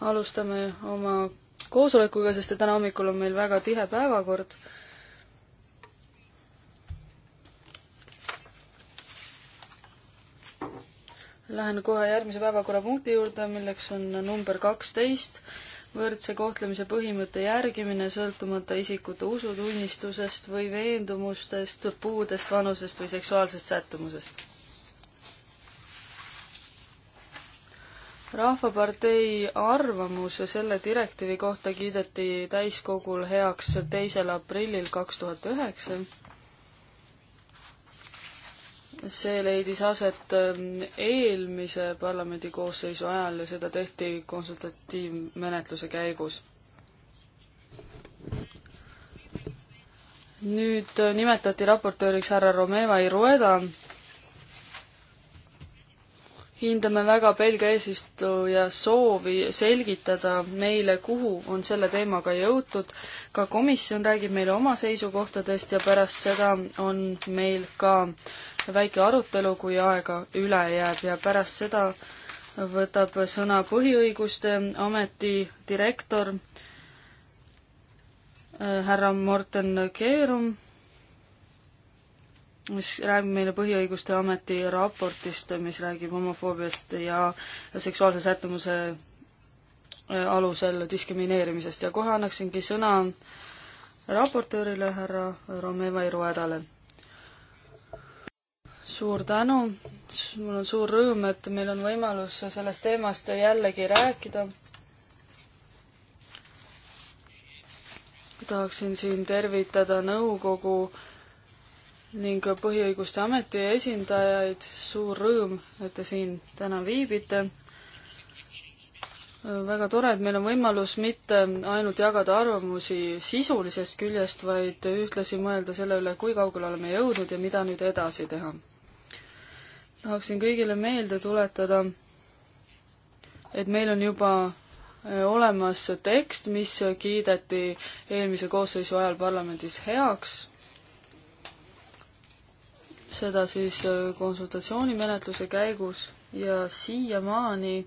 alustame oma koosolekuga, sest et täna hommikul on meil väga tihe päevakord. Lähen kohe järgmise päevakorrapunkti juurde, milleks on number kaksteist, võrdse kohtlemise põhimõtte järgimine sõltumata isikute usutunnistusest või veendumustest, puudest, vanusest või seksuaalsest sättumusest rahvapartei arvamus selle direktiivi kohta kiideti täiskogul heaks teisel aprillil kaks tuhat üheksa. see leidis aset ähm, eelmise parlamendikoosseisu ajal ja seda tehti konsultatiivmenetluse käigus. nüüd äh, nimetati raportööriks härra Romeva Irueda hindame väga Belgia eesistuja soovi selgitada meile, kuhu on selle teemaga jõutud. ka komisjon räägib meile oma seisukohtadest ja pärast seda on meil ka väike arutelu, kui aega üle jääb ja pärast seda võtab sõna Põhiõiguste Ameti direktor äh, härra Morten Keerum mis räägib meile Põhiõiguste Ameti raportist, mis räägib homofoobiast ja seksuaalse sättumuse äh, alusel diskrimineerimisest ja kohe annaksingi sõna raportöörile, härra Romeva Iruedale. suur tänu, mul on suur rõõm, et meil on võimalus sellest teemast jällegi rääkida tahaksin siin tervitada nõukogu ning Põhiõiguste Ameti esindajaid. suur rõõm, et te siin täna viibite. väga tore, et meil on võimalus mitte ainult jagada arvamusi sisulisest küljest, vaid ühtlasi mõelda selle üle, kui kaugele oleme jõudnud ja mida nüüd edasi teha. tahaksin kõigile meelde tuletada, et meil on juba e, olemas tekst, mis kiideti eelmise koosseisu ajal parlamendis heaks seda siis äh, konsultatsioonimenetluse käigus ja siiamaani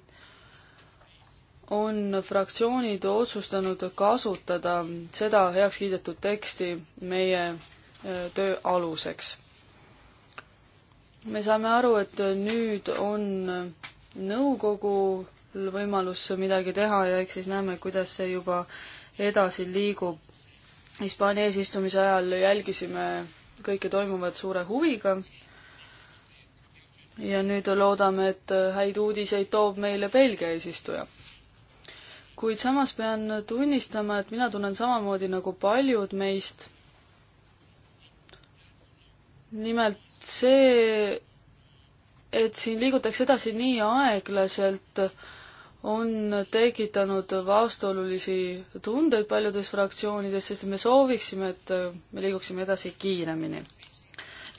on fraktsioonid otsustanud kasutada seda heaks kiidetud teksti meie äh, töö aluseks. me saame aru, et nüüd on nõukogul võimalus midagi teha ja eks siis näeme, kuidas see juba edasi liigub. Hispaania eesistumise ajal jälgisime kõike toimuvat suure huviga. ja nüüd loodame, et häid uudiseid toob meile Belgia eesistuja. kuid samas pean tunnistama, et mina tunnen samamoodi nagu paljud meist. nimelt see, et siin liigutakse edasi nii aeglaselt, on tekitanud vastuolulisi tundeid paljudes fraktsioonides, sest me sooviksime, et me liiguksime edasi kiiremini.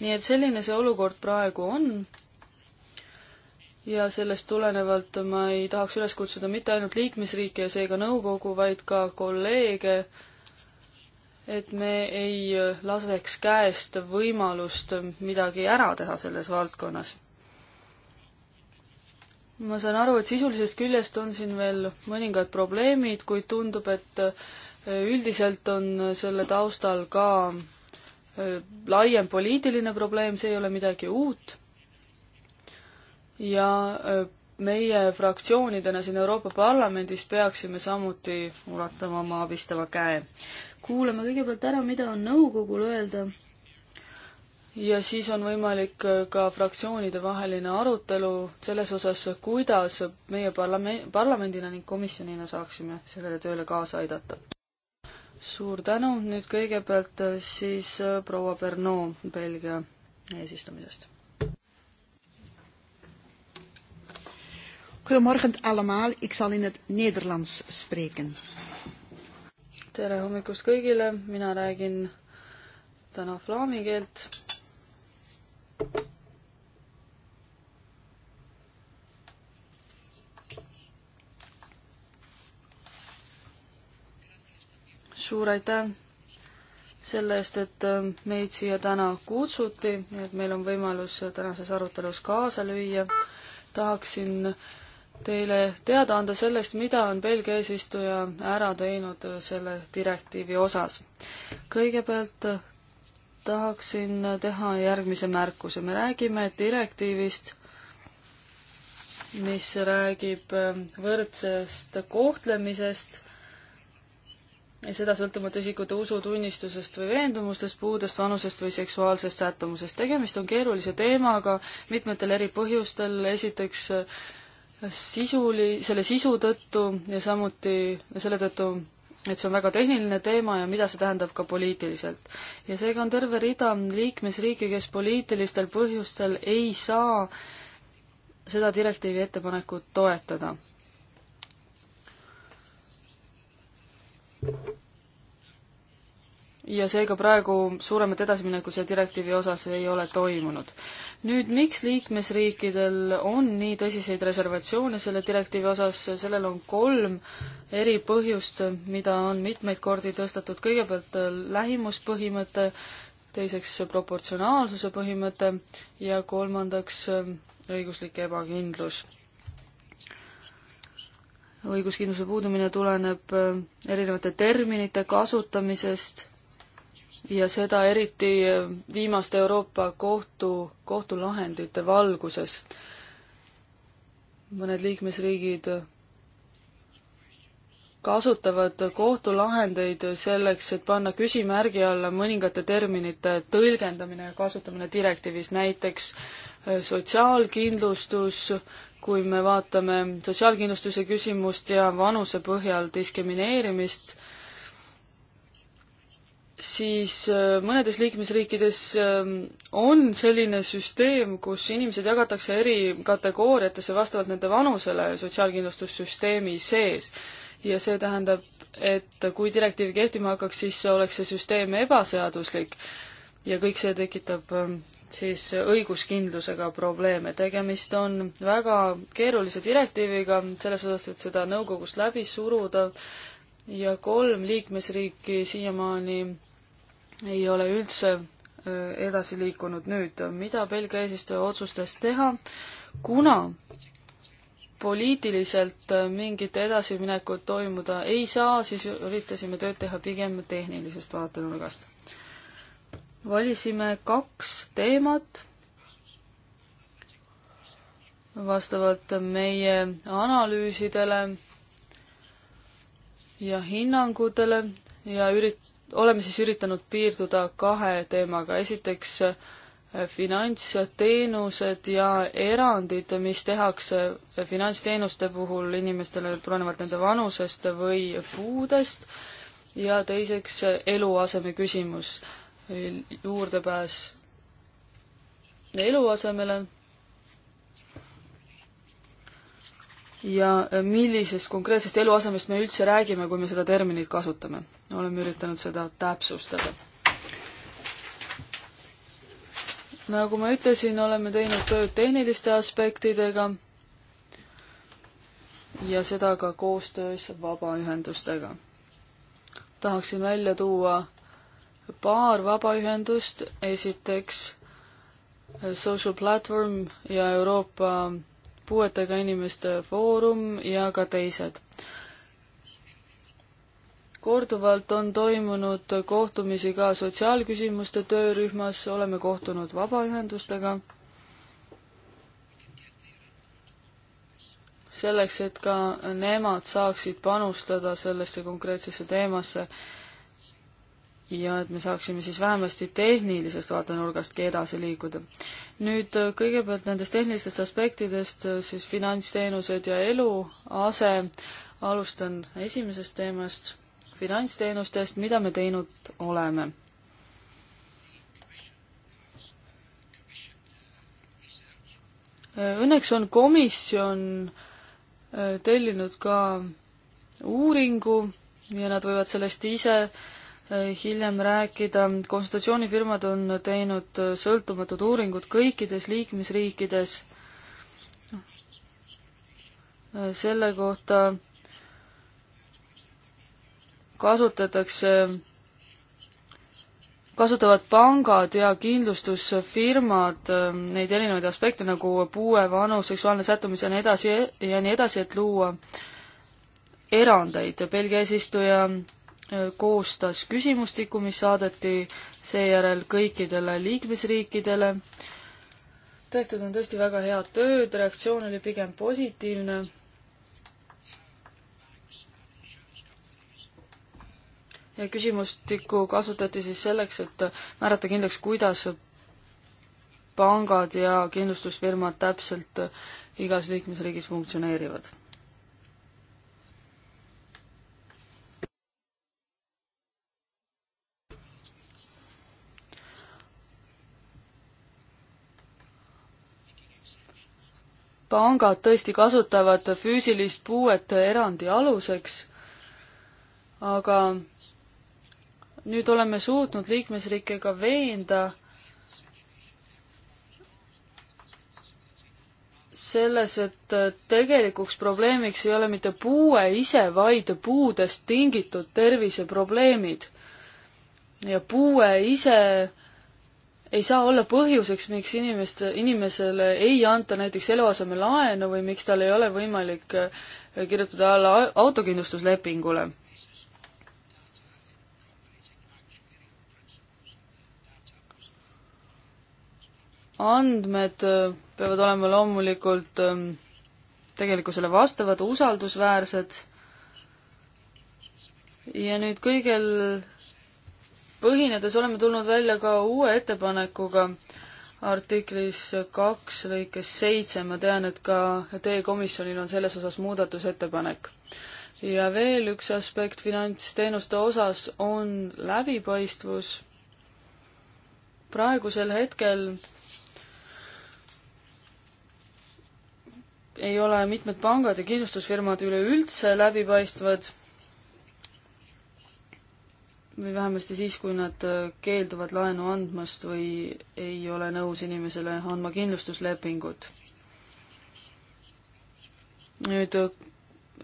nii et selline see olukord praegu on ja sellest tulenevalt ma ei tahaks üles kutsuda mitte ainult liikmesriike ja seega nõukogu, vaid ka kolleege, et me ei laseks käest võimalust midagi ära teha selles valdkonnas ma saan aru, et sisulisest küljest on siin veel mõningad probleemid, kuid tundub, et äh, üldiselt on selle taustal ka äh, laiem poliitiline probleem, see ei ole midagi uut. ja äh, meie fraktsioonidena siin Euroopa Parlamendis peaksime samuti ulatama oma abistava käe. kuulame kõigepealt ära, mida on nõukogul öelda ja siis on võimalik äh, ka fraktsioonide vaheline arutelu selles osas, kuidas meie parlament, parlamendina ning komisjonina saaksime sellele tööle kaasa aidata. suur tänu, nüüd kõigepealt äh, siis äh, proua Pernod Belgia eesistumisest. Goedemorgen allemaal, ik zal in het Nederlands spreken. tere hommikust kõigile, mina räägin täna flaami keelt suur aitäh selle eest, et äh, meid siia täna kutsuti, et meil on võimalus tänases arutelus kaasa lüüa. tahaksin teile teada anda sellest, mida on Belgia eesistuja ära teinud selle direktiivi osas. kõigepealt tahaksin teha järgmise märkuse. me räägime direktiivist, mis räägib ähm, võrdsest kohtlemisest ja seda sõltumata isikute usutunnistusest või veendumustest, puudest, vanusest või seksuaalsest sättumusest. tegemist on keerulise teemaga mitmetel eri põhjustel, esiteks äh, sisuli, selle sisu tõttu ja samuti selle tõttu, et see on väga tehniline teema ja mida see tähendab ka poliitiliselt. ja seega on terve rida liikmesriike, kes poliitilistel põhjustel ei saa seda direktiivi ettepanekut toetada. ja seega praegu suuremat edasimineku selle direktiivi osas ei ole toimunud. nüüd, miks liikmesriikidel on nii tõsiseid reservatsioone selle direktiivi osas, sellel on kolm eri põhjust, mida on mitmeid kordi tõstetud, kõigepealt lähimuspõhimõte, teiseks proportsionaalsuse põhimõte ja kolmandaks õiguslik ebakindlus õiguskindluse puudumine tuleneb erinevate terminite kasutamisest ja seda eriti viimaste Euroopa Kohtu, kohtulahendite valguses. mõned liikmesriigid kasutavad kohtulahendeid selleks, et panna küsimärgi alla mõningate terminite tõlgendamine ja kasutamine direktiivis, näiteks äh, sotsiaalkindlustus, kui me vaatame sotsiaalkindlustuse küsimust ja vanuse põhjal diskrimineerimist, siis äh, mõnedes liikmesriikides ähm, on selline süsteem, kus inimesed jagatakse eri kategooriatesse vastavalt nende vanusele sotsiaalkindlustussüsteemi sees. ja see tähendab, et kui direktiiv kehtima hakkaks, siis oleks see süsteem ebaseaduslik ja kõik see tekitab ähm, siis õiguskindlusega probleeme. tegemist on väga keerulise direktiiviga selles osas, et seda nõukogust läbi suruda ja kolm liikmesriiki siiamaani ei ole üldse edasi liikunud nüüd. mida Belgia eesistuja otsustas teha, kuna poliitiliselt mingit edasiminekut toimuda ei saa, siis üritasime tööd teha pigem tehnilisest vaatenurgast. valisime kaks teemat vastavalt meie analüüsidele ja hinnangutele ja ürit-, oleme siis üritanud piirduda kahe teemaga, esiteks eh, finantsteenused ja erandid, mis tehakse finantsteenuste puhul inimestele tulenevalt nende vanusest või puudest ja teiseks eluaseme küsimus, juurdepääs eluasemele ja äh, millisest konkreetsest eluasemest me üldse räägime, kui me seda terminit kasutame. oleme üritanud seda täpsustada. nagu ma ütlesin, oleme teinud tööd tehniliste aspektidega ja seda ka koostöös vabaühendustega. tahaksin välja tuua paar vabaühendust, esiteks äh, Social Platvorm ja Euroopa puuetega inimeste foorum ja ka teised. korduvalt on toimunud kohtumisi ka sotsiaalküsimuste töörühmas, oleme kohtunud vabaühendustega, selleks, et ka nemad saaksid panustada sellesse konkreetsesse teemasse ja et me saaksime siis vähemasti tehnilisest vaatenurgastki edasi liikuda. nüüd äh, kõigepealt nendest tehnilistest aspektidest äh, siis finantsteenused ja eluase. alustan esimesest teemast, finantsteenustest, mida me teinud oleme. Äh, õnneks on komisjon tellinud ka uuringu ja nad võivad sellest ise äh, Äh, hiljem rääkida. konsultatsioonifirmad on teinud äh, sõltumatud uuringud kõikides liikmesriikides äh, selle kohta kasutatakse, kasutavad pangad ja kindlustusfirmad neid erinevaid aspekte nagu puue, vanus, seksuaalne sättumus ja nii edasi ja nii edasi, et luua erandeid. Belgia eesistuja koostas küsimustiku, mis saadeti seejärel kõikidele liikmesriikidele. tehtud on tõesti väga head tööd, reaktsioon oli pigem positiivne. ja küsimustikku kasutati siis selleks, et määrata kindlaks, kuidas pangad ja kindlustusfirmad täpselt igas liikmesriigis funktsioneerivad pangad tõesti kasutavad füüsilist puuet erandi aluseks, aga nüüd oleme suutnud liikmesriikidega veenda selles, et tegelikuks probleemiks ei ole mitte puue ise, vaid puudest tingitud terviseprobleemid. ja puue ise ei saa olla põhjuseks, miks inimeste, inimesele ei anta näiteks eluasemelaenu või miks tal ei ole võimalik äh, kirjutada alla autokindlustuslepingule. andmed äh, peavad olema loomulikult ähm, tegelikkusele vastavad, usaldusväärsed ja nüüd kõigel põhinedes oleme tulnud välja ka uue ettepanekuga artiklis kaks lõikes seitse, ma tean, et ka teie komisjonil on selles osas muudatusettepanek. ja veel üks aspekt finantsteenuste osas on läbipaistvus. praegusel hetkel ei ole mitmed pangad ja kindlustusfirmad üleüldse läbipaistvad või vähemasti siis, kui nad äh, keelduvad laenu andmast või ei ole nõus inimesele andma kindlustuslepingut. nüüd äh,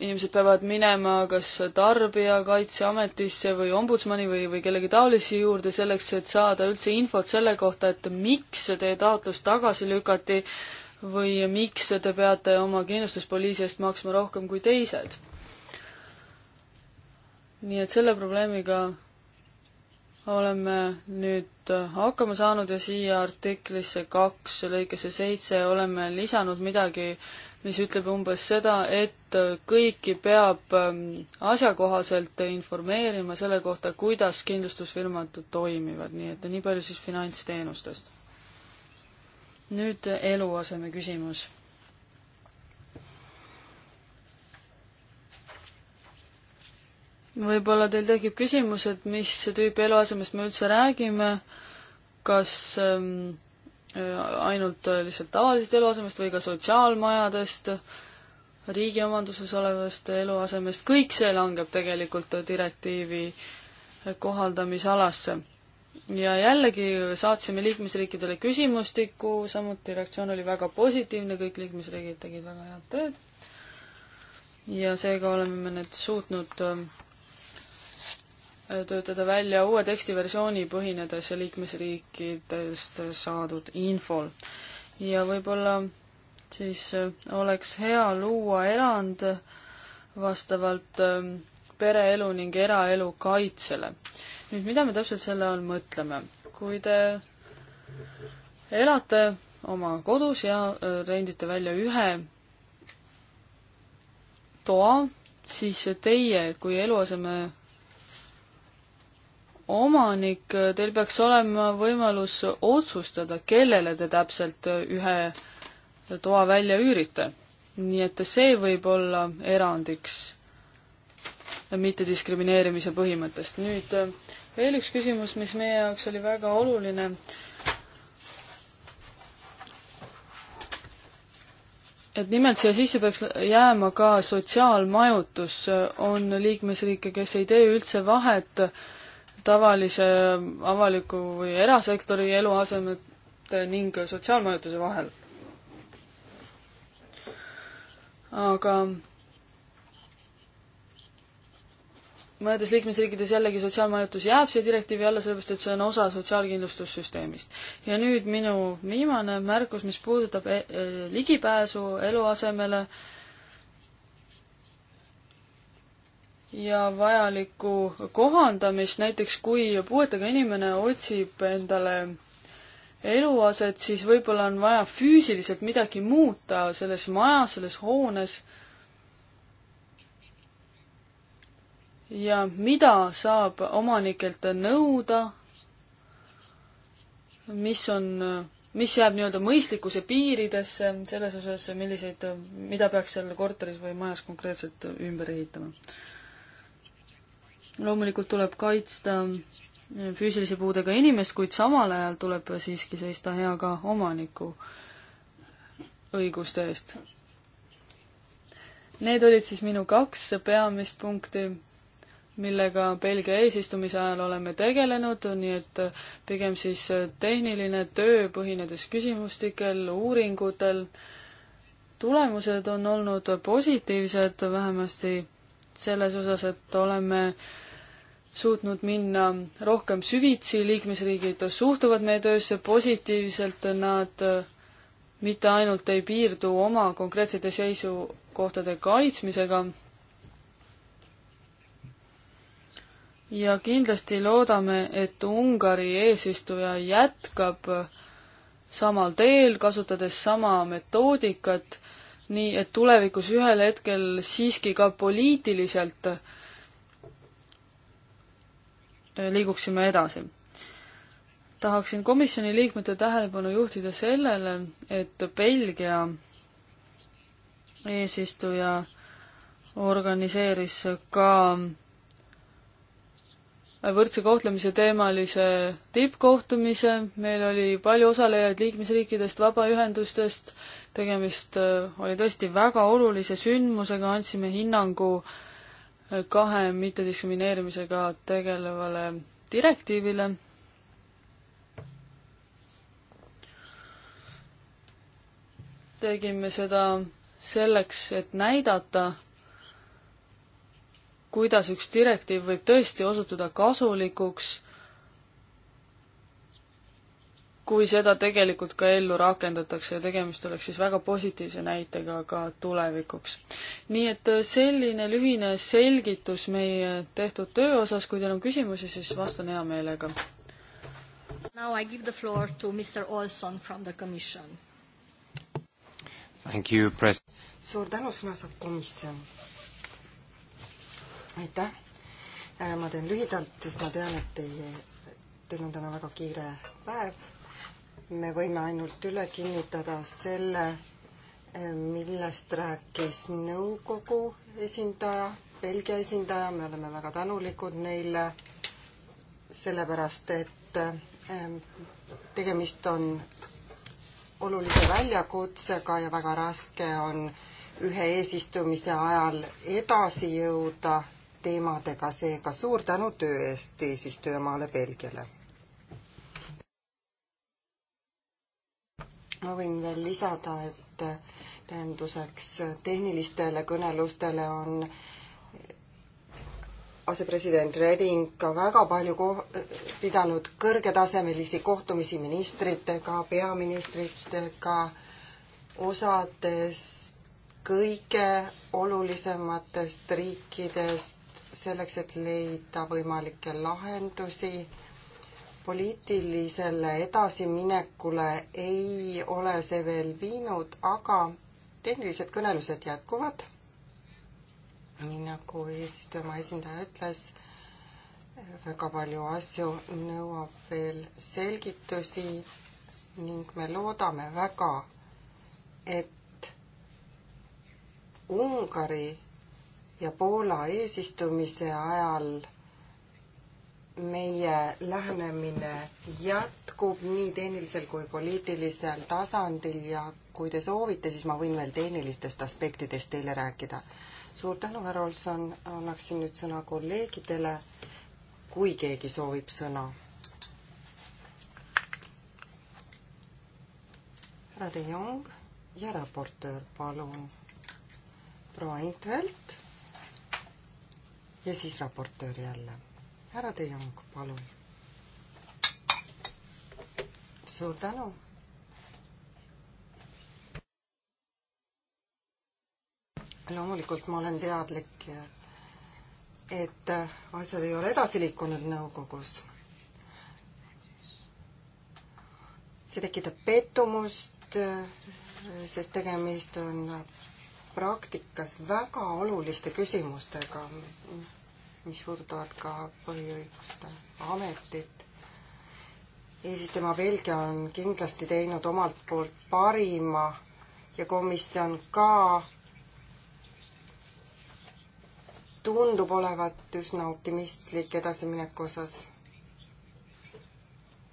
inimesed peavad minema kas Tarbijakaitseametisse või Ombudsmani või, või kellegi taolise juurde selleks, et saada üldse infot selle kohta, et miks teie taotlus tagasi lükati või miks te peate oma kindlustuspoliisi eest maksma rohkem kui teised. nii et selle probleemiga oleme nüüd hakkama saanud ja siia artiklisse kaks lõikesse seitse oleme lisanud midagi, mis ütleb umbes seda, et kõiki peab ähm, asjakohaselt informeerima selle kohta, kuidas kindlustusfirmad toimivad, nii et nii palju siis finantsteenustest. nüüd eluaseme küsimus võib-olla teil tekib küsimus, et mis tüüpi eluasemest me üldse räägime, kas ähm, äh, ainult äh, lihtsalt tavalisest eluasemest või ka sotsiaalmajadest, riigi omanduses olevast eluasemest, kõik see langeb tegelikult direktiivi kohaldamisalasse. ja jällegi saatsime liikmesriikidele küsimustiku, samuti reaktsioon oli väga positiivne, kõik liikmesriigid tegid väga head tööd ja seega oleme me nüüd suutnud äh, töötada välja uue tekstiversiooni, põhinedes liikmesriikidest saadud infol. ja võib-olla siis äh, oleks hea luua erand vastavalt ähm, pereelu ning eraelu kaitsele. nüüd, mida me täpselt selle all mõtleme? kui te elate oma kodus ja äh, rendite välja ühe toa, siis teie kui eluaseme omanik, teil peaks olema võimalus otsustada, kellele te täpselt ühe toa välja üürite. nii et see võib olla erandiks mittediskrimineerimise põhimõttest. nüüd veel üks küsimus, mis meie jaoks oli väga oluline. et nimelt siia sisse peaks jääma ka sotsiaalmajutus, on liikmesriike, kes ei tee üldse vahet äh, tavalise avaliku või erasektori eluasemete ning sotsiaalmajutuse vahel. aga mõnedes liikmesriikides jällegi sotsiaalmajutus jääb siia direktiivi alla, sellepärast et see on osa sotsiaalkindlustussüsteemist. ja nüüd minu viimane märkus, mis puudutab e e ligipääsu eluasemele äh, ja vajalikku kohandamist, näiteks kui puuetega inimene otsib endale eluaset, siis võib-olla on vaja füüsiliselt midagi muuta selles majas, selles hoones. ja mida saab omanikelt nõuda, mis on, mis jääb nii-öelda mõistlikkuse piiridesse selles osas, milliseid, mida peaks seal korteris või majas konkreetselt ümber ehitama loomulikult tuleb kaitsta füüsilise puudega inimest, kuid samal ajal tuleb siiski seista hea ka omaniku õiguste eest. Need olid siis minu kaks peamist punkti, millega Belgia eesistumise ajal oleme tegelenud, nii et pigem siis tehniline töö põhinedes küsimustikel, uuringutel. tulemused on olnud positiivsed, vähemasti selles osas, et oleme suutnud minna rohkem süvitsi, liikmesriigid suhtuvad meie töösse positiivselt, nad mitte ainult ei piirdu oma konkreetsete seisukohtade kaitsmisega, ja kindlasti loodame, et Ungari eesistuja jätkab samal teel, kasutades sama metoodikat nii et tulevikus ühel hetkel siiski ka poliitiliselt liiguksime edasi. tahaksin komisjoni liikmete tähelepanu juhtida sellele, et Belgia eesistuja organiseeris ka võrdse kohtlemise teemalise tippkohtumise, meil oli palju osalejaid liikmesriikidest, vabaühendustest, tegemist äh, oli tõesti väga olulise sündmusega, andsime hinnangu äh, kahe mittediskrimineerimisega tegelevale direktiivile. tegime seda selleks, et näidata, kuidas üks direktiiv võib tõesti osutuda kasulikuks kui seda tegelikult ka ellu rakendatakse ja tegemist oleks siis väga positiivse näitega ka tulevikuks. nii et äh, selline lühine selgitus meie tehtud töö osas, kui teil on küsimusi, siis vastan hea meelega. Now I give the floor to Mr Olson from the commission. Thank you, pres-. suur tänu, sõna saab komisjon. aitäh. Äh, ma teen lühidalt, sest ma tean, et teie, teil on täna väga kiire päev me võime ainult üle kinnitada selle, millest rääkis nõukogu esindaja, Belgia esindaja, me oleme väga tänulikud neile, sellepärast et ähm, tegemist on olulise väljakutsega ja väga raske on ühe eesistumise ajal edasi jõuda teemadega, seega suur tänu töö eest eesistujamaale Belgiale ma võin veel lisada, et äh, tähenduseks äh, tehnilistele kõnelustele on äh, asepresident Reding ka väga palju ko-, pidanud kõrgetasemelisi kohtumisi ministritega, peaministritega, osades kõige olulisematest riikidest, selleks, et leida võimalikke lahendusi poliitilisele edasiminekule ei ole see veel viinud, aga tehnilised kõnelused jätkuvad. nii nagu eesistuja oma esindaja ütles, väga palju asju nõuab veel selgitusi ning me loodame väga, et Ungari ja Poola eesistumise ajal meie lähenemine jätkub nii tehnilisel kui poliitilisel tasandil ja kui te soovite, siis ma võin veel tehnilistest aspektidest teile rääkida. suur tänu, härra Olson, annaksin nüüd sõna kolleegidele, kui keegi soovib sõna. härra De Jong ja raportöör, palun. proua Intvelt ja siis raportöör jälle härra De Jong, palun. suur tänu. loomulikult ma olen teadlik, et asjad ei ole edasi liikunud nõukogus. see tekitab pettumust, sest tegemist on praktikas väga oluliste küsimustega mis puudutavad ka põhiõiguste ametit. eesistuja Belgia on kindlasti teinud omalt poolt parima ja komisjon ka tundub olevat üsna optimistlik edasimineku osas.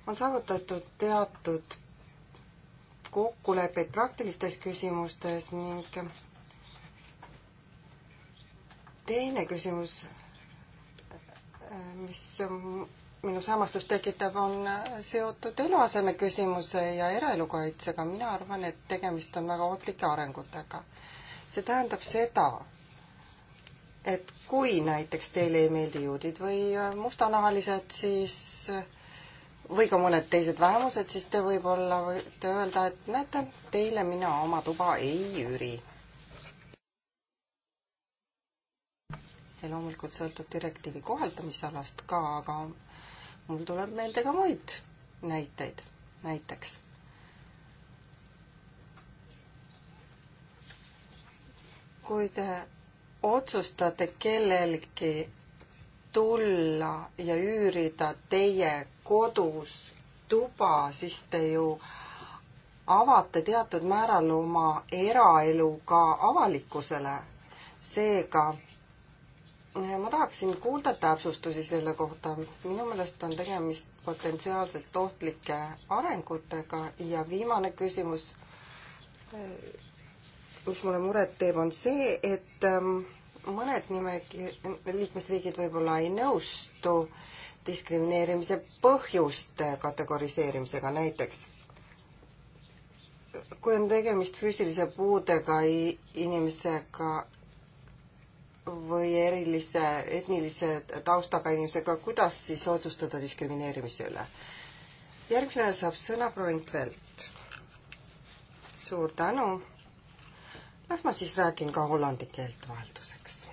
on saavutatud teatud kokkuleppeid praktilistes küsimustes ning teine küsimus mis minus hämmastust tekitab, on seotud eluaseme küsimuse ja eraelu kaitsega. mina arvan, et tegemist on väga ohtlike arengutega. see tähendab seda, et kui näiteks teile ei meeldi juudid või mustanahalised, siis või ka mõned teised vähemused, siis te võib-olla võite öelda, et näete, teile mina oma tuba ei üüri see loomulikult sõltub direktiivi kohaldamisalast ka, aga mul tuleb meelde ka muid näiteid, näiteks. kui te otsustate kellelgi tulla ja üürida teie kodus tuba, siis te ju avate teatud määral oma eraelu ka avalikkusele. seega ma tahaksin kuulda täpsustusi selle kohta. minu meelest on tegemist potentsiaalselt ohtlike arengutega ja viimane küsimus, mis mulle muret teeb, on see, et ähm, mõned nimekir-, liikmesriigid võib-olla ei nõustu diskrimineerimise põhjuste kategoriseerimisega näiteks kui on tegemist füüsilise puudega inimesega, või erilise etnilise taustaga inimesega, kuidas siis otsustada diskrimineerimise üle? järgmisena saab sõna proua Intvelt. suur tänu. las ma siis räägin ka hollandi keelt vahelduseks.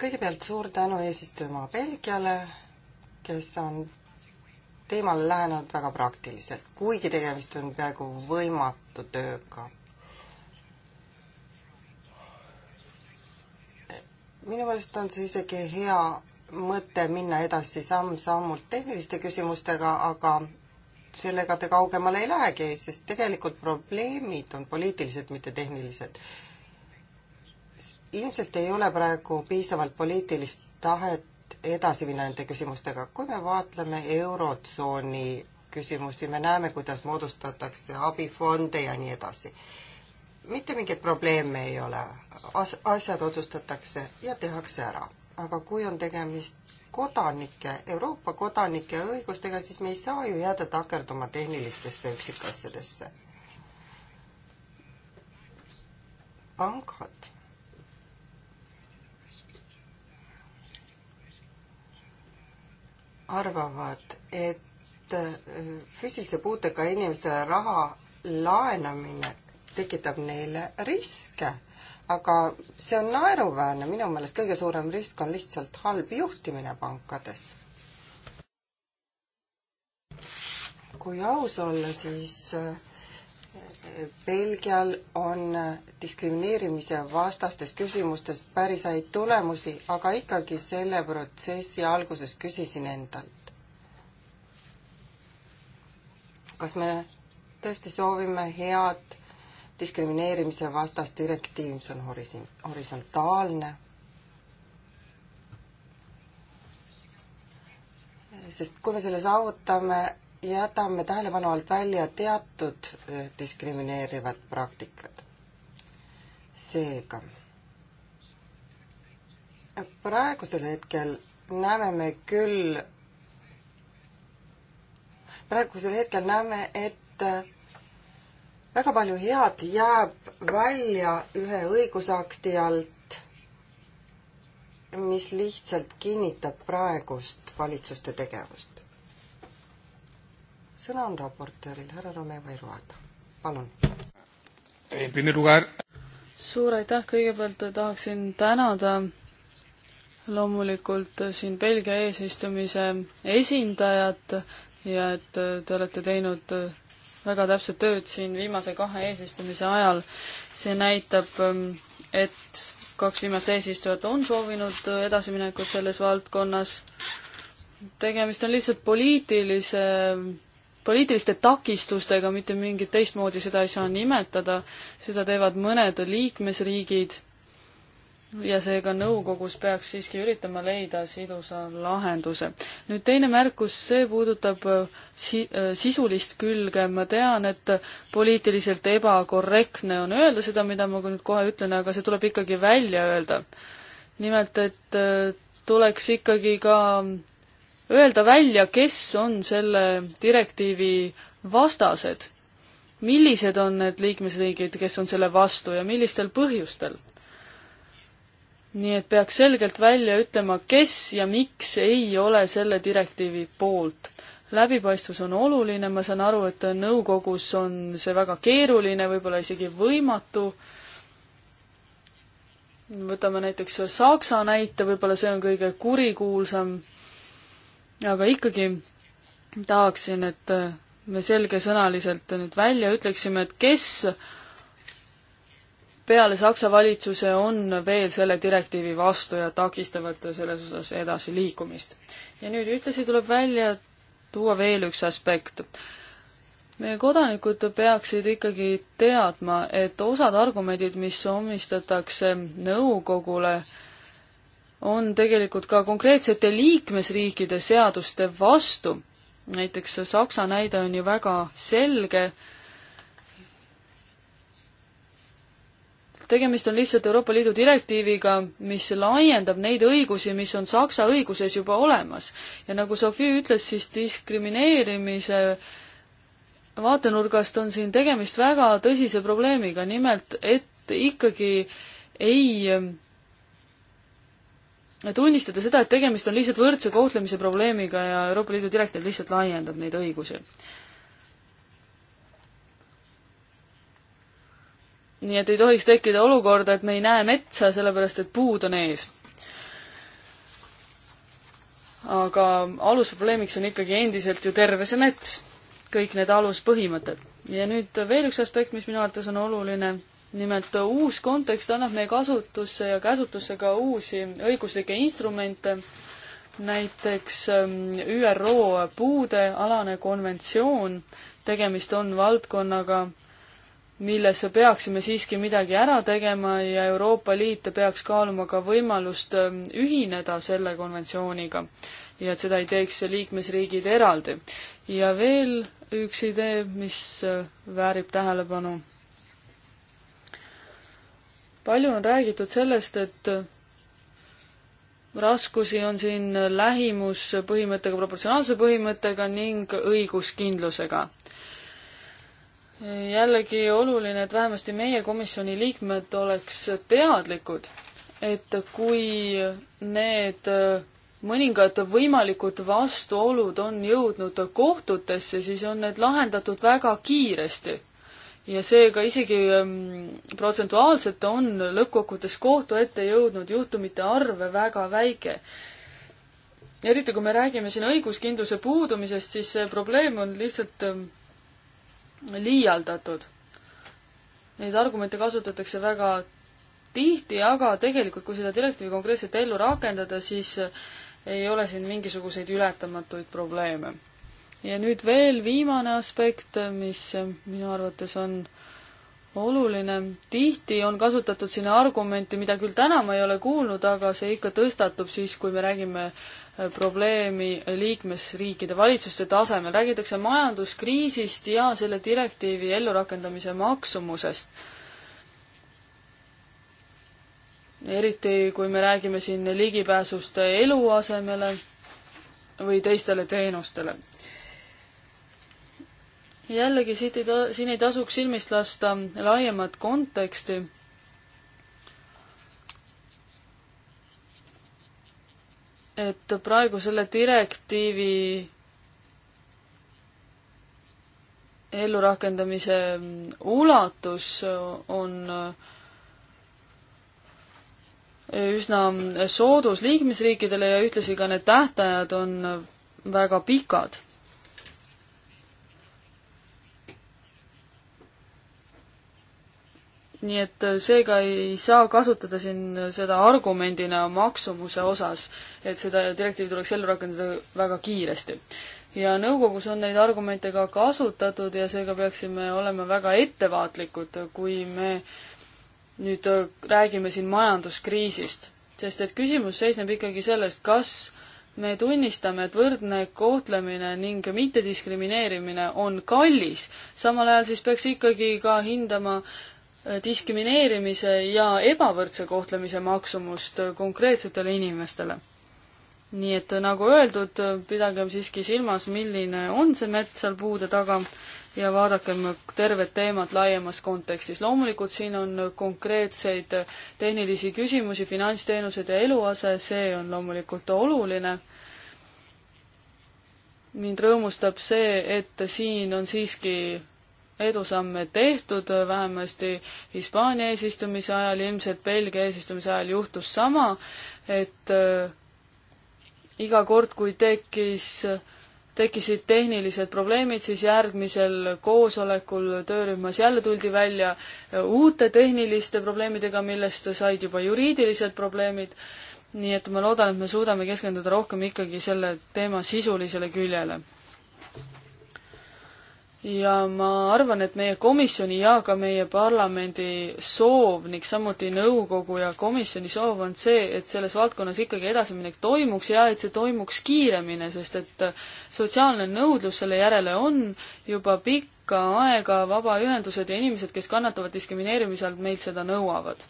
kõigepealt suur tänu eesistujamaa Belgiale, kes on teemale lähenenud väga praktiliselt, kuigi tegemist on peaaegu võimatu tööga minu meelest on see isegi hea mõte minna edasi samm-sammult tehniliste küsimustega, aga sellega te kaugemale ei lähegi, sest tegelikult probleemid on poliitilised, mitte tehnilised. ilmselt ei ole praegu piisavalt poliitilist tahet edasi minna nende küsimustega. kui me vaatleme Eurotsooni küsimusi, me näeme, kuidas moodustatakse abifonde ja nii edasi mitte mingeid probleeme ei ole As, asjad otsustatakse ja tehakse ära. aga kui on tegemist kodanike, Euroopa kodanike õigustega, siis me ei saa ju jääda takerduma tehnilistesse üksikasjadesse. pangad arvavad, et äh, füüsilise puudega inimestele raha laenamine tekitab neile riske. aga see on naeruväärne, minu meelest kõige suurem risk on lihtsalt halb juhtimine pankades. kui aus olla, siis eh, Belgial on diskrimineerimise vastastes küsimustes päris häid tulemusi, aga ikkagi selle protsessi alguses küsisin endalt. kas me tõesti soovime head diskrimineerimise vastas direktiiv, mis on horis-, horisontaalne, sest kui me selle saavutame, jätame tähelepanu alt välja teatud diskrimineerivad praktikad. seega, praegusel hetkel näeme me küll, praegusel hetkel näeme, et väga palju head jääb välja ühe õigusakti alt, mis lihtsalt kinnitab praegust valitsuste tegevust. sõna on raportööril, härra Romeva Iruada, palun. suur aitäh, kõigepealt tahaksin tänada loomulikult siin Belgia eesistumise esindajat ja et te olete teinud väga täpset tööd siin viimase kahe eesistumise ajal. see näitab, ähm, et kaks viimast eesistujat on soovinud edasiminekut selles valdkonnas. tegemist on lihtsalt poliitilise, poliitiliste takistustega, mitte mingit teistmoodi seda ei saa nimetada. seda teevad mõned liikmesriigid ja seega nõukogus peaks siiski üritama leida sidusa lahenduse. nüüd teine märkus, see puudutab äh, si-, äh, sisulist külge, ma tean, et poliitiliselt ebakorrektne on öelda seda, mida ma nüüd kohe ütlen, aga see tuleb ikkagi välja öelda. nimelt, et äh, tuleks ikkagi ka öelda välja, kes on selle direktiivi vastased. millised on need liikmesriigid, kes on selle vastu ja millistel põhjustel nii et peaks selgelt välja ütlema, kes ja miks ei ole selle direktiivi poolt. läbipaistvus on oluline, ma saan aru, et nõukogus on see väga keeruline, võib-olla isegi võimatu. võtame näiteks Saksa näite, võib-olla see on kõige kurikuulsam. aga ikkagi tahaksin, et me selgesõnaliselt nüüd välja ütleksime, et kes peale Saksa valitsuse on veel selle direktiivi vastu ja takistavad selles osas edasiliikumist. ja nüüd ühtlasi tuleb välja tuua veel üks aspekt. meie kodanikud peaksid ikkagi teadma, et osad argumendid, mis omistatakse nõukogule, on tegelikult ka konkreetsete liikmesriikide seaduste vastu. näiteks Saksa näide on ju väga selge tegemist on lihtsalt Euroopa Liidu direktiiviga, mis laiendab neid õigusi, mis on Saksa õiguses juba olemas. ja nagu Sofi ütles, siis diskrimineerimise vaatenurgast on siin tegemist väga tõsise probleemiga, nimelt et ikkagi ei tunnistada seda, et tegemist on lihtsalt võrdse kohtlemise probleemiga ja Euroopa Liidu direktiiv lihtsalt laiendab neid õigusi. nii et ei tohiks tekkida olukorda, et me ei näe metsa, sellepärast et puud on ees. aga alusprobleemiks on ikkagi endiselt ju terve see mets, kõik need aluspõhimõtted. ja nüüd veel üks aspekt, mis minu arvates on oluline, nimelt uus kontekst annab meie kasutusse ja käsutusse ka uusi õiguslikke instrumente, näiteks ähm, ÜRO puudealane konventsioon, tegemist on valdkonnaga, milles peaksime siiski midagi ära tegema ja Euroopa Liit peaks kaaluma ka võimalust ähm, ühineda selle konventsiooniga ja et seda ei teeks liikmesriigid eraldi. ja veel üks idee, mis äh, väärib tähelepanu. palju on räägitud sellest, et äh, raskusi on siin lähimuspõhimõttega, proportsionaalsuse põhimõttega ning õiguskindlusega jällegi oluline, et vähemasti meie komisjoni liikmed oleks teadlikud, et kui need mõningad võimalikud vastuolud on jõudnud kohtutesse, siis on need lahendatud väga kiiresti. ja seega isegi mm, protsentuaalselt on lõppkokkuvõttes kohtu ette jõudnud juhtumite arv väga väike. eriti kui me räägime siin õiguskindluse puudumisest, siis see probleem on lihtsalt mm, liialdatud. Neid argumente kasutatakse väga tihti, aga tegelikult, kui seda direktiivi konkreetselt ellu rakendada, siis ei ole siin mingisuguseid ületamatuid probleeme. ja nüüd veel viimane aspekt, mis minu arvates on oluline. tihti on kasutatud siin argumenti, mida küll täna ma ei ole kuulnud, aga see ikka tõstatub siis, kui me räägime äh, probleemi liikmesriikide valitsuste tasemel, räägitakse majanduskriisist ja selle direktiivi ellurakendamise maksumusest. eriti, kui me räägime siin ligipääsust eluasemele või teistele teenustele. jällegi siit ei ta-, siin ei tasuks silmist lasta laiemat konteksti et praegu selle direktiivi ellurakendamise ulatus on üsna soodus liikmesriikidele ja ühtlasi ka need tähtajad on väga pikad nii et äh, seega ei saa kasutada siin seda argumendina maksumuse osas, et seda direktiivi tuleks ellu rakendada väga kiiresti. ja nõukogus on neid argumente ka kasutatud ja seega peaksime olema väga ettevaatlikud, kui me nüüd äh, räägime siin majanduskriisist. sest et küsimus seisneb ikkagi selles, kas me tunnistame, et võrdne kohtlemine ning mittediskrimineerimine on kallis, samal ajal siis peaks ikkagi ka hindama diskrimineerimise ja ebavõrdse kohtlemise maksumust konkreetsetele inimestele. nii et nagu öeldud, pidagem siiski silmas, milline on see mets seal puude taga ja vaadakem tervet teemat laiemas kontekstis. loomulikult siin on konkreetseid tehnilisi küsimusi, finantsteenused ja eluase, see on loomulikult oluline. mind rõõmustab see, et siin on siiski edusamme tehtud, vähemasti Hispaania eesistumise ajal, ilmselt Belgia eesistumise ajal juhtus sama, et äh, iga kord, kui tekkis, tekkisid tehnilised probleemid, siis järgmisel koosolekul töörühmas jälle tuldi välja äh, uute tehniliste probleemidega, millest said juba juriidilised probleemid nii et ma loodan, et me suudame keskenduda rohkem ikkagi selle teema sisulisele küljele ja ma arvan, et meie komisjoni ja ka meie parlamendi soov ning samuti nõukogu ja komisjoni soov on see, et selles valdkonnas ikkagi edasiminek toimuks ja et see toimuks kiiremini, sest et sotsiaalne nõudlus selle järele on juba pikka aega, vabaühendused ja inimesed, kes kannatavad diskrimineerimise all, meilt seda nõuavad.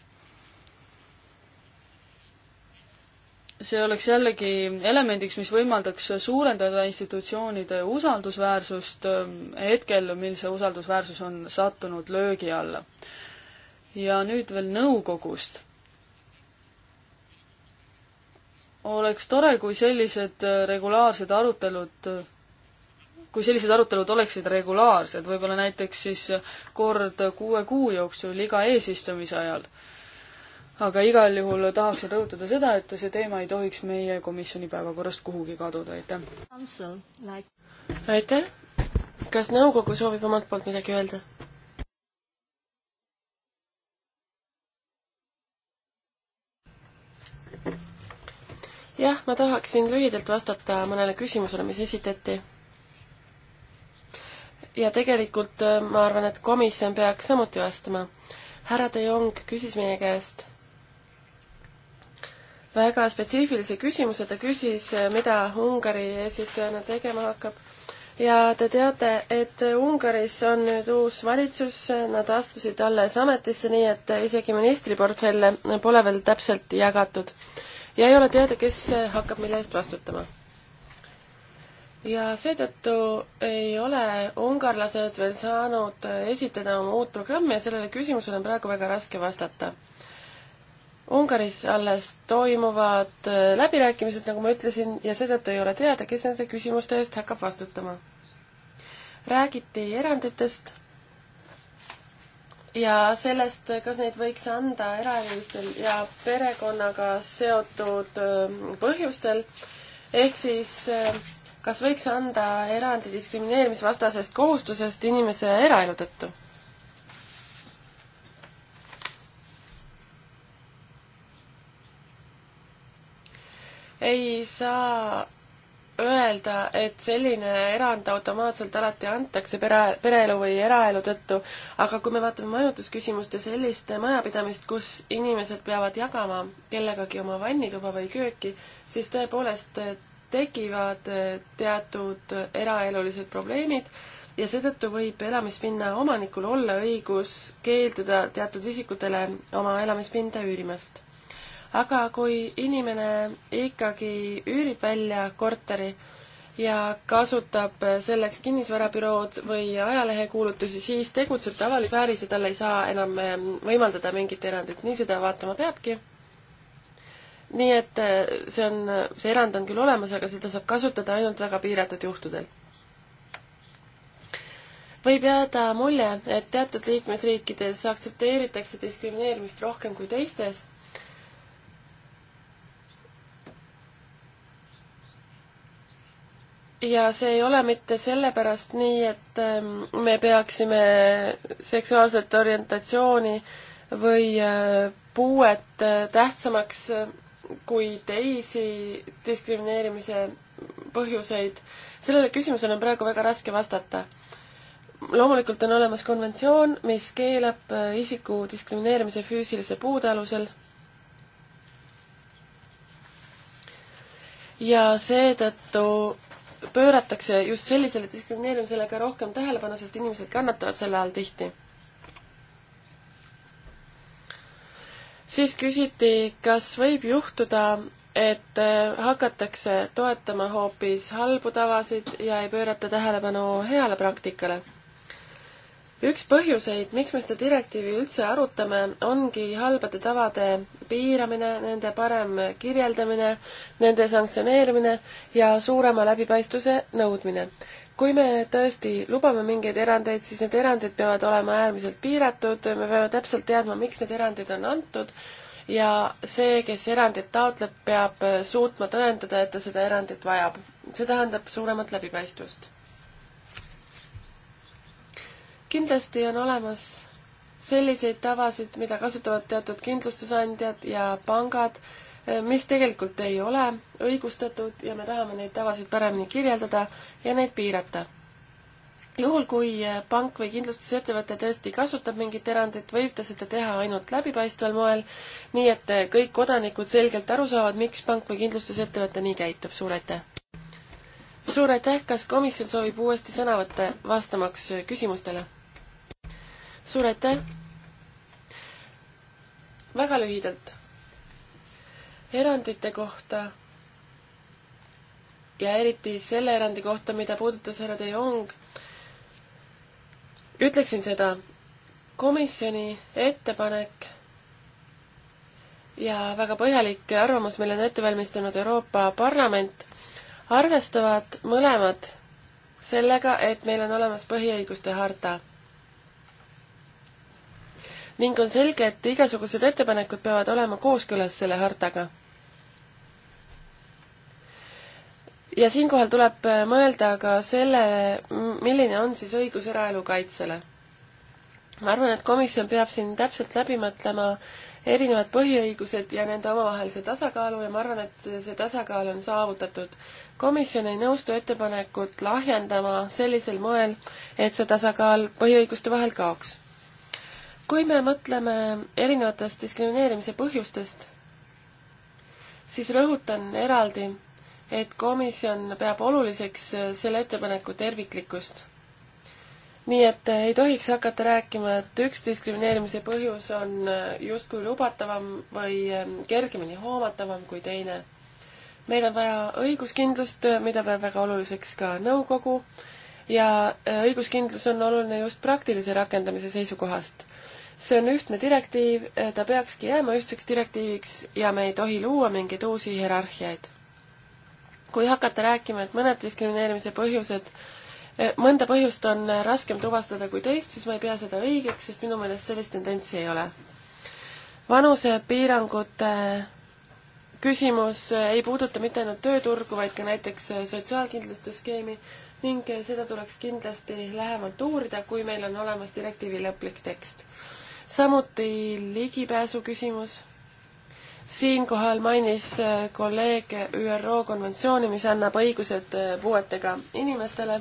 see oleks jällegi elemendiks, mis võimaldaks suurendada institutsioonide usaldusväärsust ähm, hetkel, mil see usaldusväärsus on sattunud löögi alla. ja nüüd veel nõukogust. oleks tore, kui sellised äh, regulaarsed arutelud kui sellised arutelud oleksid regulaarsed, võib-olla näiteks siis kord kuue kuu jooksul iga eesistumise ajal aga igal juhul tahaksin rõhutada seda, et see teema ei tohiks meie komisjoni päevakorrast kuhugi kaduda, aitäh. aitäh. kas nõukogu soovib omalt poolt midagi öelda? jah, ma tahaksin lühidalt vastata mõnele küsimusele, mis esitati ja tegelikult äh, ma arvan, et komisjon peaks samuti vastama. härra De Jong küsis meie käest, väga spetsiifilise küsimuse, ta küsis, mida Ungari eesistujana tegema hakkab. ja te teate, et Ungaris on nüüd uus valitsus, nad astusid alles ametisse, nii et isegi ministriportfelle pole veel täpselt jagatud. ja ei ole teada, kes hakkab mille eest vastutama ja seetõttu ei ole ungarlased veel saanud esitada oma uut programmi ja sellele küsimusele on praegu väga raske vastata. Ungaris alles toimuvad äh, läbirääkimised, nagu ma ütlesin, ja seetõttu ei ole teada, kes nende küsimuste eest hakkab vastutama. räägiti eranditest ja sellest, kas neid võiks anda eraelulistel ja perekonnaga seotud ähm, põhjustel, ehk siis äh, kas võiks anda erandi diskrimineerimisvastasest kohustusest inimese eraelu tõttu ei saa öelda, et selline erand automaatselt alati antakse pere, pereelu või eraelu tõttu, aga kui me vaatame majutusküsimust ja sellist majapidamist, kus inimesed peavad jagama kellegagi oma vannituba või kööki, siis tõepoolest tekivad teatud eraelulised probleemid ja seetõttu võib elamispinna omanikul olla õigus keelduda teatud isikutele oma elamispinda üürimast aga kui inimene ikkagi üürib välja korteri ja kasutab selleks kinnisvarabürood või ajalehekuulutusi, siis tegutseb ta avalikus sfääris ja talle ei saa enam ähm, võimaldada mingit erandit, nii seda vaatama peabki. nii et äh, see on, see erand on küll olemas, aga seda saab kasutada ainult väga piiratud juhtudel võib jääda mulje, et teatud liikmesriikides aktsepteeritakse diskrimineerimist rohkem kui teistes ja see ei ole mitte sellepärast nii, et ähm, me peaksime seksuaalset orientatsiooni või äh, puuet äh, tähtsamaks äh, kui teisi diskrimineerimise põhjuseid. sellele küsimusele on praegu väga raske vastata. loomulikult on olemas konventsioon, mis keelab isiku diskrimineerimise füüsilise puude alusel ja seetõttu pööratakse just sellisele diskrimineerimisele ka rohkem tähelepanu, sest inimesed kannatavad selle all tihti. siis küsiti, kas võib juhtuda, et äh, hakatakse toetama hoopis halbu tavasid ja ei pöörata tähelepanu heale praktikale üks põhjuseid, miks me seda direktiivi üldse arutame, ongi halbade tavade piiramine, nende parem kirjeldamine, nende sanktsioneerimine ja suurema läbipaistvuse nõudmine. kui me tõesti lubame mingeid erandeid, siis need erandid peavad olema äärmiselt piiratud, me peame täpselt teadma, miks need erandid on antud ja see, kes erandit taotleb, peab suutma tõendada, et ta seda erandit vajab. see tähendab suuremat läbipaistvust kindlasti on olemas selliseid tavasid, mida kasutavad teatud kindlustusandjad ja pangad, eh, mis tegelikult ei ole õigustatud ja me tahame neid tavasid paremini kirjeldada ja neid piirata. juhul, kui eh, pank või kindlustusettevõte tõesti kasutab mingit erandit, võib ta seda teha ainult läbipaistval moel, nii et eh, kõik kodanikud selgelt aru saavad, miks pank või kindlustusettevõte nii käitub. suur aitäh! suur aitäh, kas komisjon soovib uuesti sõna võtta, vastamaks küsimustele? suur aitäh! väga lühidalt. erandite kohta ja eriti selle erandi kohta, mida puudutas härra De Jong, ütleksin seda, komisjoni ettepanek ja väga põhjalik arvamus, mille on ette valmistanud Euroopa Parlament, arvestavad mõlemad sellega, et meil on olemas põhiõiguste harta ning on selge, et igasugused ettepanekud peavad olema kooskõlas selle hartaga. ja siinkohal tuleb mõelda ka selle, milline on siis õigus eraelu kaitsele. ma arvan, et komisjon peab siin täpselt läbi mõtlema, erinevad põhiõigused ja nende omavahelise tasakaalu ja ma arvan, et see tasakaal on saavutatud. komisjon ei nõustu ettepanekut lahjendama sellisel moel, et see tasakaal põhiõiguste vahel kaoks kui me mõtleme erinevatest diskrimineerimise põhjustest, siis rõhutan eraldi, et komisjon peab oluliseks selle ettepaneku terviklikkust. nii et ei tohiks hakata rääkima, et üks diskrimineerimise põhjus on justkui lubatavam või kergemini hoomatavam kui teine. meil on vaja õiguskindlust, mida peab väga oluliseks ka nõukogu ja õiguskindlus on oluline just praktilise rakendamise seisukohast see on ühtne direktiiv, ta peakski jääma ühtseks direktiiviks ja me ei tohi luua mingeid uusi hierarhiaid. kui hakata rääkima, et mõned diskrimineerimise põhjused, e, mõnda põhjust on raskem tuvastada kui teist, siis ma ei pea seda õigeks, sest minu meelest sellist tendentsi ei ole. vanusepiirangute küsimus ei puuduta mitte ainult tööturgu, vaid ka näiteks sotsiaalkindlustusskeemi ning seda tuleks kindlasti lähemalt uurida, kui meil on olemas direktiivi lõplik tekst samuti ligipääsu küsimus. siinkohal mainis äh, kolleeg ÜRO konventsiooni, mis annab õigused äh, puuetega inimestele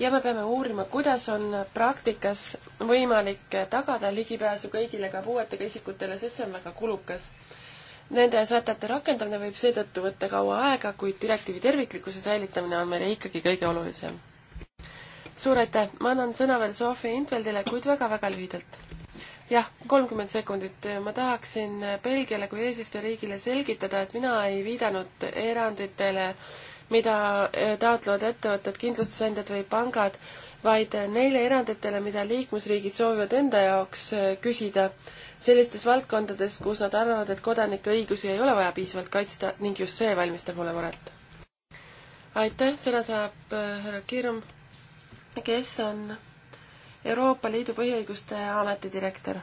ja me peame uurima, kuidas on praktikas võimalik äh, tagada ligipääsu kõigile ka puuetega isikutele, sest see on väga kulukas Nende sätete rakendamine võib seetõttu võtta kaua aega, kuid direktiivi terviklikkuse säilitamine on meile ikkagi kõige olulisem. suur aitäh, ma annan sõna veel Sofi Intveldile, kuid väga-väga lühidalt jah, kolmkümmend sekundit. ma tahaksin Belgiale kui eesistujariigile selgitada, et mina ei viidanud eranditele, mida e, taotlevad ettevõtted, kindlustusandjad või pangad, vaid neile eranditele, mida liikmesriigid soovivad enda jaoks e, küsida sellistes valdkondades, kus nad arvavad, et kodanike õigusi ei ole vaja piisavalt kaitsta ning just see valmistab mulle muret. aitäh, sõna saab e, härra Kirm, kes on Euroopa Liidu põhiõiguste ameti direktor.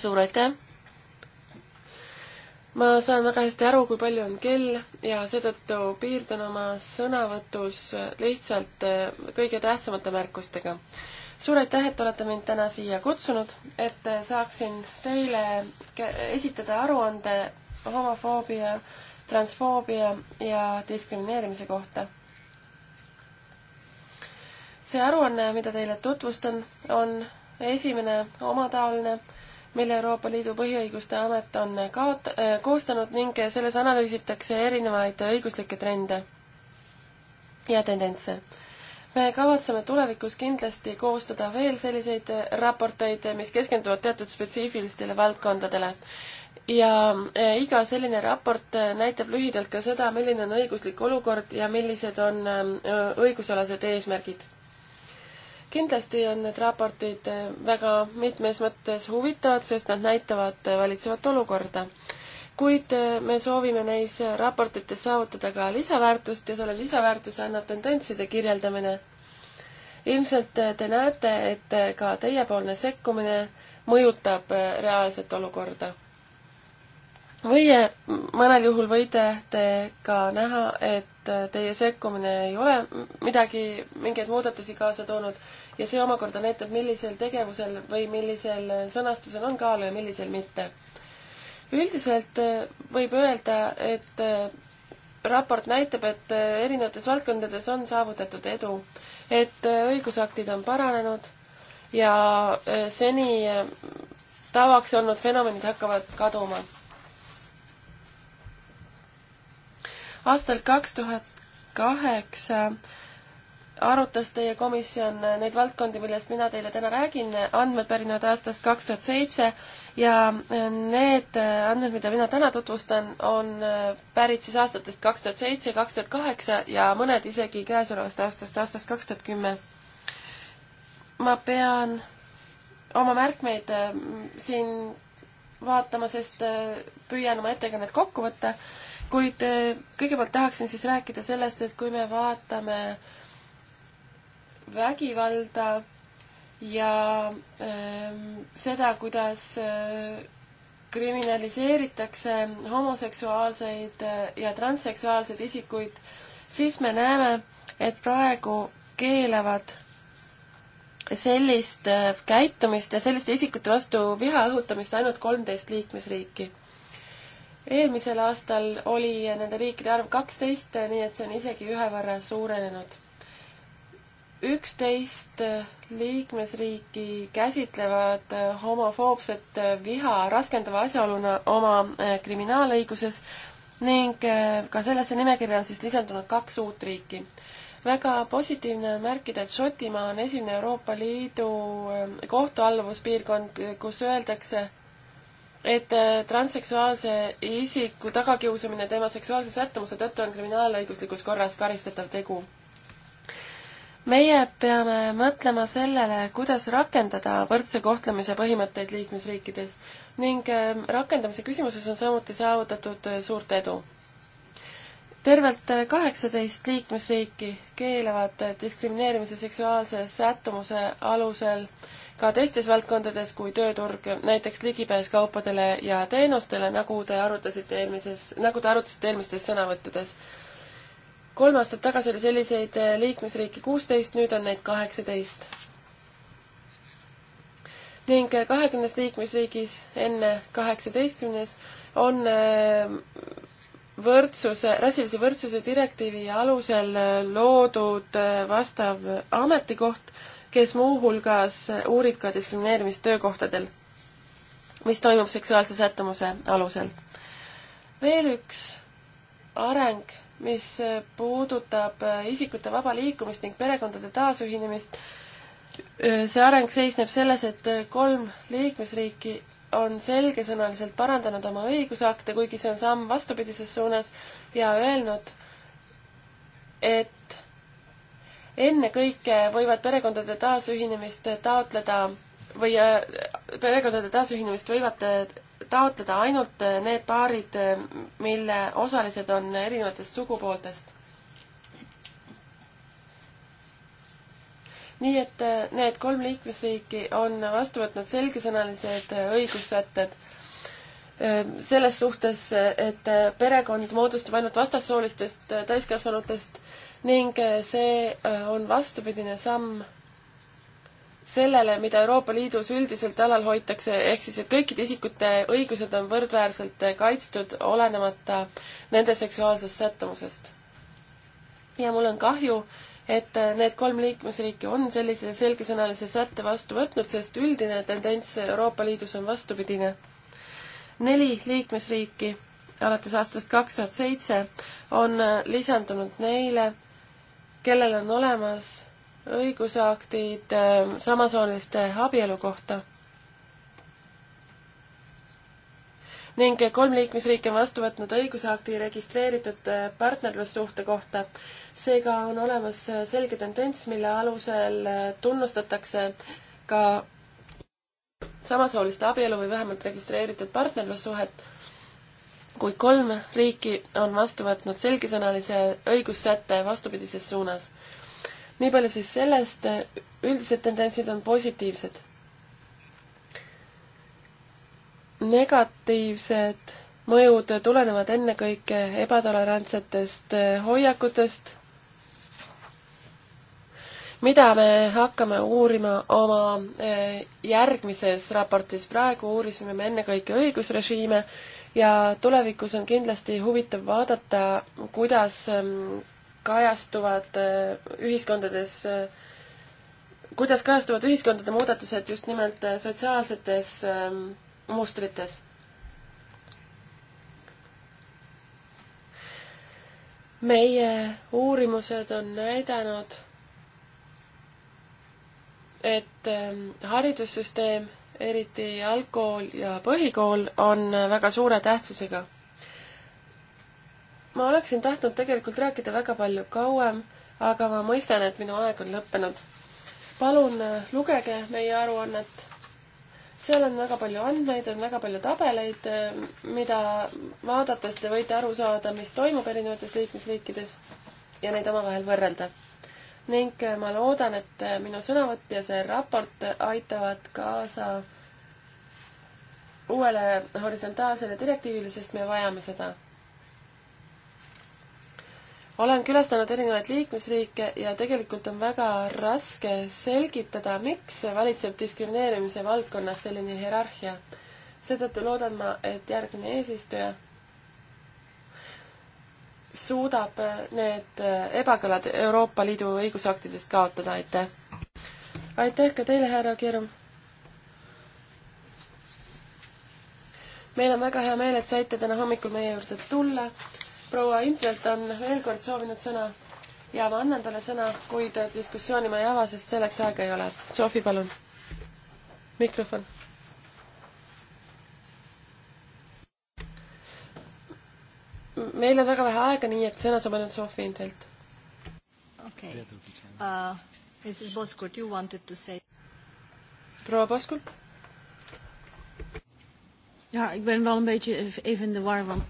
suur aitäh! ma saan väga hästi aru, kui palju on kell ja seetõttu piirdun oma sõnavõtus lihtsalt kõige tähtsamate märkustega. suur aitäh, et olete mind täna siia kutsunud, et saaksin teile esitada aruande homofoobia, transfoobia ja diskrimineerimise kohta see aruanne, mida teile tutvustan, on esimene omataoline, mille Euroopa Liidu põhiõiguste amet on kaot-, äh, koostanud ning selles analüüsitakse erinevaid õiguslikke trende ja tendentse. me kavatseme tulevikus kindlasti koostada veel selliseid raporteid, mis keskenduvad teatud spetsiifilistele valdkondadele. ja äh, iga selline raport äh, näitab lühidalt ka seda, milline on õiguslik olukord ja millised on ähm, õigusalased eesmärgid kindlasti on need raportid eh, väga mitmes mõttes huvitavad, sest nad näitavad eh, valitsevat olukorda. kuid eh, me soovime neis raportites saavutada ka lisaväärtust ja selle lisaväärtuse annab tendentside kirjeldamine. ilmselt te näete, et ka teiepoolne sekkumine mõjutab reaalset olukorda. või mõnel juhul võite te ka näha, et teie sekkumine ei ole midagi, mingeid muudatusi kaasa toonud ja see omakorda näitab, millisel tegevusel või millisel sõnastusel on kaalu ja millisel mitte. üldiselt äh, võib öelda, et äh, raport näitab, et äh, erinevates valdkondades on saavutatud edu, et õigusaktid on paranenud ja seni tavaks olnud fenomenid hakkavad kaduma. aastal kaks tuhat kaheksa arutas teie komisjon neid valdkondi, millest mina teile täna räägin, andmed pärinevad aastast kaks tuhat seitse ja need andmed, mida mina täna tutvustan, on pärit siis aastatest kaks tuhat seitse, kaks tuhat kaheksa ja mõned isegi käesolevast aastast, aastast kaks tuhat kümme. ma pean oma märkmeid äh, siin vaatama, sest äh, püüan oma ettekannet kokku võtta kuid äh, kõigepealt tahaksin siis rääkida sellest, et kui me vaatame vägivalda ja ähm, seda, kuidas äh, kriminaliseeritakse homoseksuaalseid äh, ja transseksuaalseid isikuid, siis me näeme, et praegu keelavad sellist äh, käitumist ja selliste isikute vastu viha õhutamist ainult kolmteist liikmesriiki. eelmisel aastal oli nende riikide arv kaksteist, nii et see on isegi ühe võrra suurenenud üksteist liikmesriiki käsitlevad homofoobset viha raskendava asjaoluna oma eh, kriminaalõiguses ning eh, ka sellesse nimekirja on siis lisandunud kaks uut riiki. väga positiivne on märkida, et Šotimaa on esimene Euroopa Liidu eh, kohtualluvuspiirkond, kus öeldakse, et transseksuaalse isiku tagakiusamine tema seksuaalse sättumuse tõttu on kriminaalõiguslikus korras karistatav tegu meie peame mõtlema sellele, kuidas rakendada võrdse kohtlemise põhimõtteid liikmesriikides ning ähm, rakendamise küsimuses on samuti saavutatud äh, suurt edu. tervelt äh, kaheksateist liikmesriiki keelavad äh, diskrimineerimise seksuaalse sättumuse alusel ka teistes valdkondades kui tööturg, näiteks ligipääs kaupadele ja teenustele, nagu te arutasite eelmises, nagu te arutasite eelmistes sõnavõttudes kolm aastat tagasi oli selliseid äh, liikmesriike kuusteist, nüüd on neid kaheksateist. ning äh, kahekümnes liikmesriigis enne kaheksateistkümnes on äh, võrdsuse, rassilise võrdsuse direktiivi alusel loodud vastav ametikoht, kes muuhulgas uurib ka diskrimineerimist töökohtadel, mis toimub seksuaalse sättumuse alusel. veel üks areng mis puudutab äh, isikute vaba liikumist ning perekondade taasühinemist. Äh, see areng seisneb selles, et äh, kolm liikmesriiki on selgesõnaliselt parandanud oma õigusakte, kuigi see on samm vastupidises suunas ja öelnud, et ennekõike võivad perekondade taasühinemist taotleda või perekondade taasühinemist võivad taotleda ainult äh, need paarid, äh, mille osalised on erinevatest sugupooltest. nii et äh, need kolm liikmesriiki on vastu võtnud selgesõnalised õigussätted selles suhtes, et perekond moodustub ainult vastassoolistest täiskasvanutest ning see on vastupidine samm sellele, mida Euroopa Liidus üldiselt alal hoitakse, ehk siis, et kõikide isikute õigused on võrdväärselt kaitstud, olenemata nende seksuaalsest sättumusest. ja mul on kahju, et need kolm liikmesriiki on sellise selgesõnalise sätte vastu võtnud, sest üldine tendents Euroopa Liidus on vastupidine. neli liikmesriiki alates aastast kaks tuhat seitse on lisandunud neile, kellel on olemas õigusaktid äh, samasooliste abielu kohta. ning kolm liikmesriiki on vastu võtnud õigusakti registreeritud äh, partnerlussuhte kohta. seega on olemas äh, selge tendents, mille alusel tunnustatakse ka samasooliste abielu või vähemalt registreeritud partnerlussuhet kuid kolm riiki on vastu võtnud selgesõnalise õigussätte vastupidises suunas nii palju siis sellest, üldised tendentsid on positiivsed. negatiivsed mõjud tulenevad ennekõike ebatolerantsetest hoiakutest, mida me hakkame uurima oma eh, järgmises raportis. praegu uurisime me ennekõike õigusrežiime ja tulevikus on kindlasti huvitav vaadata, kuidas mm, kajastuvad äh, ühiskondades, äh, kuidas kajastuvad ühiskondade muudatused just nimelt äh, sotsiaalsetes ähm, mustrites meie uurimused on näidanud, et ähm, haridussüsteem, eriti algkool ja põhikool, on väga suure tähtsusega ma oleksin tahtnud tegelikult rääkida väga palju kauem, aga ma mõistan, et minu aeg on lõppenud. palun äh, lugege meie aruannet. seal on väga palju andmeid, on väga palju tabeleid, äh, mida vaadates te võite aru saada, mis toimub erinevates liikmesriikides ja neid omavahel võrrelda. ning äh, ma loodan, et minu sõnavõtt ja see raport aitavad kaasa uuele horisontaalsele direktiivile, sest me vajame seda olen külastanud erinevaid liikmesriike ja tegelikult on väga raske selgitada, miks valitseb diskrimineerimise valdkonnas selline hierarhia. seetõttu loodan ma, et järgmine eesistuja suudab need ebakõlad Euroopa Liidu õigusaktidest kaotada, aitäh! aitäh ka teile, härra Kirm! meil on väga hea meel, et saite täna hommikul meie juurde tulla proua Intvelt on veel kord soovinud sõna ja ma annan talle sõna, kuid diskussiooni ma ei ava, sest selleks aega ei ole. Sofi, palun. mikrofon. meil on väga vähe aega, nii et sõna saab ainult Sofi Intvelt. okei okay. uh,. Mrs Boskurt, you wanted to say. proua Boskurt. ja, ik ben wel een beetje even in de war, want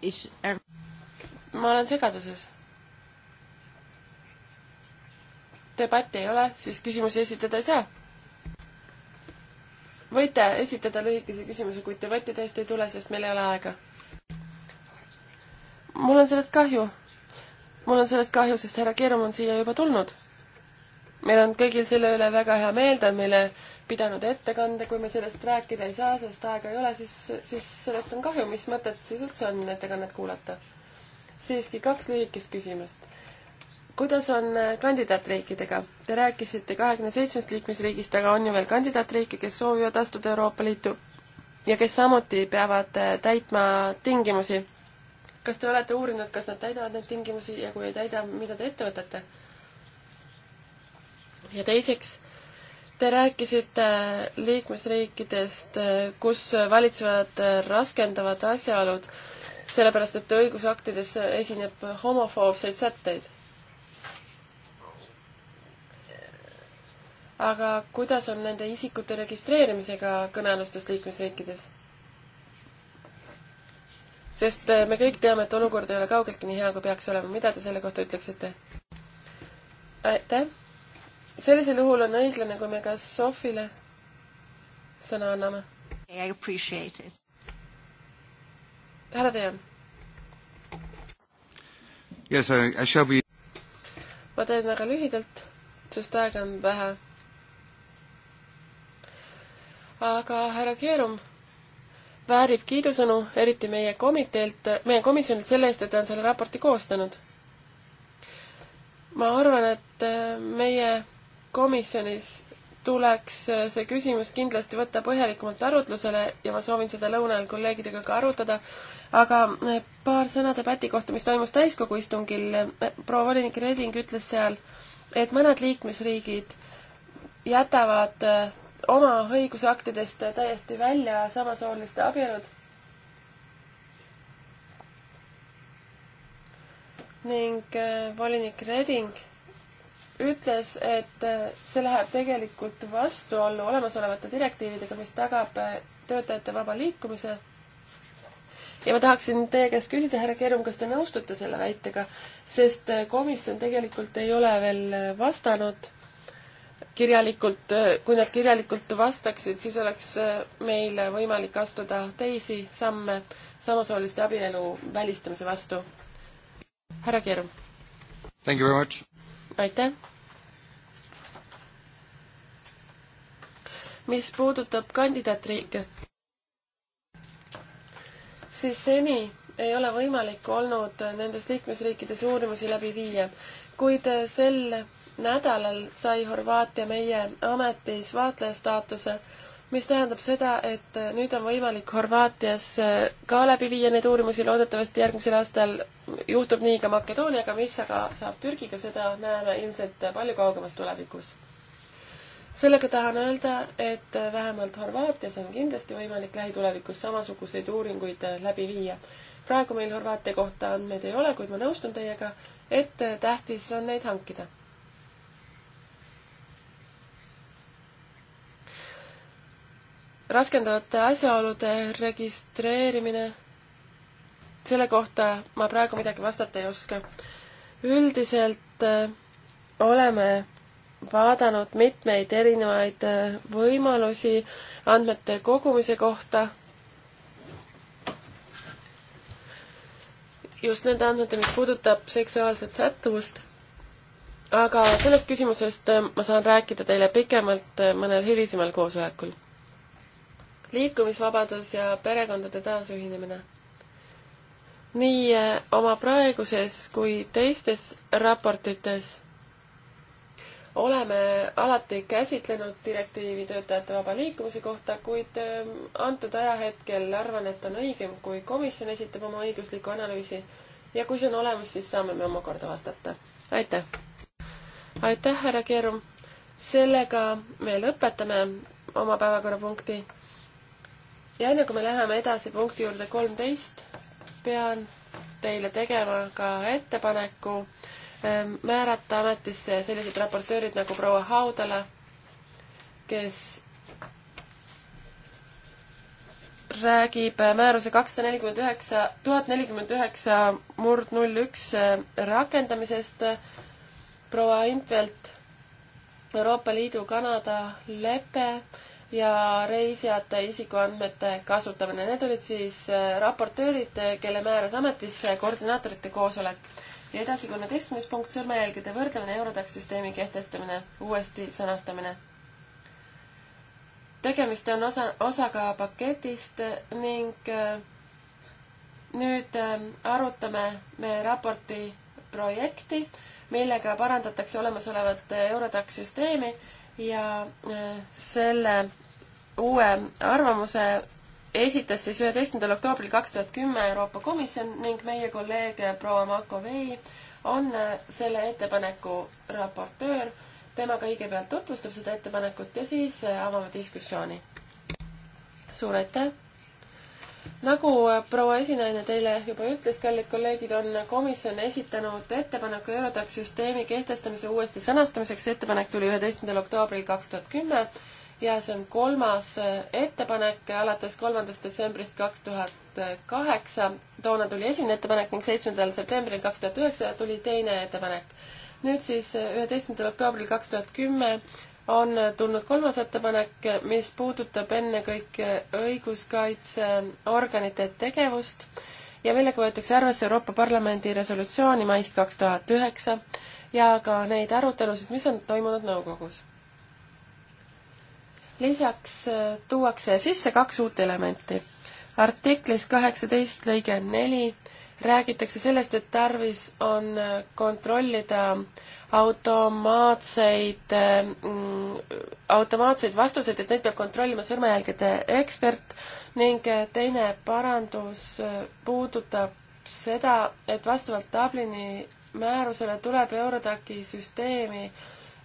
is er ma olen segaduses. debatti ei ole, siis küsimusi esitada ei saa. võite esitada lühikese küsimuse, kuid debatti tõesti ei tule, sest meil ei ole aega. mul on sellest kahju. mul on sellest kahju, sest härra Keerum on siia juba tulnud. meil on kõigil selle üle väga hea meel, ta on meile pidanud ettekande, kui me sellest rääkida ei saa, sest aega ei ole, siis, siis sellest on kahju, mis mõtet siis üldse on ettekannet kuulata siiski kaks lühikest küsimust. kuidas on äh, kandidaatriikidega? Te rääkisite kahekümne seitsmest liikmesriigist, aga on ju veel kandidaatriike, kes soovivad astuda Euroopa Liitu ja kes samuti peavad äh, täitma tingimusi. kas te olete uurinud, kas nad täidavad neid tingimusi ja kui ei täida, mida te ette võtate? ja teiseks Te rääkisite äh, liikmesriikidest, kus valitsevad raskendavad asjaolud sellepärast et õigusaktides esineb homofoobseid sätteid. aga kuidas on nende isikute registreerimisega kõnealustes liikmesriikides? sest eh, me kõik teame, et olukord ei ole kaugeltki nii hea, kui peaks olema. mida te selle kohta ütleksite? aitäh. sellisel juhul on õiglane, kui me ka Sofile sõna anname. I appreciate it härra Tean. Yes, I, I shall be. ma teen väga lühidalt, sest aega on vähe. aga härra Keerum väärib kiidusõnu, eriti meie komiteelt, meie komisjonilt selle eest, et ta on selle raporti koostanud. ma arvan, et meie komisjonis tuleks äh, see küsimus kindlasti võtta põhjalikumalt arutlusele ja ma soovin seda lõunal kolleegidega ka arutada, aga äh, paar sõna debati kohta, mis toimus täiskogu istungil, äh, proua volinik Reding ütles seal, et mõned liikmesriigid jätavad oma õigusaktidest täiesti välja samasooliste abielud ning volinik Reding ütles, et äh, see läheb tegelikult vastuollu olemasolevate direktiividega, mis tagab äh, töötajate vaba liikumise. ja ma tahaksin teie käest küsida, härra Kerum, kas te nõustute selle väitega, sest äh, komisjon tegelikult ei ole veel vastanud kirjalikult, kui nad kirjalikult vastaksid, siis oleks meil võimalik astuda teisi samme samasooliste abielu välistamise vastu. härra Kerum. aitäh! mis puudutab kandidaatriike, siis seni ei ole võimalik olnud nendes liikmesriikides uurimusi läbi viia, kuid sel nädalal sai Horvaatia meie ametis vaatleja staatuse, mis tähendab seda, et nüüd on võimalik Horvaatias ka läbi viia neid uurimusi, loodetavasti järgmisel aastal juhtub nii ka Makedooniaga, mis aga saab Türgiga, seda näeme ilmselt palju kaugemas tulevikus sellega tahan öelda, et vähemalt Horvaatias on kindlasti võimalik lähitulevikus samasuguseid uuringuid äh, läbi viia. praegu meil Horvaatia kohta andmeid ei ole, kuid ma nõustun teiega, et äh, tähtis on neid hankida. raskendavate asjaolude registreerimine, selle kohta ma praegu midagi vastata ei oska. üldiselt äh, oleme vaadanud mitmeid erinevaid äh, võimalusi andmete kogumise kohta. just nende andmete, mis puudutab seksuaalset sättumust. aga sellest küsimusest äh, ma saan rääkida teile pikemalt äh, mõnel hilisemal koosolekul. liikumisvabadus ja perekondade taasühinemine nii oma praeguses kui teistes raportites oleme alati käsitlenud direktiivi töötajate vaba liikumise kohta, kuid ähm, antud ajahetkel arvan, et on õigem, kui komisjon esitab oma õigusliku analüüsi ja kui see on olemas, siis saame me omakorda vastata. aitäh! aitäh, härra Keerum! sellega me lõpetame oma päevakorrapunkti. ja enne kui me läheme edasi punkti juurde kolmteist, pean teile tegema ka ettepaneku äh, Ehm, määrata ametisse sellised raportöörid nagu proua Haudala, kes räägib määruse kakssada nelikümmend üheksa, tuhat nelikümmend üheksa murd null üks eh, rakendamisest. proua Intvelt, Euroopa Liidu Kanada lepe ja reisijate isikuandmete kasutamine. Need olid siis eh, raportöörid, kelle määras ametisse koordinaatorite koosolek ja edasi kolmeteistkümnes punkt, sõrmejälgede võrdlemine, Eurodax süsteemi kehtestamine, uuesti sõnastamine. tegemist on osa, osaga paketist ning äh, nüüd äh, arutame me raporti projekti, millega parandatakse olemasolevat äh, Eurodax süsteemi ja selle uue arvamuse esitas siis üheteistkümnendal oktoobril kaks tuhat kümme Euroopa Komisjon ning meie kolleeg proua Makovei on äh, selle ettepaneku raportöör. tema kõigepealt tutvustab seda ettepanekut ja siis äh, avame diskussiooni. suur aitäh! nagu äh, proua esinaine teile juba ütles, kallid kolleegid, on komisjon esitanud ettepaneku Eurodax süsteemi kehtestamise uuesti sõnastamiseks, ettepanek tuli üheteistkümnendal oktoobril kaks tuhat kümme ja see on kolmas äh, ettepanek alates kolmandast detsembrist kaks tuhat kaheksa. toona tuli esimene ettepanek ning seitsmendal septembril kaks tuhat üheksa tuli teine ettepanek. nüüd siis äh, üheteistkümnendal oktoobril kaks tuhat kümme on äh, tulnud kolmas ettepanek, mis puudutab ennekõike õiguskaitseorganite tegevust ja millega võetakse arvesse Euroopa Parlamendi resolutsiooni maist kaks tuhat üheksa ja ka neid arutelusid, mis on toimunud nõukogus lisaks äh, tuuakse sisse kaks uut elementi. artiklis kaheksateist lõige neli räägitakse sellest, et tarvis on äh, kontrollida automaatseid, äh, mm, automaatseid vastuseid, et neid peab kontrollima sõrmejälgede ekspert ning teine parandus puudutab seda, et vastavalt Dublini määrusele tuleb Eurodaki süsteemi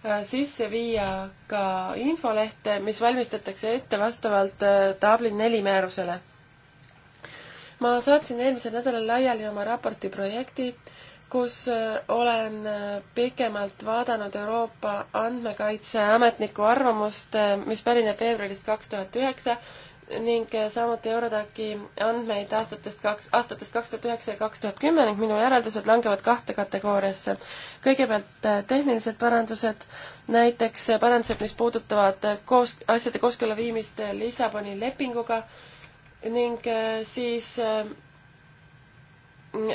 Äh, sisse viia ka infolehte, mis valmistatakse ette vastavalt tablin äh, neli määrusele. ma saatsin eelmisel nädalal laiali oma raporti projekti, kus äh, olen pikemalt vaadanud Euroopa Andmekaitseametniku arvamust, mis pärineb veebruarist kaks tuhat üheksa ning eh, samuti Eurodaki andmeid aastatest kaks, aastatest kaks tuhat üheksa ja kaks tuhat kümme ning minu järeldused langevad kahte kategooriasse. kõigepealt eh, tehnilised parandused, näiteks eh, parandused, mis puudutavad koos, asjade kooskõlla viimist Lissaboni lepinguga ning siis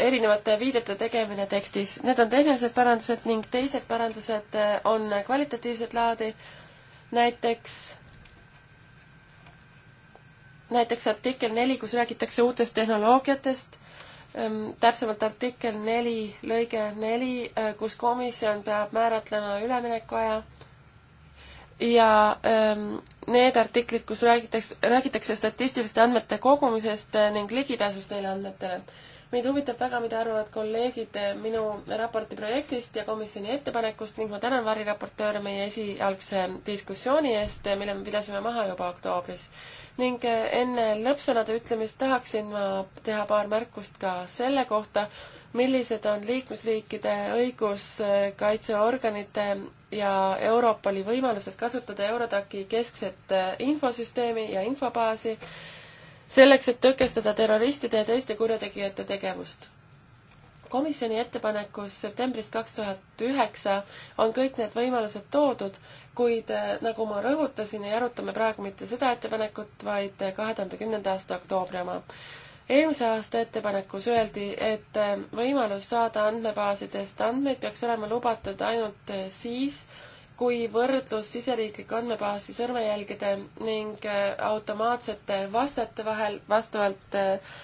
erinevate viidete tegemine tekstis. Need on tehnilised parandused ning teised parandused on kvalitatiivset laadi, näiteks näiteks artikkel neli, kus räägitakse uutest tehnoloogiatest, ehm, täpsemalt artikkel neli lõige neli, eh, kus komisjon peab määratlema üleminekuaja ja ehm, need artiklid, kus räägitakse, räägitakse statistiliste andmete kogumisest eh, ning ligipääsust neile andmetele mind huvitab väga, mida arvavad kolleegid minu raporti projektist ja komisjoni ettepanekust ning ma tänan variraportööre meie esialgse diskussiooni eest, mille me pidasime maha juba oktoobris. ning eh, enne lõppsõnade ütlemist tahaksin ma teha paar märkust ka selle kohta, millised on liikmesriikide õiguskaitseorganite ja Europoli võimalused kasutada Eurodaki keskset eh, infosüsteemi ja infobaasi selleks, et tõkestada terroristide ja teiste kurjategijate tegevust. komisjoni ettepanekus septembrist kaks tuhat üheksa on kõik need võimalused toodud, kuid äh, nagu ma rõhutasin, ei arutame praegu mitte seda ettepanekut, vaid äh, kahe tuhande kümnenda aasta oktoobri oma eelmise aasta ettepanekus öeldi, et äh, võimalus saada andmebaasidest andmeid peaks olema lubatud ainult siis, kui võrdlus siseriiklike andmebaasi sõrmejälgede ning äh, automaatsete vastajate vahel vastavalt äh,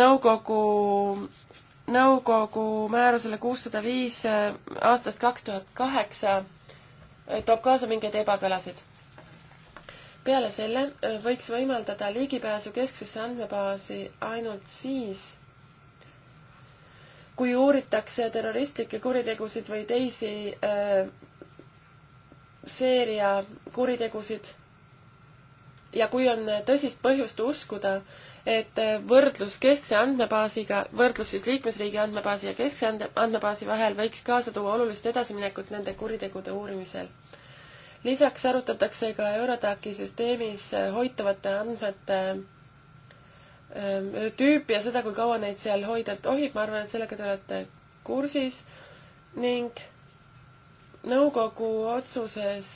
nõukogu, nõukogu määrusele kuussada viis äh, aastast kaks tuhat kaheksa toob kaasa mingeid ebakõlasid. peale selle võiks võimaldada ligipääsu kesksesse andmebaasi ainult siis, kui uuritakse terroristlikke kuritegusid või teisi äh, seeria kuritegusid ja kui on tõsist põhjust uskuda, et võrdlus keskse andmebaasiga, võrdlus siis liikmesriigi andmebaasi ja keskse andmebaasi vahel võiks kaasa tuua olulist edasiminekut nende kuritegude uurimisel. lisaks arutatakse ka Eurotaki süsteemis hoitavate andmete ähm, tüüpi ja seda, kui kaua neid seal hoida tohib, ma arvan, et sellega te olete kursis ning nõukogu otsuses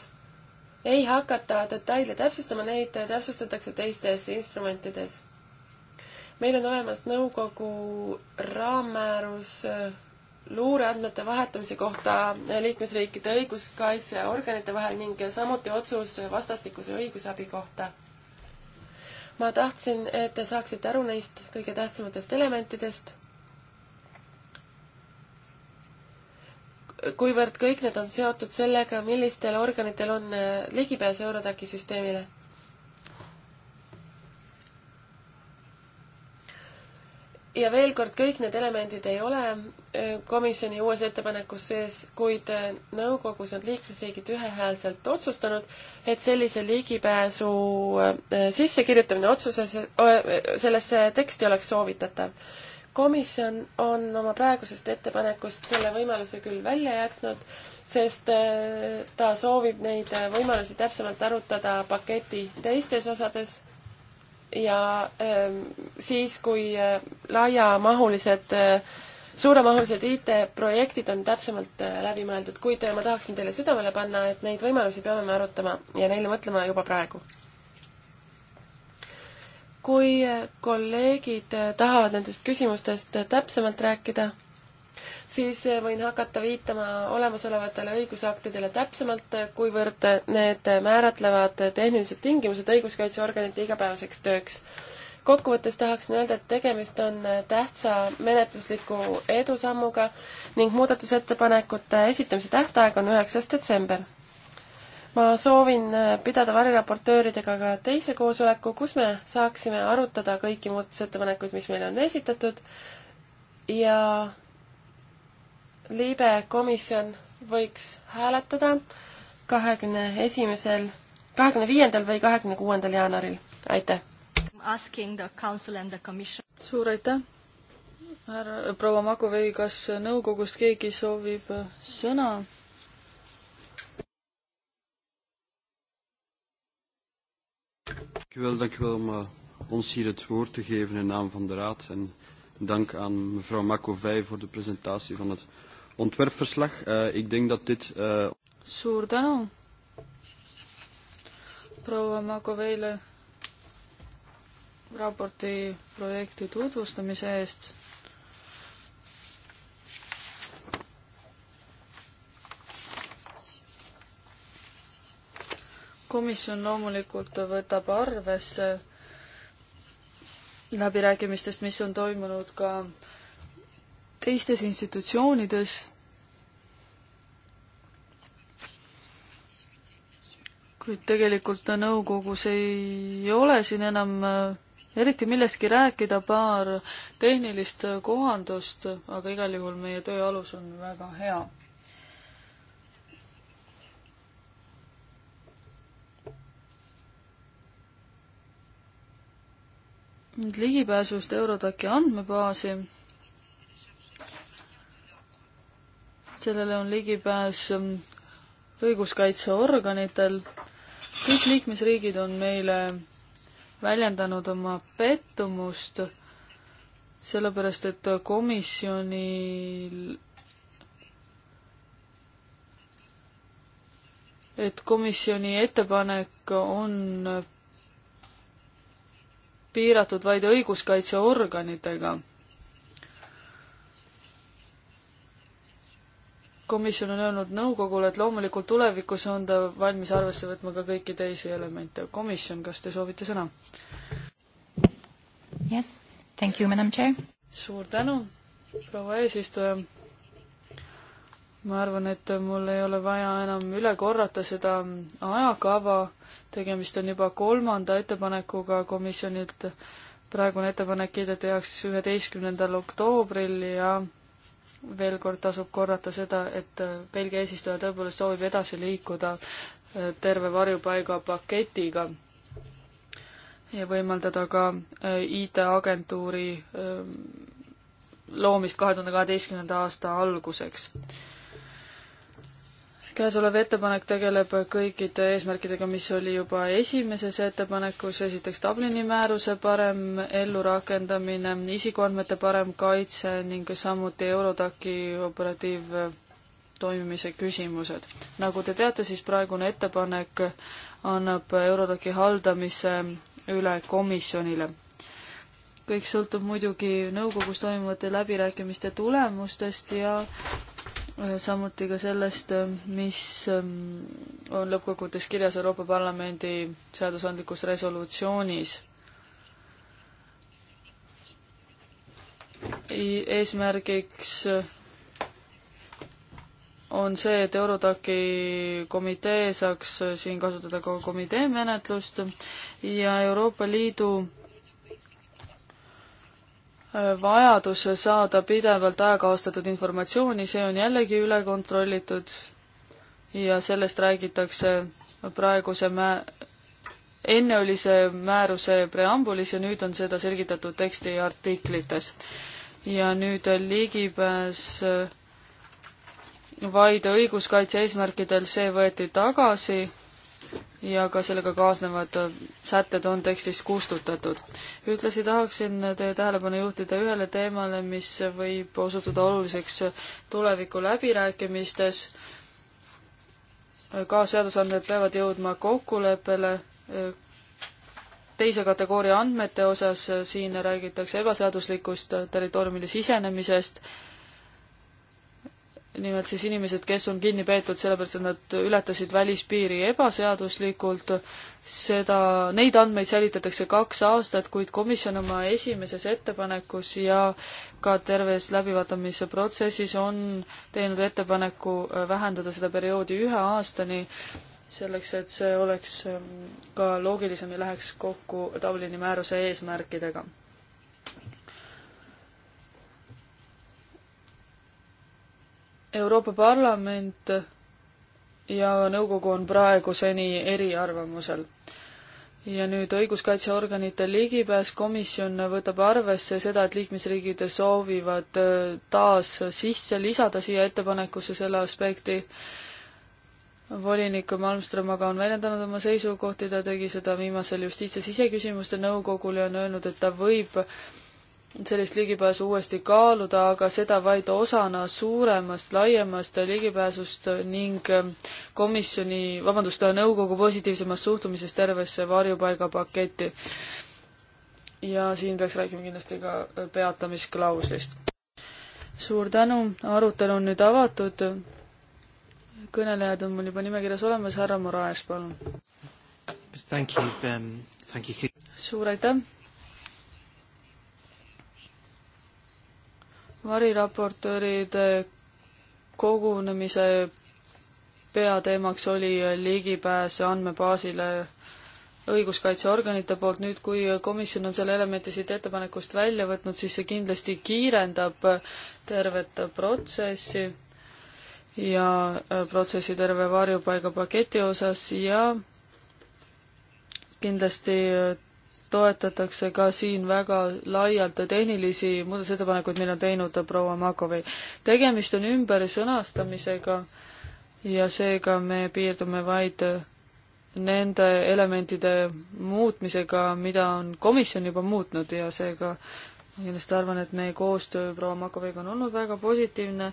ei hakata detaile täpsustama, neid täpsustatakse teistes instrumentides. meil on olemas nõukogu raammäärus äh, luureandmete vahetamise kohta äh, liikmesriikide õiguskaitseorganite vahel ning samuti otsus vastastikuse õigusabi kohta. ma tahtsin, et te saaksite aru neist kõige tähtsamatest elementidest kuivõrd kõik need on seotud sellega, millistel organitel on äh, ligipääs Eurodaki süsteemile. ja veel kord, kõik need elemendid ei ole äh, komisjoni uues ettepanekus sees, kuid äh, nõukogus on liikmesriigid ühehäälselt otsustanud, et sellise ligipääsu sissekirjutamine otsuses, sellesse teksti oleks soovitatav komisjon on oma praegusest ettepanekust selle võimaluse küll välja jätnud, sest äh, ta soovib neid äh, võimalusi täpsemalt arutada paketi teistes osades ja ähm, siis, kui äh, laiamahulised, suuremahulised IT-projektid on täpsemalt läbi mõeldud, kuid ma tahaksin teile südamele panna, et neid võimalusi peame me arutama ja neile mõtlema juba praegu kui eh, kolleegid eh, tahavad nendest küsimustest eh, täpsemalt rääkida, siis võin hakata viitama olemasolevatele õigusaktidele täpsemalt, kuivõrd need määratlevad tehnilised tingimused õiguskaitseorganite igapäevaseks tööks. kokkuvõttes tahaksin öelda, et tegemist on tähtsa menetlusliku edusammuga ning muudatusettepanekute esitamise tähtaeg on üheksas detsember ma soovin äh, pidada variraportööridega ka teise koosoleku, kus me saaksime arutada kõiki muudatusettepanekuid, mis meile on esitatud ja liibe komisjon võiks hääletada kahekümne esimesel, kahekümne viiendal või kahekümne kuuendal jaanuaril, aitäh! suur aitäh! härra, proua Makovei, kas nõukogust keegi soovib äh, sõna? wel, dank u wel om uh, ons hier het woord te geven in naam van de Raad. En dank aan mevrouw Makovij voor de presentatie van het ontwerpverslag. Uh, ik denk dat dit... Uh... Suur tänu proua Makoveile raporti projekti tutvustamise eest komisjon loomulikult võtab arvesse läbirääkimistest, mis on toimunud ka teistes institutsioonides. kuid tegelikult nõukogus ei ole siin enam äh, eriti millestki rääkida, paar tehnilist kohandust, aga igal juhul meie töö alus on väga hea nüüd ligipääsust Eurodaki andmebaasi. sellele on ligipääs mm, õiguskaitseorganitel. kõik liikmesriigid on meile väljendanud oma pettumust, sellepärast et komisjonil, et komisjoni ettepanek on piiratud vaid õiguskaitseorganitega. komisjon on öelnud nõukogule, et loomulikult tulevikus on ta valmis arvesse võtma ka kõiki teisi elemente. komisjon, kas te soovite sõna? Yes, thank you, madam chair. suur tänu, proua eesistuja ma arvan, et mul ei ole vaja enam üle korrata seda ajakava, tegemist on juba kolmanda ettepanekuga komisjonilt. praegune ettepanek kiideti heaks üheteistkümnendal oktoobril ja veel kord tasub korrata seda, et Belgia eesistuja tõepoolest soovib edasi liikuda terve varjupaigapaketiga ja võimaldada ka äh, IT-agentuuri ähm, loomist kahe tuhande kaheteistkümnenda aasta alguseks käesolev ettepanek tegeleb kõikide eesmärkidega, mis oli juba esimeses ettepanekus, esiteks Dublini määruse parem ellurakendamine, isikuandmete parem kaitse ning samuti Eurodaki operatiivtoimimise küsimused. nagu te teate, siis praegune ettepanek annab Eurodaki haldamise üle komisjonile. kõik sõltub muidugi nõukogus toimuvate läbirääkimiste tulemustest ja Äh, samuti ka sellest, äh, mis ähm, on lõppkokkuvõttes kirjas Euroopa Parlamendi seadusandlikus resolutsioonis. eesmärgiks äh, on see, et Eurodaki komitee saaks siin kasutada ka komitee menetlust ja Euroopa Liidu vajadus saada pidevalt ajakohastatud informatsiooni, see on jällegi üle kontrollitud ja sellest räägitakse praeguse mä-, enne oli see määruse preambulis ja nüüd on seda selgitatud teksti artiklites. ja nüüd ligipääs äh, vaid õiguskaitse eesmärkidel, see võeti tagasi ja ka sellega kaasnevad sätted on tekstist kustutatud. ühtlasi tahaksin teie tähelepanu juhtida ühele teemale, mis võib osutuda oluliseks tuleviku läbirääkimistes. ka seadusandjad peavad jõudma kokkuleppele e, teise kategooria andmete osas, siin räägitakse ebaseaduslikust territooriumile sisenemisest nimelt siis inimesed, kes on kinni peetud sellepärast, et nad ületasid välispiiri ebaseaduslikult, seda, neid andmeid säilitatakse kaks aastat, kuid komisjon oma esimeses ettepanekus ja ka terves läbivaatamise protsessis on teinud ettepaneku äh, vähendada seda perioodi ühe aastani, selleks et see oleks ähm, ka loogilisem ja läheks kokku Dublini määruse eesmärkidega Euroopa Parlament ja nõukogu on praeguseni eriarvamusel. ja nüüd õiguskaitseorganite ligipääs, komisjon võtab arvesse seda, et liikmesriigid soovivad äh, taas sisse lisada siia ettepanekusse selle aspekti, volinik Malmström aga on väljendanud oma seisukohti, ta tegi seda viimasel justiits- ja siseküsimuste nõukogul ja on öelnud, et ta võib sellist ligipääsu uuesti kaaluda, aga seda vaid osana suuremast, laiemast ligipääsust ning ähm, komisjoni, vabandust, nõukogu positiivsemast suhtumisest tervesse varjupaigapaketti. ja siin peaks rääkima kindlasti ka äh, peatamisklauslist. suur tänu, arutelu on nüüd avatud. kõnelejad on mul juba nimekirjas olemas, härra Moraes, palun. Um, suur aitäh variraportööride kogunemise peateemaks oli ligipääs andmebaasile õiguskaitseorganite poolt, nüüd kui komisjon on selle elemendi siit ettepanekust välja võtnud, siis see kindlasti kiirendab tervet protsessi ja äh, protsessi terve varjupaigapaketi osas ja kindlasti äh, toetatakse ka siin väga laialt tehnilisi muudatusettepanekuid, mille on teinud proua Makovei. tegemist on ümbersõnastamisega ja seega me piirdume vaid nende elementide muutmisega, mida on komisjon juba muutnud ja seega ma kindlasti arvan, et meie koostöö proua Makoveiga on olnud väga positiivne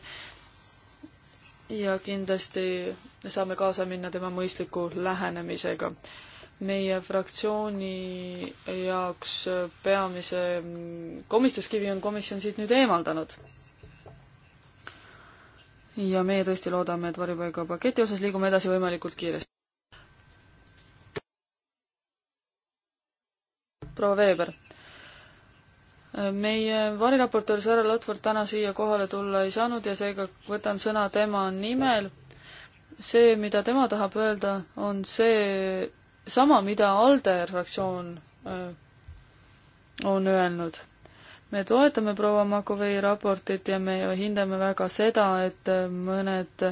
ja kindlasti saame kaasa minna tema mõistliku lähenemisega meie fraktsiooni jaoks peamise komistuskivi on komisjon siit nüüd eemaldanud. ja meie tõesti loodame, et varjupaigapaketi osas liigume edasi võimalikult kiiresti. proua Veeber meie variraportöör Sarah Latvort täna siia kohale tulla ei saanud ja seega võtan sõna tema nimel. see, mida tema tahab öelda, on see, sama, mida ALDE fraktsioon on öelnud. me toetame proua Makovei raportit ja me hindame väga seda, et mõned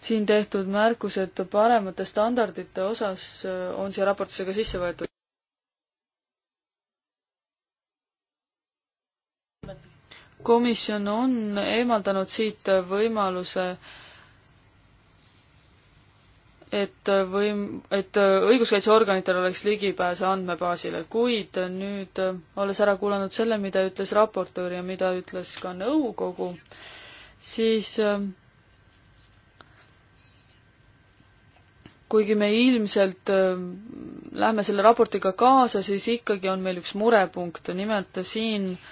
siin tehtud märkused paremate standardite osas on siia raportisse ka sisse võetud. komisjon on eemaldanud siit võimaluse äh, et võim, et õiguskaitseorganitel oleks ligipääs andmebaasile, kuid nüüd, olles ära kuulanud selle, mida ütles raportöör ja mida ütles ka nõukogu, siis kuigi me ilmselt lähme selle raportiga kaasa, siis ikkagi on meil üks murepunkt, nimelt siin äh,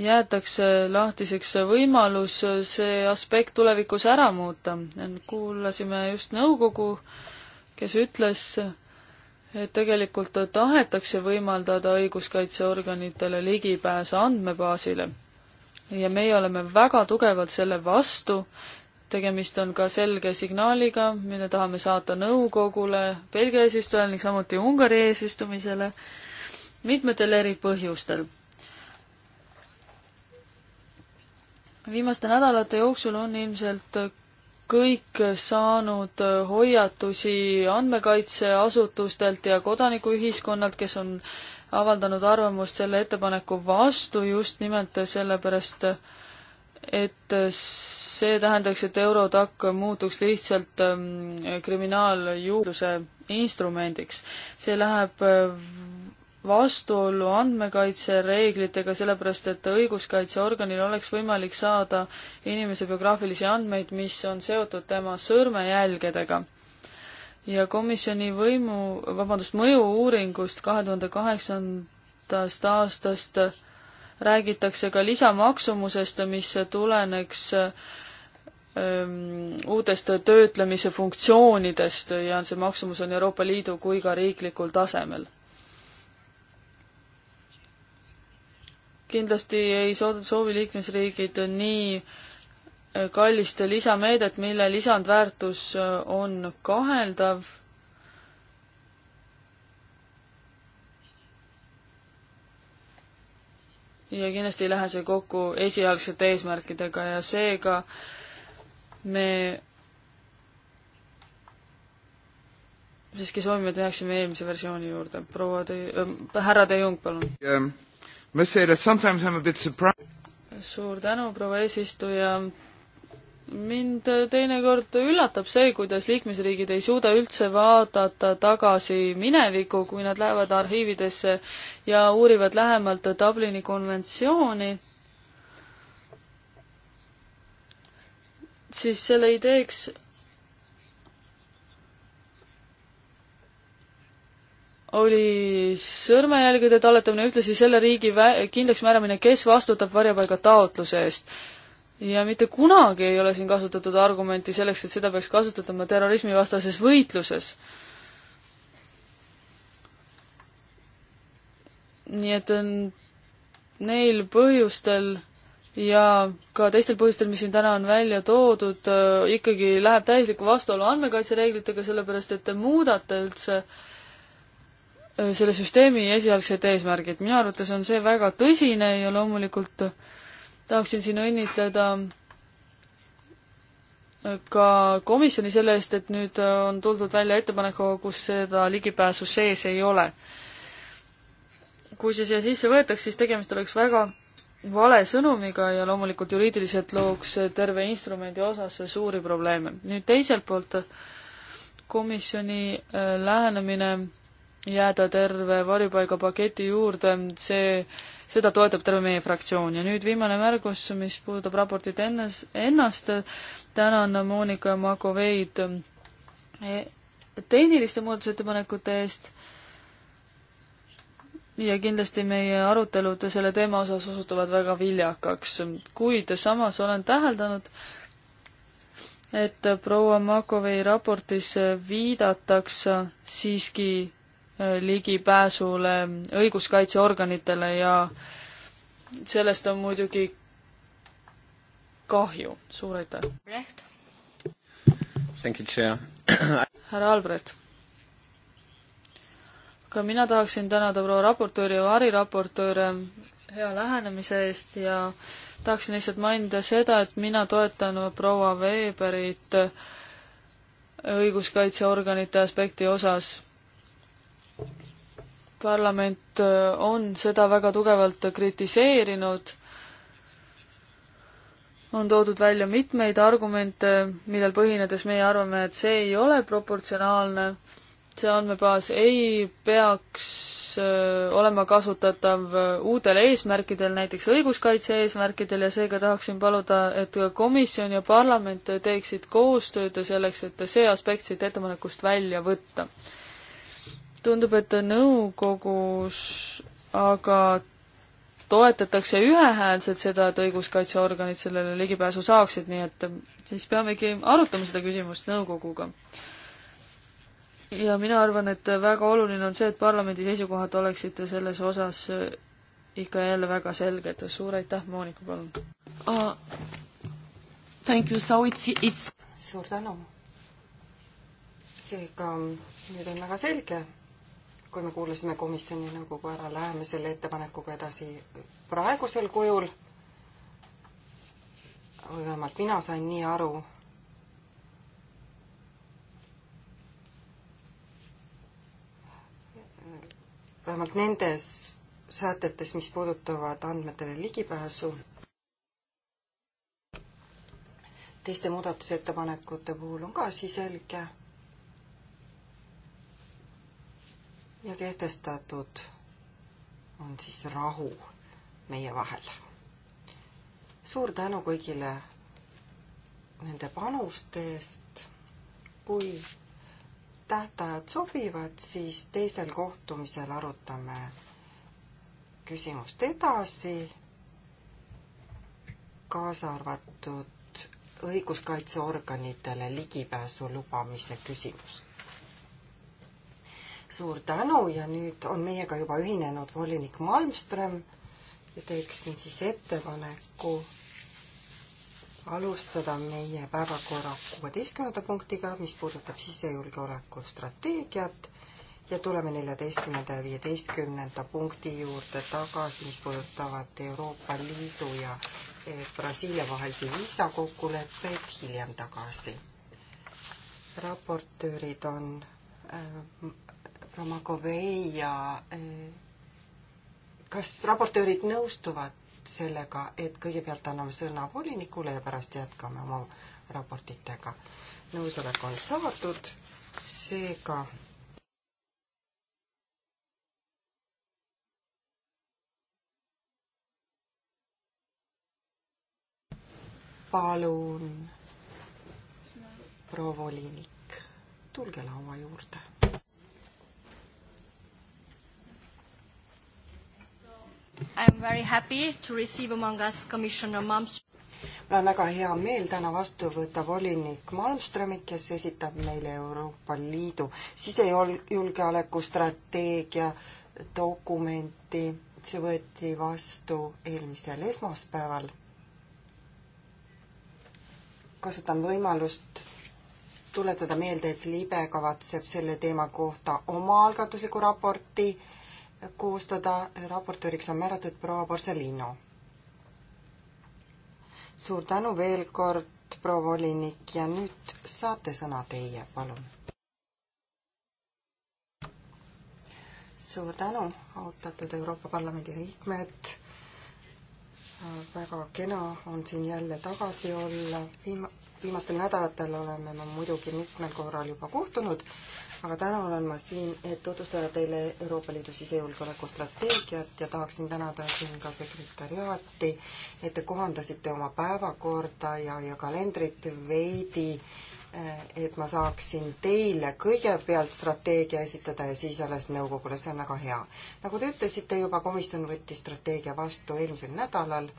jäetakse lahtiseks võimalus see aspekt tulevikus ära muuta. kuulasime just nõukogu, kes ütles, et tegelikult tahetakse võimaldada õiguskaitseorganitele ligipääs andmebaasile. ja meie oleme väga tugevalt selle vastu, tegemist on ka selge signaaliga, mille tahame saata nõukogule, Belgia eesistujale ning samuti Ungari eesistumisele, mitmetel eri põhjustel viimaste nädalate jooksul on ilmselt kõik saanud hoiatusi andmekaitseasutustelt ja kodanikuühiskonnalt, kes on avaldanud arvamust selle ettepaneku vastu just nimelt sellepärast, et see tähendaks, et Eurotac muutuks lihtsalt ähm, kriminaaljuurdluse instrumendiks. see läheb vastuollu andmekaitsereeglitega, sellepärast et õiguskaitseorganil oleks võimalik saada inimese biograafilisi andmeid, mis on seotud tema sõrmejälgedega. ja komisjoni võimu, vabandust, mõju-uuringust kahe tuhande kaheksandast aastast räägitakse ka lisamaksumusest, mis tuleneks ähm, uutest töötlemise funktsioonidest ja see maksumus on Euroopa Liidu kui ka riiklikul tasemel kindlasti ei soovi liikmesriigid nii kallist lisameedet, mille lisandväärtus äh, on kaheldav. ja kindlasti ei lähe see kokku esialgsete eesmärkidega ja seega me siiski soovime, et jääksime eelmise versiooni juurde. proua Tei- äh,, härra Tei Jung, palun ähm suur tänu, proua eesistuja. mind teinekord üllatab see, kuidas liikmesriigid ei suuda üldse vaadata tagasi minevikku, kui nad lähevad arhiividesse ja uurivad lähemalt Dublini konventsiooni siis selle ideeks oli sõrmejälgede talletamine, ühtlasi selle riigi vä-, kindlaksmääramine, kes vastutab varjupaiga taotluse eest. ja mitte kunagi ei ole siin kasutatud argumenti selleks, et seda peaks kasutama terrorismivastases võitluses. nii et on neil põhjustel ja ka teistel põhjustel, mis siin täna on välja toodud, äh, ikkagi läheb täieslikku vastuolu andmekaitsereeglitega, sellepärast et te muudate üldse äh, Äh, selle süsteemi esialgsed eesmärgid. minu arvates on see väga tõsine ja loomulikult tahaksin siin õnnitleda äh, ka komisjoni selle eest, et nüüd äh, on tuldud välja ettepanekuga, kus seda ligipääsu sees ei ole. kui see siia sisse võetaks, siis tegemist oleks väga vale sõnumiga ja loomulikult juriidiliselt looks terve instrumendi osas suuri probleeme. nüüd teiselt poolt komisjoni lähenemine jääda terve varjupaigapaketi juurde, see, seda toetab terve meie fraktsioon ja nüüd viimane märgus, mis puudutab raportit ennast, ennast, tänan Monika Makoveid e, tehniliste muudatusettepanekute eest ja kindlasti meie arutelud selle teema osas osutuvad väga viljakaks, kuid samas olen täheldanud, et proua Makovei raportis viidatakse siiski Äh, ligipääsule õiguskaitseorganitele ja sellest on muidugi kahju. suur aitäh! härra Albrecht ka mina tahaksin tänada proua raportööri ja variraportööre hea lähenemise eest ja tahaksin lihtsalt mainida seda, et mina toetan proua Veberit õiguskaitseorganite aspekti osas parlament äh, on seda väga tugevalt kritiseerinud, on toodud välja mitmeid argumente, millel põhinedes meie arvame, et see ei ole proportsionaalne, see andmebaas ei peaks äh, olema kasutatav äh, uutel eesmärkidel, näiteks õiguskaitse eesmärkidel ja seega tahaksin paluda, et komisjon ja parlament teeksid koostööd selleks, et see aspekt siit ettepanekust välja võtta tundub, et nõukogus aga toetatakse ühehäälselt seda, et õiguskaitseorganid sellele ligipääsu saaksid, nii et siis peamegi arutama seda küsimust nõukoguga. ja mina arvan, et väga oluline on see, et parlamendi seisukohad oleksid selles osas ikka ja jälle väga selged. suur aitäh, Monika, palun uh,! Thank you, so it's, it's suur tänu! seega nüüd on väga selge, kui me kuulasime komisjoni nõukogu ära, läheme selle ettepanekuga edasi praegusel kujul. või vähemalt mina sain nii aru. vähemalt nendes sätetes, mis puudutavad andmetele ligipääsu. teiste muudatusettepanekute puhul on ka asi selge ja kehtestatud on siis rahu meie vahel. suur tänu kõigile nende panuste eest. kui tähtajad sobivad, siis teisel kohtumisel arutame küsimust edasi, kaasa arvatud õiguskaitseorganitele ligipääsu lubamise küsimust suur tänu ja nüüd on meiega juba ühinenud volinik Malmström ja teeksin siis ettepaneku alustada meie päevakorra kuueteistkümnenda punktiga, mis puudutab sisejulgeoleku strateegiat ja tuleme neljateistkümnenda ja viieteistkümnenda punkti juurde tagasi, mis puudutavad Euroopa Liidu ja eh, Brasiilia vahelisi viisakokkuleppeid hiljem tagasi. raportöörid on eh, Romakovei ja eh, kas raportöörid nõustuvad sellega, et kõigepealt anname sõna volinikule ja pärast jätkame oma raportitega? nõusolek on saadud, seega palun, proua volinik, tulge laua juurde I am very happy to receive among us Commissioner Malmström. mul on väga hea meel täna vastu võtta volinik Malmströmi, kes esitab meile Euroopa Liidu sisejulgeolekustrateegia dokumenti. see võeti vastu eelmisel esmaspäeval. kasutan võimalust tuletada meelde, et libe kavatseb selle teema kohta omaalgatusliku raporti koostada, raportööriks on määratud proua Borsellino. suur tänu veel kord, proua volinik, ja nüüd saate sõna teie, palun. suur tänu, austatud Euroopa Parlamendi liikmed väga kena on siin jälle tagasi olla. viima-, viimastel nädalatel oleme me muidugi mitmel korral juba kohtunud, aga täna olen ma siin, et tutvustada teile Euroopa Liidu sisejulgeoleku strateegiat ja tahaksin tänada siin ka sekretariaati, et te kohandasite oma päevakorda ja, ja kalendrit veidi, eh, et ma saaksin teile kõigepealt strateegia esitada ja siis alles nõukogule, see on väga hea. nagu te ütlesite juba, komisjon võttis strateegia vastu eelmisel nädalal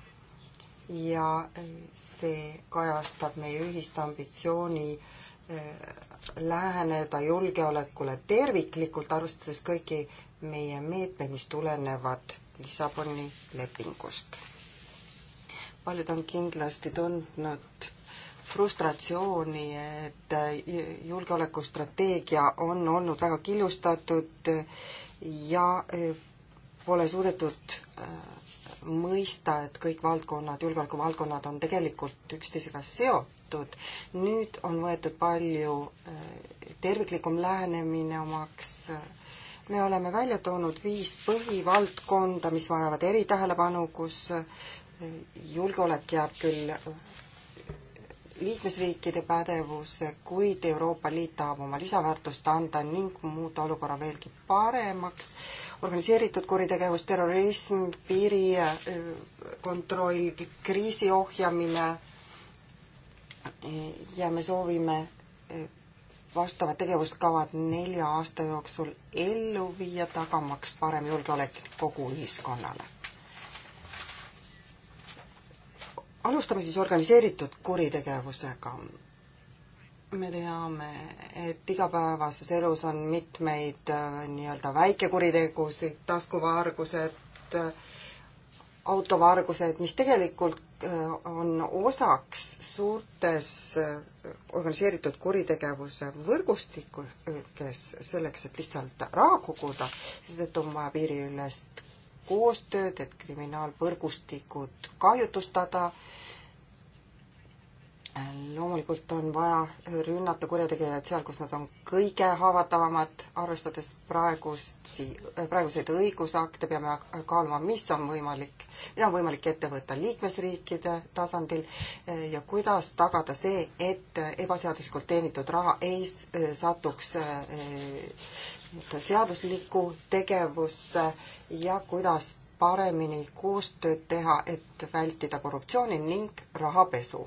ja eh, see kajastab meie ühist ambitsiooni äh, läheneda julgeolekule terviklikult, arvestades kõiki meie meetmeid, mis tulenevad Lissaboni lepingust. paljud on kindlasti tundnud frustratsiooni, et julgeolekustrateegia on olnud väga killustatud ja eh, pole suudetud eh, mõista, et kõik valdkonnad, julgeolekuvaldkonnad on tegelikult üksteisega seotud tehtud. nüüd on võetud palju eh, terviklikum lähenemine omaks. me oleme välja toonud viis põhivaldkonda, mis vajavad eritähelepanu, kus eh, julgeolek jääb küll eh, liikmesriikide pädevuse, kuid Euroopa Liit tahab oma lisaväärtust anda ning muuta olukorra veelgi paremaks. organiseeritud kuritegevus, terrorism, piirikontroll, kriisi ohjamine ja me soovime eh, vastavad tegevuskavad nelja aasta jooksul ellu viia, tagamaks parem julgeolek kogu ühiskonnale. alustame siis organiseeritud kuritegevusega. me teame, et igapäevases elus on mitmeid eh, nii-öelda väikekuritegusid, taskuvargused, eh, autovargused, mis tegelikult on osaks suurtes organiseeritud kuritegevuse võrgustikes selleks, et lihtsalt raha koguda, seetõttu on vaja piiriülest koostööd, et kriminaalvõrgustikud kahjutustada äh, loomulikult on vaja rünnata kurjategijaid seal, kus nad on kõige haavatavamad, arvestades praegust, praeguseid õigusakte, peame kaaluma, mis on võimalik, mida on võimalik ette võtta liikmesriikide tasandil eh, ja kuidas tagada see, et ebaseaduslikult teenitud raha ei eh, satuks eh, seaduslikku tegevusse ja kuidas paremini koostööd teha, et vältida korruptsiooni ning rahapesu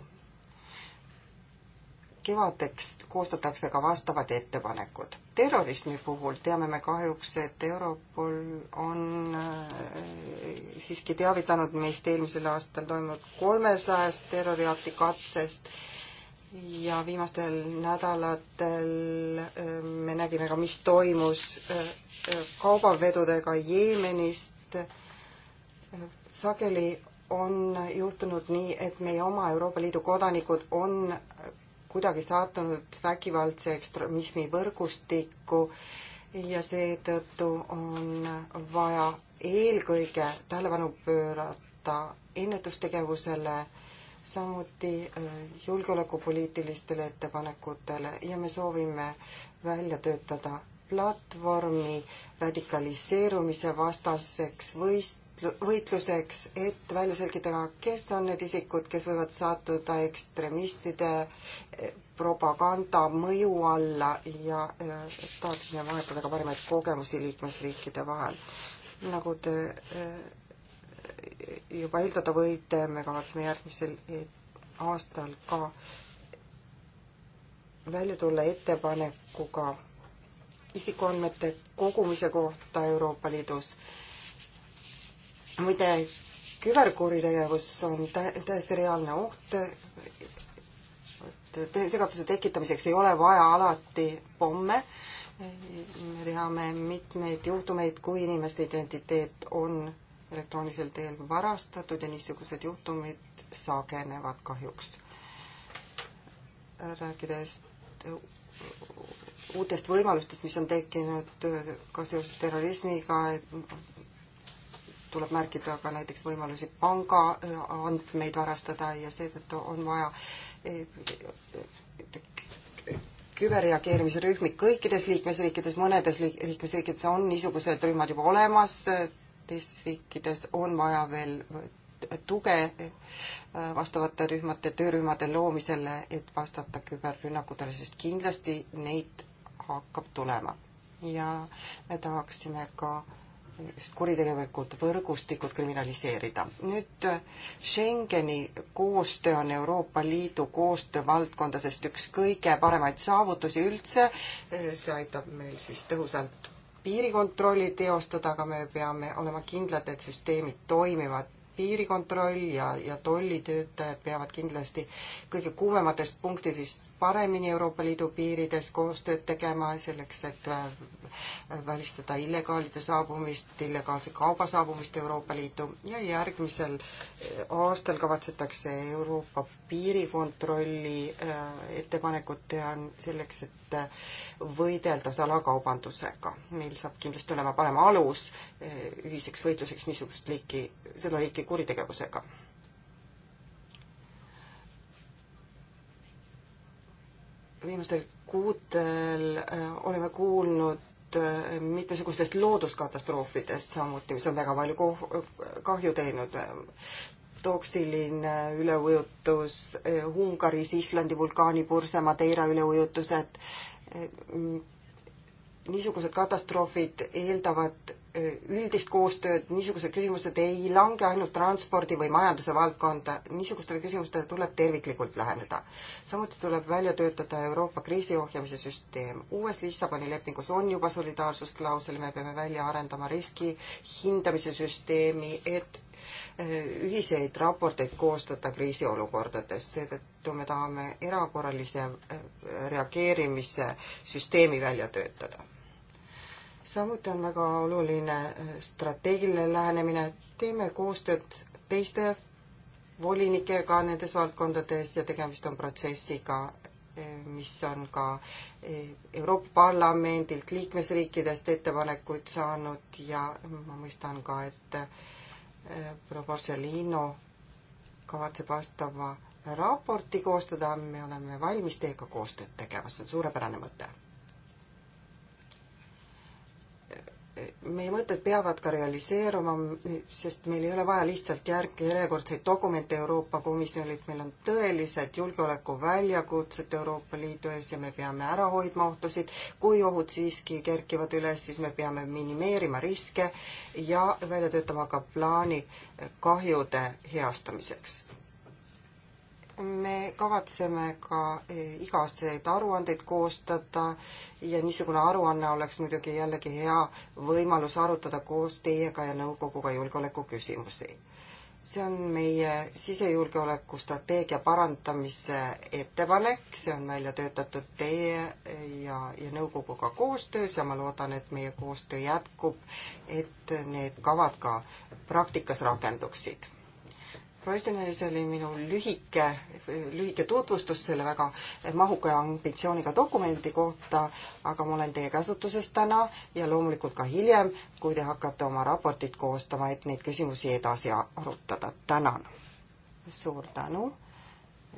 kevadeks koostatakse ka vastavad ettepanekud. terrorismi puhul teame me kahjuks, et Europol on äh, siiski teavitanud meist eelmisel aastal toimunud kolmesajast terroriakti katsest ja viimastel nädalatel äh, me nägime ka, mis toimus äh, kaubavedudega Jeemenist. sageli on juhtunud nii, et meie oma Euroopa Liidu kodanikud on kuidagi sattunud vägivaldse ekstremismi võrgustikku ja seetõttu on vaja eelkõige tähelepanu pöörata ennetustegevusele, samuti äh, julgeolekupoliitilistele ettepanekutele ja me soovime välja töötada platvormi radikaliseerumise vastaseks võist-, võitl-, võitluseks, et välja selgitada, kes on need isikud, kes võivad sattuda ekstremistide eh, propaganda mõju alla ja eh, tahaksime vahetada ka parimaid kogemusi liikmesriikide vahel. nagu te eh, juba eeldada võite, me kavatseme järgmisel aastal ka välja tulla ettepanekuga isikuandmete kogumise kohta Euroopa Liidus äh, muide, küberkuritegevus on tä-, täiesti reaalne oht, et segaduse tekitamiseks ei ole vaja alati pomme, me teame mitmeid juhtumeid, kui inimeste identiteet on elektroonilisel teel varastatud ja niisugused juhtumid sagenevad kahjuks. rääkides uutest võimalustest, mis on tekkinud ka seoses terrorismiga, tuleb märkida ka näiteks võimalusi panga äh, andmeid varastada ja seetõttu on vaja äh, äh, küberreageerimise rühmi kõikides liikmesriikides, mõnedes liikmesriikides on niisugused rühmad juba olemas, teistes riikides on vaja veel tuge vastavate rühmade, töörühmade loomisele, et vastata küberrünnakutele, sest kindlasti neid hakkab tulema. ja me tahaksime ka äh, just kuritegevalikud võrgustikud kriminaliseerida. nüüd äh, Schengeni koostöö on Euroopa Liidu koostöövaldkondadest üks kõige paremaid saavutusi üldse, äh, see aitab meil siis tõhusalt piirikontrolli teostada, aga me peame olema kindlad, et süsteemid toimivad. piirikontroll ja, ja tollitöötajad peavad kindlasti kõige kuumematest punktidest paremini Euroopa Liidu piirides koostööd tegema, selleks et äh, välistada illegaalide saabumist, illegaalse kauba saabumist Euroopa Liitu ja järgmisel eh, aastal kavatsetakse Euroopa piirikontrolli eh, ettepanekut teha selleks, et eh, võidelda salakaubandusega. meil saab kindlasti olema parem alus ühiseks võitluseks niisugust liiki, seda liiki kuritegevusega viimastel kuudel oleme kuulnud Äh, mitmesugustest looduskatastroofidest samuti, mis on väga palju kahju teinud. toksiline üleujutus äh, Ungaris, Islandi vulkaanipurse, Madeira üleujutused. Äh, mm, niisugused katastroofid eeldavad Äh, üldist koostööd, niisugused küsimused ei lange ainult transpordi või majanduse valdkonda, niisugustele küsimustele tuleb terviklikult läheneda. samuti tuleb välja töötada Euroopa kriisiohjamise süsteem. uues Lissaboni lepingus on juba solidaarsusklausel, me peame välja arendama riski hindamise süsteemi, et äh, ühiseid raporteid koostada kriisiolukordades, seetõttu me tahame erakorralise äh, reageerimise süsteemi välja töötada samuti on väga oluline äh, strateegiline lähenemine, teeme koostööd teiste volinikega nendes valdkondades ja tegemist on protsessiga, äh, mis on ka äh, Euroopa Parlamendilt, liikmesriikidest ettepanekuid saanud ja ma mõistan ka, et proua Borsellino kavatseb vastava raporti koostada, me oleme valmis teiega koostööd tegema, see on suurepärane mõte meie mõtted peavad ka realiseeruma, sest meil ei ole vaja lihtsalt järgi järjekordseid dokumente Euroopa Komisjonilt, meil on tõelised julgeolekuväljakutsed Euroopa Liidu ees ja me peame ära hoidma ohtusid. kui ohud siiski kerkivad üles, siis me peame minimeerima riske ja välja töötama ka plaani kahjude heastamiseks me kavatseme ka e, iga-aastaseid aruandeid koostada ja niisugune aruanne oleks muidugi jällegi hea võimalus arutada koos teiega ja nõukoguga julgeolekuküsimusi. see on meie sisejulgeoleku strateegia parandamise ettepanek, see on välja töötatud teie ja, ja nõukoguga koostöös ja ma loodan, et meie koostöö jätkub, et need kavad ka praktikas rakenduksid Roisteneri, see oli minu lühike, lühike tutvustus selle väga mahuka ja ambitsiooniga dokumendi kohta, aga ma olen teie käsutuses täna ja loomulikult ka hiljem, kui te hakkate oma raportit koostama, et neid küsimusi edasi arutada. tänan! suur tänu,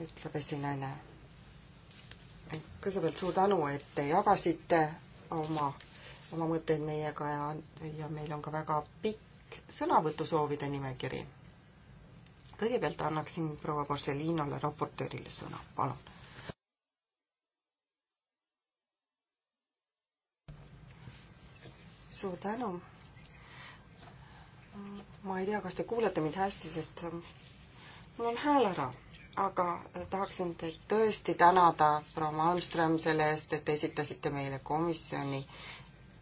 ütleb esinaine. kõigepealt suur tänu, et te jagasite oma, oma mõtteid meiega ja, ja meil on ka väga pikk sõnavõtusoovide nimekiri kõigepealt annaksin proua Porcelinole, raportöörile sõna, palun. suur tänu. ma ei tea, kas te kuulete mind hästi, sest mul on hääl ära aga tahaksin teid tõesti tänada, proua Malmström, selle eest, et esitasite meile komisjoni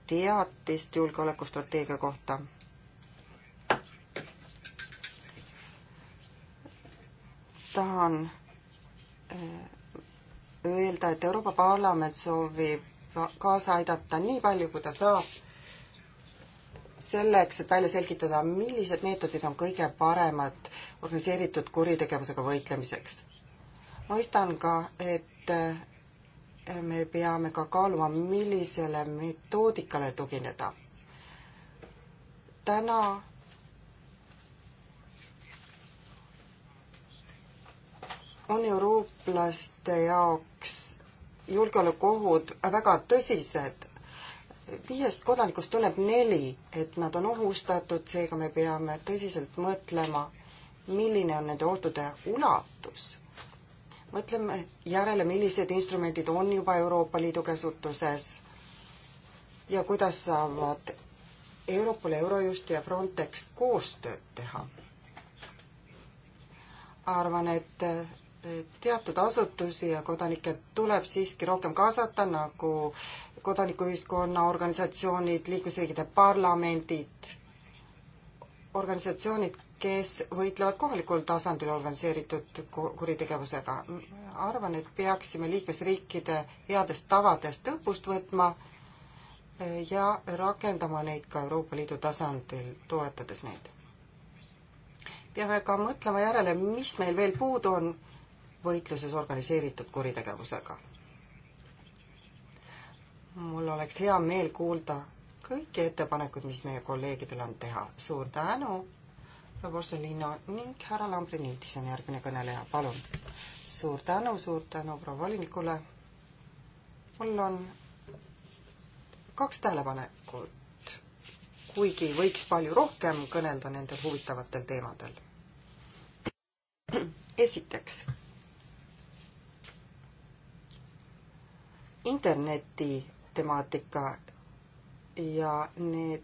teatist julgeolekustrateegia kohta. tahan äh, öelda, et Euroopa Parlament soovib kaasa aidata nii palju, kui ta saab, selleks, et välja selgitada, millised meetodid on kõige paremad organiseeritud kuritegevusega võitlemiseks. mõistan ka, et äh, me peame ka kaaluma, millisele metoodikale tugineda. täna on eurooplaste jaoks julgeolekuohud väga tõsised. viiest kodanikust tuleb neli, et nad on ohustatud, seega me peame tõsiselt mõtlema, milline on nende ohtude ulatus. mõtleme järele, millised instrumendid on juba Euroopa Liidu käsutuses ja kuidas saavad Europol, Eurojust ja Frontex koostööd teha. arvan, et teatud asutusi ja kodanikke tuleb siiski rohkem kaasata, nagu kodanikuühiskonna organisatsioonid, liikmesriikide parlamendid, organisatsioonid, kes võitlevad kohalikul tasandil organiseeritud kuritegevusega. arvan, et peaksime liikmesriikide headest tavadest õppust võtma eh, ja rakendama neid ka Euroopa Liidu tasandil, toetades neid. peame ka mõtlema järele, mis meil veel puudu on võitluses organiseeritud kuritegevusega. mul oleks hea meel kuulda kõiki ettepanekuid, mis meie kolleegidel on teha. suur tänu, proua Borsellino ning härra Lambriniidis on järgmine kõneleja, palun. suur tänu, suur tänu proua volinikule. mul on kaks tähelepanekut, kuigi võiks palju rohkem kõnelda nendel huvitavatel teemadel. esiteks interneti temaatika ja need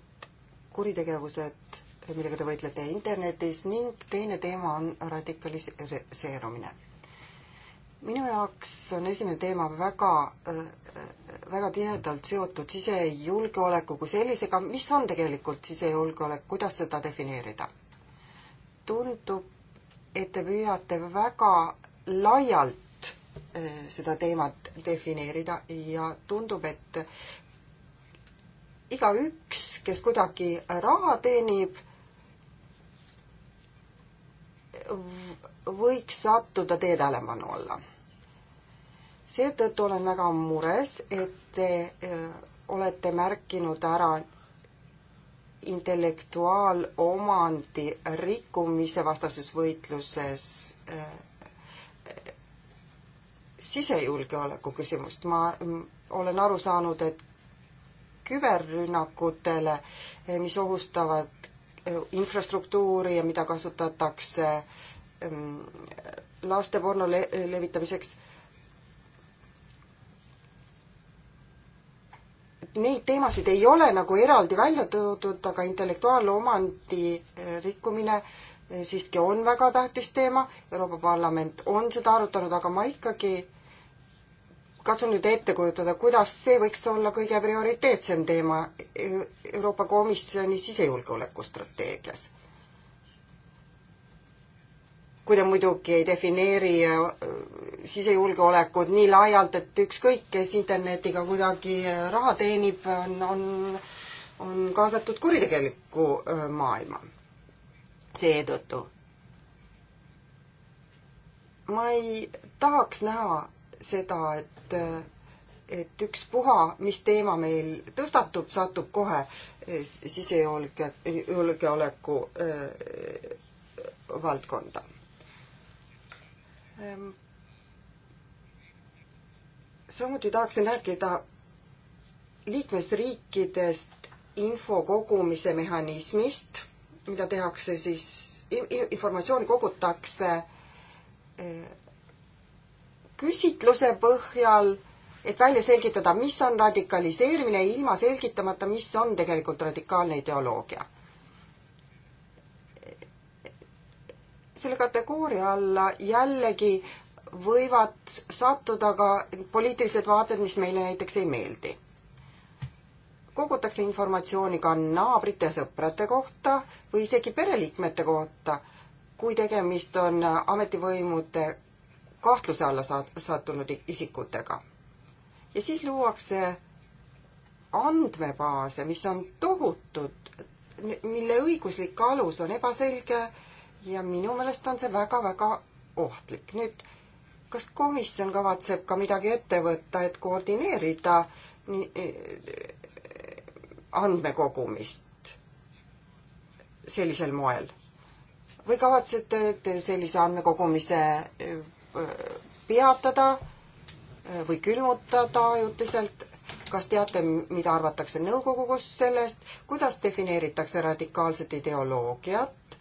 kuritegevused, millega te võitlete internetis ning teine teema on radikaliseerumine. minu jaoks on esimene teema väga, väga tihedalt seotud sisejulgeoleku kui sellisega, mis on tegelikult sisejulgeolek, kuidas seda defineerida? tundub, et te püüate väga laialt Eh, seda teemat defineerida ja tundub, et igaüks, kes kuidagi raha teenib, võiks sattuda teie tähelepanu alla. seetõttu olen väga mures, et te eh, olete märkinud ära intellektuaalomandi rikkumise vastases võitluses eh, sisejulgeoleku küsimust. ma mm, olen aru saanud, et küberrünnakutele, eh, mis ohustavad eh, infrastruktuuri ja mida kasutatakse mm, lasteporno le levitamiseks. Neid teemasid ei ole nagu eraldi välja toodud, aga intellektuaalomandi eh, rikkumine siiski on väga tähtis teema, Euroopa Parlament on seda arutanud, aga ma ikkagi katsu nüüd ette kujutada, kuidas see võiks olla kõige prioriteetsem teema Euroopa Komisjoni sisejulgeoleku strateegias. kui te muidugi ei defineeri äh, sisejulgeolekut nii laialt, et ükskõik, kes internetiga kuidagi äh, raha teenib, on, on, on kaasatud kuritegelikku äh, maailma seetõttu ma ei tahaks näha seda, et et ükspuha, mis teema meil tõstatub, satub kohe eh, sisejulge, julgeoleku äh, valdkonda ähm,. samuti tahaksin rääkida liikmesriikidest info kogumise mehhanismist, mida tehakse siis, informatsiooni kogutakse äh, küsitluse põhjal, et välja selgitada, mis on radikaliseerimine, ilma selgitamata, mis on tegelikult radikaalne ideoloogia. selle kategooria alla jällegi võivad sattuda ka poliitilised vaated, mis meile näiteks ei meeldi. kogutakse informatsiooni ka naabrite, sõprade kohta või isegi pereliikmete kohta, kui tegemist on ametivõimude kahtluse alla saat-, sattunud isikutega. ja siis luuakse andmebaase, mis on tohutud, mille õiguslik alus on ebaselge ja minu meelest on see väga-väga ohtlik. nüüd, kas komisjon kavatseb ka midagi ette võtta, et koordineerida andmekogumist sellisel moel? või kavatsete te sellise andmekogumise peatada või külmutada ajutiselt, kas teate, mida arvatakse nõukogus sellest, kuidas defineeritakse radikaalset ideoloogiat,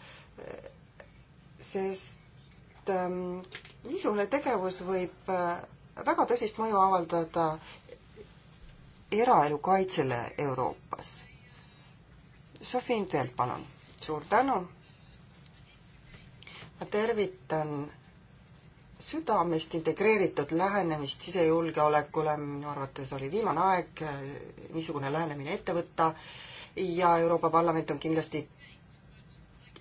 sest ähm, niisugune tegevus võib äh, väga tõsist mõju avaldada eraelu kaitsele Euroopas. Sofiin Pelt, palun. suur tänu. ma tervitan südamest integreeritud lähenemist sisejulgeolekule, minu arvates oli viimane aeg eh, niisugune lähenemine ette võtta ja Euroopa Parlament on kindlasti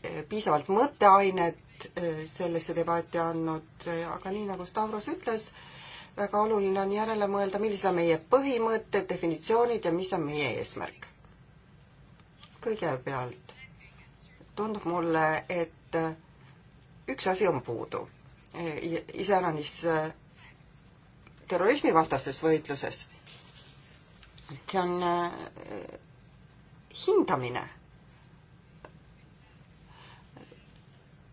eh, piisavalt mõtteainet eh, sellesse debatti andnud, aga nii, nagu Stavros ütles, väga oluline on järele mõelda, millised on meie põhimõtted, definitsioonid ja mis on meie eesmärk. kõigepealt tundub mulle, et üks asi on puudu iseäranis äh, terrorismivastases võitluses. see on äh, hindamine.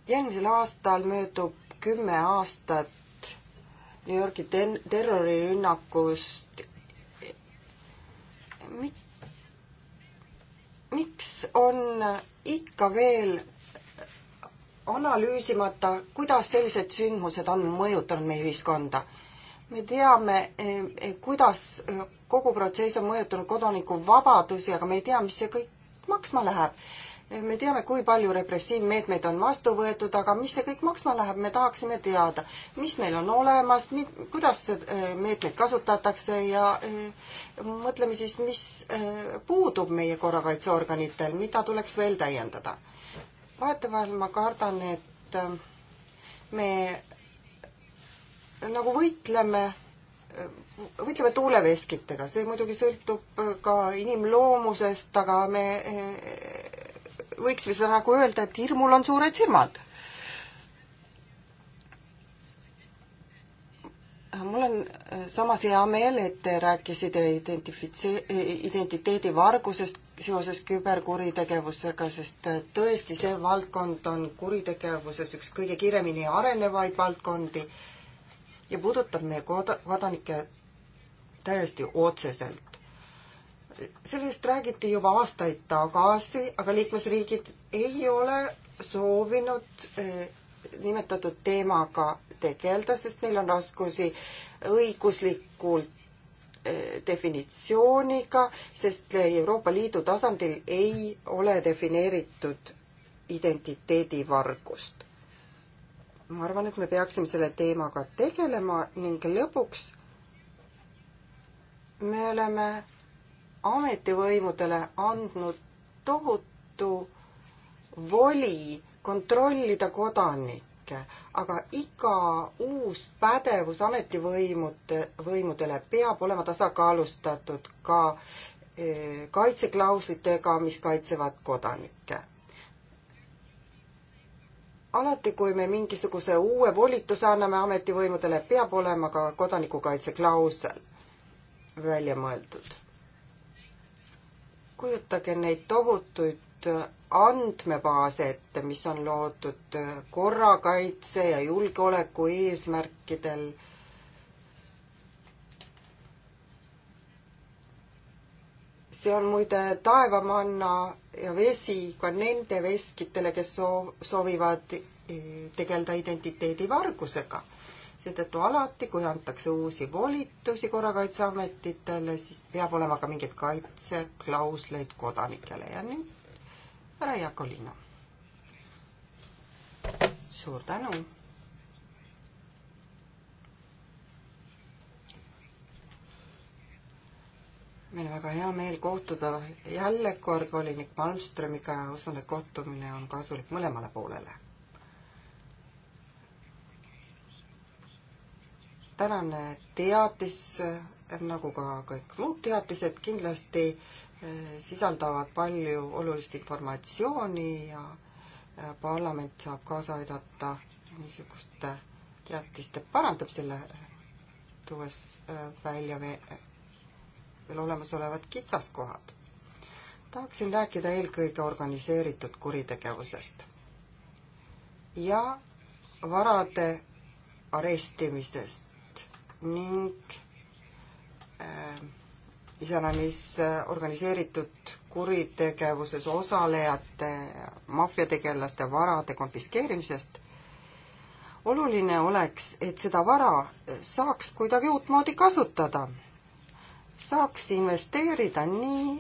järgmisel aastal möödub kümme aastat New Yorgi ten-, terrorirünnakust. miks on ikka veel analüüsimata, kuidas sellised sündmused on mõjutanud meie ühiskonda. me teame, eh, eh, kuidas eh, kogu protsess on mõjutanud kodanikuvabadusi, aga me ei tea, mis see kõik maksma läheb me teame, kui palju repressiivmeetmeid on vastu võetud, aga mis see kõik maksma läheb, me tahaksime teada, mis meil on olemas, kuidas meetmeid kasutatakse ja mõtleme siis, mis puudub meie korrakaitseorganitel, mida tuleks veel täiendada vahetevahel ma kardan, et äh, me nagu võitleme, võitleme tuuleveskitega, see muidugi sõltub äh, ka inimloomusest, aga me äh, võiksime seda nagu öelda, et hirmul on suured silmad mul on äh, samas hea meel, et te rääkisite identifitsi-, identiteedi vargusest seoses küberkuritegevusega, sest äh, tõesti, see valdkond on kuritegevuses üks kõige kiiremini arenevaid valdkondi ja puudutab meie koda-, kodanikke täiesti otseselt. sellest räägiti juba aastaid tagasi, aga liikmesriigid ei ole soovinud äh, nimetatud teemaga tegeleda, sest neil on raskusi õiguslikult äh, definitsiooniga, sest Euroopa Liidu tasandil ei ole defineeritud identiteedivargust. ma arvan, et me peaksime selle teemaga tegelema ning lõpuks me oleme ametivõimudele andnud tohutu voli kontrollida kodanik, kõike, aga iga uus pädevus ametivõimude, võimudele peab olema tasakaalustatud ka e, kaitseklauslitega, mis kaitsevad kodanikke. alati, kui me mingisuguse uue volituse anname ametivõimudele, peab olema ka kodanikukaitseklausel välja mõeldud. kujutage neid tohutuid andmebaas ette, mis on loodud korrakaitse ja julgeoleku eesmärkidel. see on muide taevamanna ja vesi ka nende veskitele, kes soov, soovivad e, tegeleda identiteedivargusega. seetõttu alati, kui antakse uusi volitusi korrakaitseametitele, siis peab olema ka mingeid kaitseklausleid kodanikele ja nüüd härra Jakolino. suur tänu. meil on väga hea meel kohtuda jälle kord volinik Malmströmiga ja usun, et kohtumine on kasulik mõlemale poolele. tänane teatis, nagu ka kõik muud teatised, kindlasti sisaldavad palju olulist informatsiooni ja parlament saab kaasa aidata niisuguste teatiste parandamisele, tuues äh, välja veel olemasolevad kitsaskohad. tahaksin rääkida eelkõige organiseeritud kuritegevusest ja varade arestimisest ning äh, iseäranis äh, organiseeritud kuritegevuses osalejate, maffiategelaste varade konfiskeerimisest. oluline oleks, et seda vara saaks kuidagi uutmoodi kasutada, saaks investeerida nii,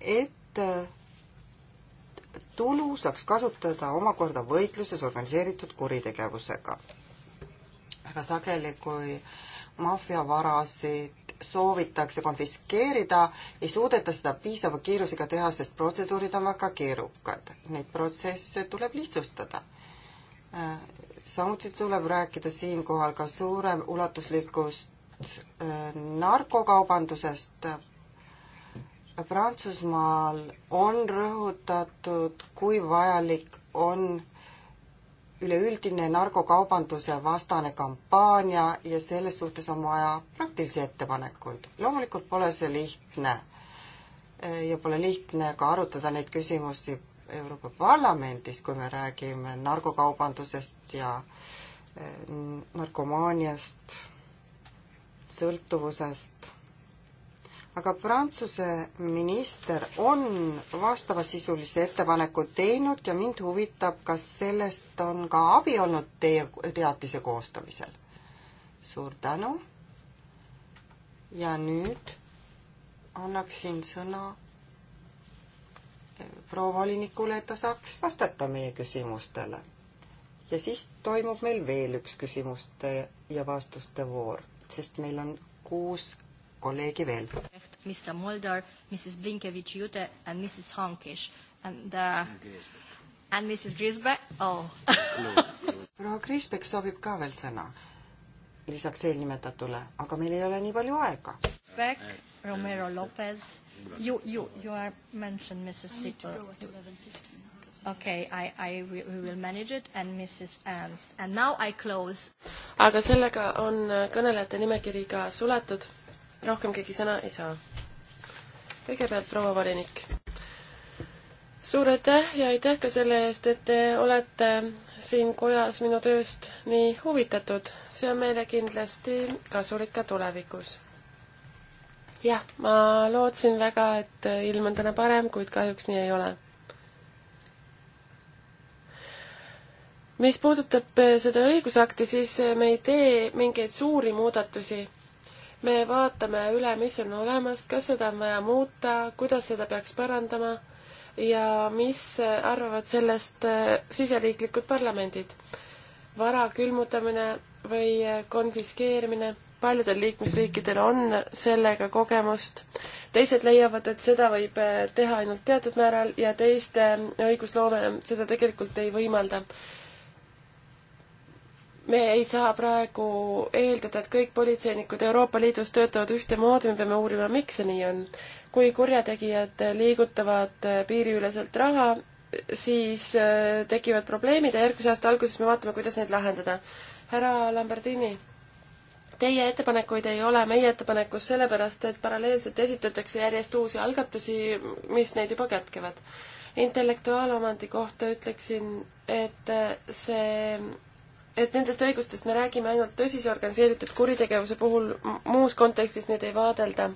et äh, tulu saaks kasutada omakorda võitluses organiseeritud kuritegevusega. väga sageli, kui äh, maffiavarasid soovitakse konfiskeerida, ei suudeta seda piisava kiirusega teha, sest protseduurid on väga keerukad. Neid protsesse tuleb lihtsustada. samuti tuleb rääkida siinkohal ka suurem ulatuslikust äh, narkokaubandusest. Prantsusmaal on rõhutatud, kui vajalik on äh, üleüldine narkokaubanduse vastane kampaania ja selles suhtes on vaja praktilisi ettepanekuid. loomulikult pole see lihtne ja pole lihtne ka arutada neid küsimusi Euroopa Parlamendis, kui me räägime narkokaubandusest ja eh, narkomaaniast, sõltuvusest aga Prantsuse minister on vastavasisulise ettepaneku teinud ja mind huvitab, kas sellest on ka abi olnud teie teatise koostamisel. suur tänu. ja nüüd annaksin sõna eh, proua volinikule, et ta saaks vastata meie küsimustele. ja siis toimub meil veel üks küsimuste ja vastuste voor, sest meil on kuus kolleegi veel. Mr Mulder, Mrs Blinkevich-Jute and Mrs Hankish and uh, and Mrs Grisbeck, oh proua Grisbeck soovib ka veel sõna lisaks eelnimetatule, aga meil ei ole nii palju aega. Beck, Romero Lopez, you, you, you are mentioned Mrs Sito. Okay, I, I we will manage it and Mrs Ernst and now I close. aga sellega on kõnelejate nimekiri ka suletud rohkem keegi sõna ei saa. kõigepealt proua volinik. suur aitäh ja aitäh ka selle eest, et te olete siin kojas minu tööst nii huvitatud. see on meile kindlasti kasulik ka tulevikus jah, ma lootsin väga, et ilm on täna parem, kuid kahjuks nii ei ole. mis puudutab seda õigusakti, siis me ei tee mingeid suuri muudatusi me vaatame üle, mis on olemas, kas seda on vaja muuta, kuidas seda peaks parandama ja mis arvavad sellest äh, siseriiklikud parlamendid. vara külmutamine või äh, konfiskeerimine, paljudel liikmesriikidel on sellega kogemust, teised leiavad, et seda võib äh, teha ainult teatud määral ja teiste õigusloome seda tegelikult ei võimalda me ei saa praegu eeldada, et kõik politseinikud Euroopa Liidus töötavad ühtemoodi, me peame uurima, miks see nii on. kui kurjategijad liigutavad piiriüleselt raha, siis äh, tekivad probleemid ja järgmise aasta alguses me vaatame, kuidas neid lahendada. härra Lambertini, teie ettepanekuid ei ole meie ettepanekus sellepärast, et paralleelselt esitatakse järjest uusi algatusi, mis neid juba kätkevad. intellektuaalomandi kohta ütleksin, et äh, see et nendest õigustest me räägime ainult tõsise organiseeritud kuritegevuse puhul, muus kontekstis neid ei vaadelda.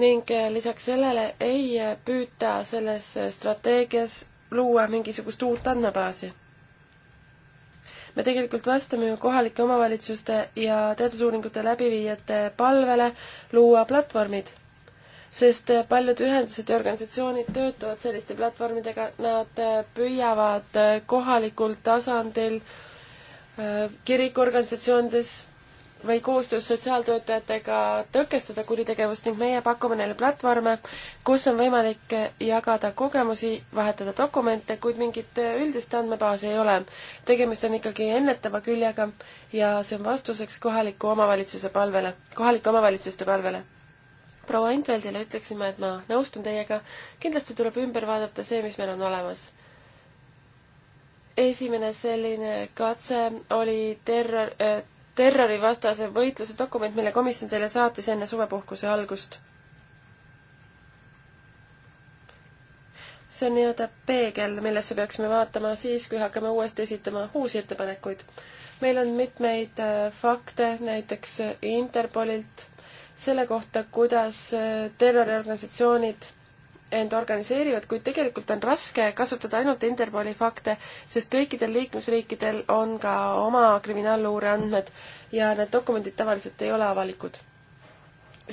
ning äh, lisaks sellele ei äh, püüta selles äh, strateegias luua mingisugust uut andmebaasi. me tegelikult vastame ju kohalike omavalitsuste ja teadusuuringute läbiviijate palvele luua platvormid, sest paljud ühendused ja organisatsioonid töötavad selliste platvormidega, nad püüavad kohalikul tasandil äh, Äh, kirikuorganisatsioonides või koostöös sotsiaaltöötajatega tõkestada kuritegevust ning meie pakume neile platvorme, kus on võimalik jagada kogemusi, vahetada dokumente, kuid mingit äh, üldist andmebaasi ei ole. tegemist on ikkagi ennetava küljega ja see on vastuseks kohaliku omavalitsuse palvele, kohalike omavalitsuste palvele proua Intveldile ütleksime, et ma nõustun teiega, kindlasti tuleb ümber vaadata see, mis meil on olemas esimene selline katse oli terror, äh, terrorivastase võitluse dokument, mille komisjon teile saatis enne suvepuhkuse algust. see on nii-öelda peegel, millesse peaksime vaatama siis, kui hakkame uuesti esitama uusi ettepanekuid. meil on mitmeid äh, fakte, näiteks äh, Interpolilt, selle kohta, kuidas terroriorganisatsioonid end organiseerivad, kuid tegelikult on raske kasutada ainult Interpoli fakte, sest kõikidel liikmesriikidel on ka oma kriminaalluure andmed ja need dokumendid tavaliselt ei ole avalikud.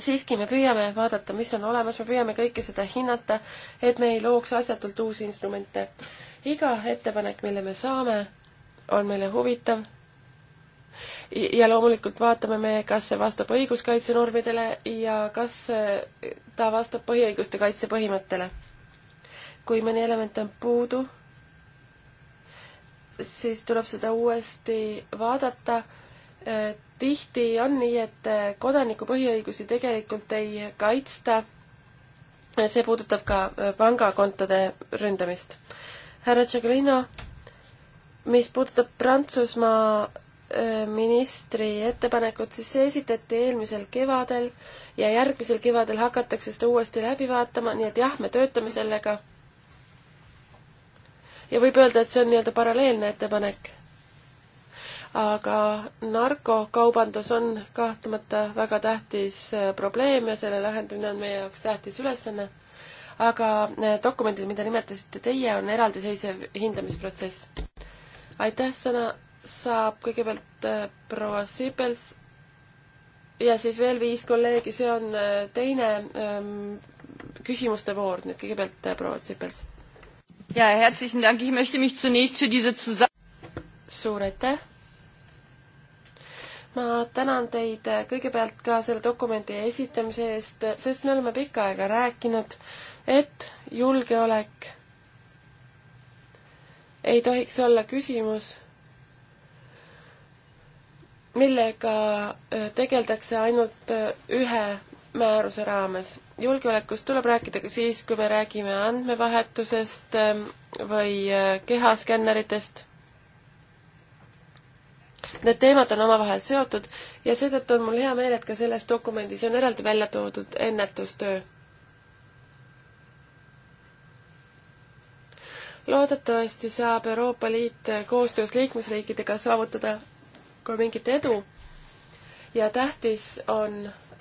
siiski me püüame vaadata, mis on olemas, me püüame kõike seda hinnata, et me ei looks asjatult uusi instrumente. iga ettepanek, mille me saame, on meile huvitav ja loomulikult vaatame me, kas see vastab õiguskaitsenormidele ja kas ta vastab põhiõiguste kaitse põhimõttele. kui mõni element on puudu, siis tuleb seda uuesti vaadata. tihti on nii, et kodaniku põhiõigusi tegelikult ei kaitsta. see puudutab ka pangakontode ründamist. härra Tšaglino, mis puudutab Prantsusmaa ministri ettepanekut, siis see esitati eelmisel kevadel ja järgmisel kevadel hakatakse seda uuesti läbi vaatama, nii et jah, me töötame sellega. ja võib öelda, et see on nii-öelda paralleelne ettepanek. aga narkokaubandus on kahtlemata väga tähtis äh, probleem ja selle lahendamine on meie jaoks tähtis ülesanne. aga äh, dokumendid, mida nimetasite teie, on eraldiseisev hindamisprotsess. aitäh sõna saab kõigepealt äh, proua Sibels ja siis veel viis kolleegi, see on äh, teine ähm, küsimuste voor, nii et kõigepealt äh, proua Sibels. ja, herzlichen Dank, ich möchte mich zunächst für diese zusa-. suur aitäh! ma tänan teid kõigepealt ka selle dokumendi esitamise eest, sest me oleme pikka aega rääkinud, et julgeolek ei tohiks olla küsimus millega tegeldakse ainult ühe määruse raames. julgeolekust tuleb rääkida ka siis, kui me räägime andmevahetusest või kehaskänneritest. Need teemad on omavahel seotud ja seetõttu on mul hea meel, et ka selles dokumendis on eraldi välja toodud ennetustöö. loodetavasti saab Euroopa Liit koostöös liikmesriikidega saavutada ka mingit edu. ja tähtis on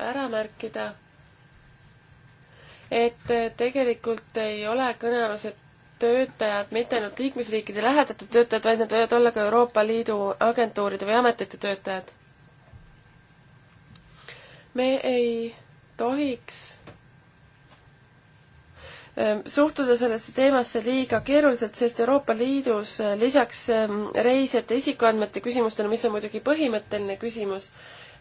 ära märkida, et tegelikult ei ole kõnealused töötajad mitte ainult liikmesriikide lähedatud töötajad, vaid nad võivad olla ka Euroopa Liidu agentuuride või ametite töötajad. me ei tohiks Ehm, suhtuda sellesse teemasse liiga keeruliselt, sest Euroopa Liidus eh, lisaks ehm, reisijate isikuandmete küsimustele, mis on muidugi põhimõtteline küsimus,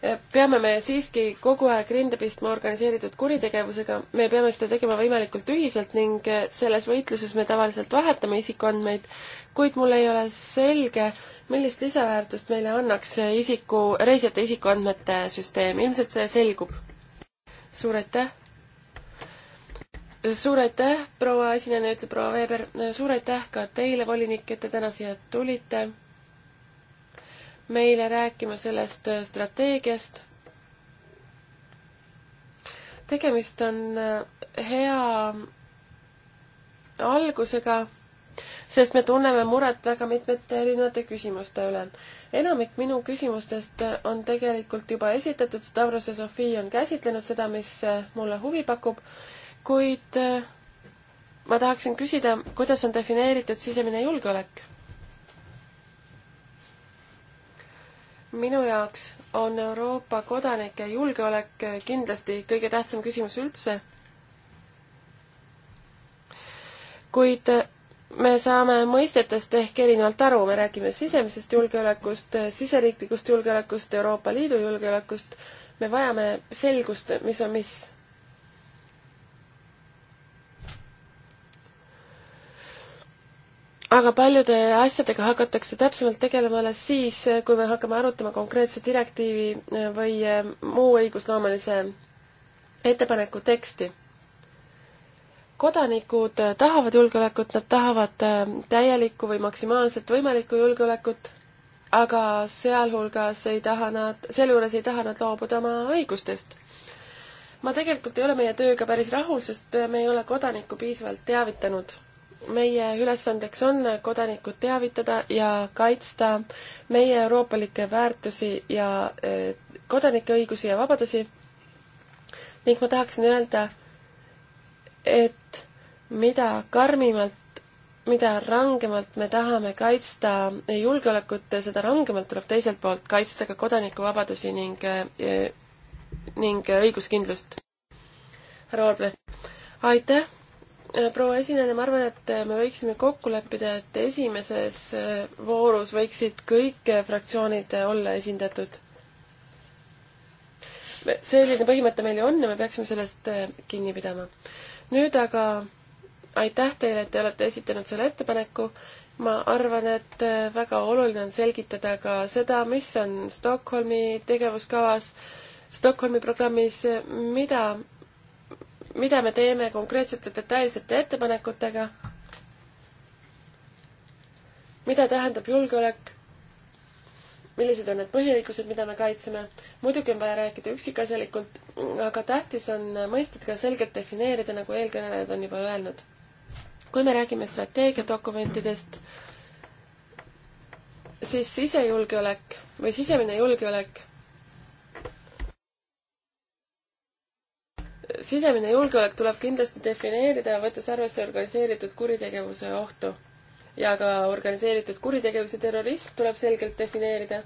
eh, peame me siiski kogu aeg rinde pistma organiseeritud kuritegevusega, me peame seda tegema võimalikult ühiselt ning eh, selles võitluses me tavaliselt vahetame isikuandmeid, kuid mul ei ole selge, millist lisaväärtust meile annaks isiku, reisijate isikuandmete süsteem, ilmselt see selgub. suur aitäh! suur aitäh, proua esineja, ütleb proua Veber, suur aitäh ka teile, volinik, et te täna siia tulite meile rääkima sellest äh, strateegiast. tegemist on äh, hea algusega, sest me tunneme muret väga mitmete erinevate küsimuste üle. enamik minu küsimustest on tegelikult juba esitatud, Stavros ja Sofii on käsitlenud seda, mis äh, mulle huvi pakub kuid äh, ma tahaksin küsida, kuidas on defineeritud sisemine julgeolek? minu jaoks on Euroopa kodanike julgeolek äh, kindlasti kõige tähtsam küsimus üldse. kuid äh, me saame mõistetest ehk erinevalt aru, me räägime sisemisest julgeolekust, siseriiklikust julgeolekust, Euroopa Liidu julgeolekust, me vajame selgust, mis on mis aga paljude asjadega hakatakse täpsemalt tegelema alles siis, kui me hakkame arutama konkreetse direktiivi äh, või äh, muu õigusloomelise ettepaneku teksti. kodanikud äh, tahavad julgeolekut, nad tahavad täielikku või maksimaalselt võimalikku julgeolekut, aga sealhulgas ei taha nad, sealjuures ei taha nad loobuda oma õigustest. ma tegelikult ei ole meie tööga päris rahul, sest me ei ole kodanikku piisavalt teavitanud meie ülesandeks on kodanikud teavitada ja kaitsta meie euroopalikke väärtusi ja eh, kodanike õigusi ja vabadusi. ning ma tahaksin öelda, et mida karmimalt, mida rangemalt me tahame kaitsta julgeolekut, seda rangemalt tuleb teiselt poolt kaitsta ka kodanikuvabadusi ning, eh, ning õiguskindlust. härra Olbrecht, aitäh! Äh, proua esineja, ma arvan, et äh, me võiksime kokku leppida, et esimeses äh, voorus võiksid kõik fraktsioonid olla esindatud. selline põhimõte meil ju on ja me peaksime sellest kinni pidama. nüüd aga aitäh teile, et te olete esitanud selle ettepaneku. ma arvan, et väga oluline on selgitada ka seda, mis on Stockholmi tegevuskavas, Stockholmi programmis, mida mida me teeme konkreetsete detailsete ettepanekutega, mida tähendab julgeolek, millised on need põhiõigused, mida me kaitseme. muidugi on vaja rääkida üksikasjalikult, aga tähtis on mõisted ka selgelt defineerida, nagu eelkõnelejad on juba öelnud. kui me räägime strateegiadokumentidest, siis sisejulgeolek või sisemine julgeolek sisemine julgeolek tuleb kindlasti defineerida, võttes arvesse organiseeritud kuritegevuse ohtu. ja ka organiseeritud kuritegevus ja terrorism tuleb selgelt defineerida.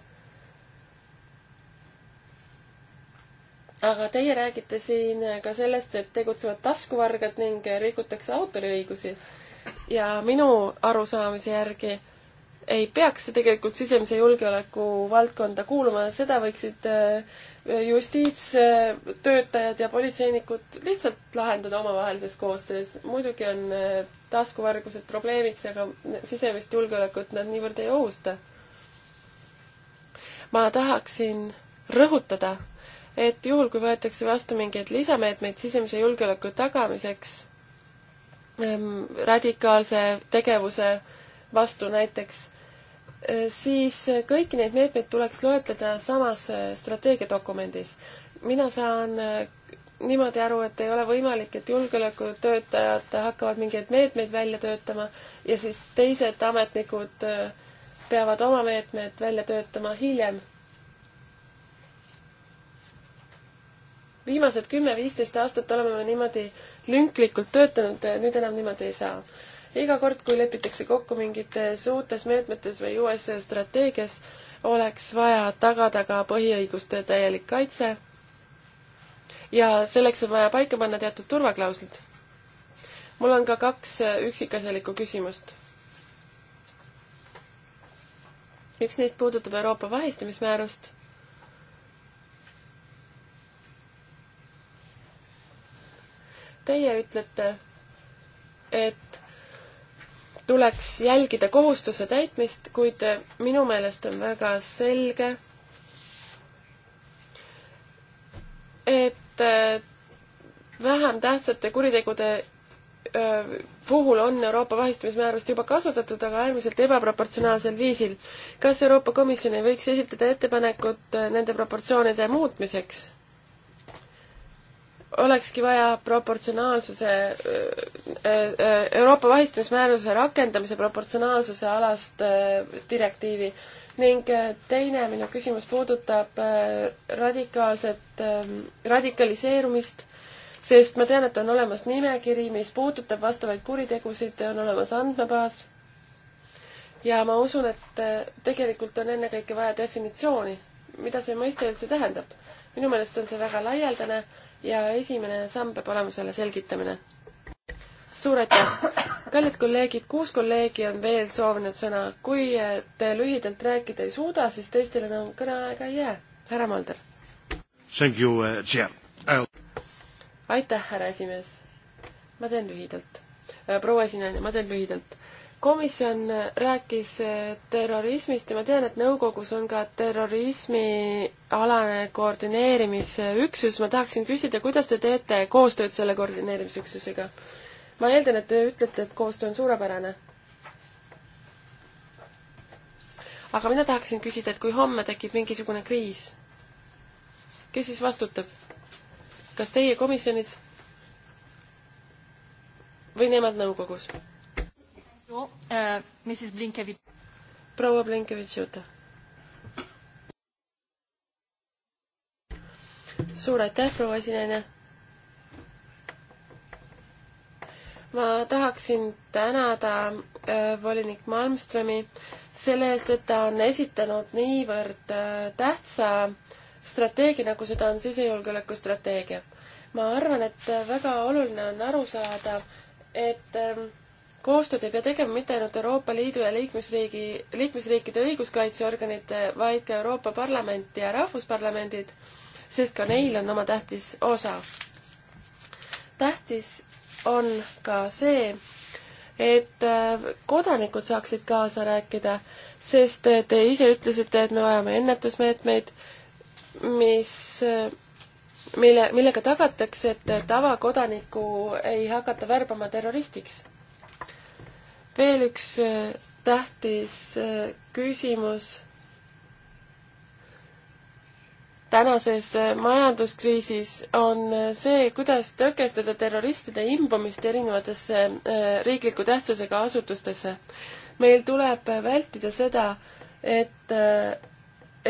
aga teie räägite siin ka sellest, et tegutsevad taskuvargad ning rikutakse autoriõigusi. ja minu arusaamise järgi ei peaks tegelikult sisemise julgeoleku valdkonda kuuluma, seda võiksid äh, justiitstöötajad ja politseinikud lihtsalt lahendada omavahelises koostöös. muidugi on äh, taskuvargused probleemiks, aga sisemist julgeolekut nad niivõrd ei ohusta. ma tahaksin rõhutada, et juhul, kui võetakse vastu mingeid lisameetmeid sisemise julgeoleku tagamiseks ähm,, radikaalse tegevuse vastu näiteks siis kõiki neid meetmeid tuleks loetleda samas strateegiadokumendis. mina saan äh, niimoodi aru, et ei ole võimalik, et julgeolekutöötajad hakkavad mingeid meetmeid välja töötama ja siis teised ametnikud äh, peavad oma meetmed välja töötama hiljem. viimased kümme-viisteist aastat oleme me niimoodi lünklikult töötanud, äh, nüüd enam niimoodi ei saa iga kord, kui lepitakse kokku mingites uutes meetmetes või uues strateegias, oleks vaja tagada ka põhiõiguste täielik kaitse. ja selleks on vaja paika panna teatud turvaklauslid. mul on ka kaks üksikasjalikku küsimust. üks neist puudutab Euroopa vahistamismäärust teie ütlete, et tuleks jälgida kohustuse täitmist, kuid minu meelest on väga selge, et äh, vähem tähtsate kuritegude äh, puhul on Euroopa vahistamismäärust juba kasutatud, aga äärmiselt ebaproportsionaalsel viisil. kas Euroopa Komisjon ei võiks esitada ettepanekut äh, nende proportsioonide muutmiseks? olekski vaja proportsionaalsuse, äh, äh, äh, Euroopa vahistamismääruse rakendamise proportsionaalsuse alast direktiivi ning teine minu küsimus puudutab radikaalset, ähm, radikaliseerumist, sest ma tean, et on olemas nimekiri, mis puudutab vastavaid kuritegusid, on olemas andmebaas ja ma usun, et tegelikult on ennekõike vaja definitsiooni, mida see mõiste üldse tähendab. minu meelest on see väga laialdane ja esimene samm peab olema selle selgitamine. suur aitäh! kallid kolleegid, kuus kolleegi on veel soovinud sõna. kui eh, te lühidalt rääkida ei suuda, siis teistel enam kõneaega ei jää. härra Malder. Eh, aitäh, härra esimees. ma teen lühidalt. Eh, proua esinaine, ma teen lühidalt komisjon rääkis eh, terrorismist ja ma tean, et nõukogus on ka terrorismialane koordineerimisüksus. ma tahaksin küsida, kuidas te teete koostööd selle koordineerimisüksusega? ma eeldan, et te ütlete, et koostöö on suurepärane. aga mina tahaksin küsida, et kui homme tekib mingisugune kriis, kes siis vastutab? kas teie komisjonis või nemad nõukogus? Eh, proua Blinkevitš-Juta. suur aitäh, proua esinaine ma tahaksin tänada eh, volinik Malmströmi selle eest, et ta on esitanud niivõrd eh, tähtsa strateegia, nagu seda on sisejulgeoleku strateegia. ma arvan, et väga oluline on aru saada, et koostööd ei pea tegema mitte ainult Euroopa Liidu ja liikmesriigi, liikmesriikide õiguskaitseorganite, vaid ka Euroopa Parlament ja rahvusparlamendid, sest ka neil on oma tähtis osa. tähtis on ka see, et äh, kodanikud saaksid kaasa rääkida, sest äh, te ise ütlesite, et me vajame ennetusmeetmeid, mis, äh, mille, millega tagatakse, et tavakodanikku ei hakata värbama terroristiks veel üks äh, tähtis äh, küsimus tänases äh, majanduskriisis on see, kuidas tõkestada terroristide imbumist erinevatesse riikliku tähtsusega asutustesse. meil tuleb vältida seda, et,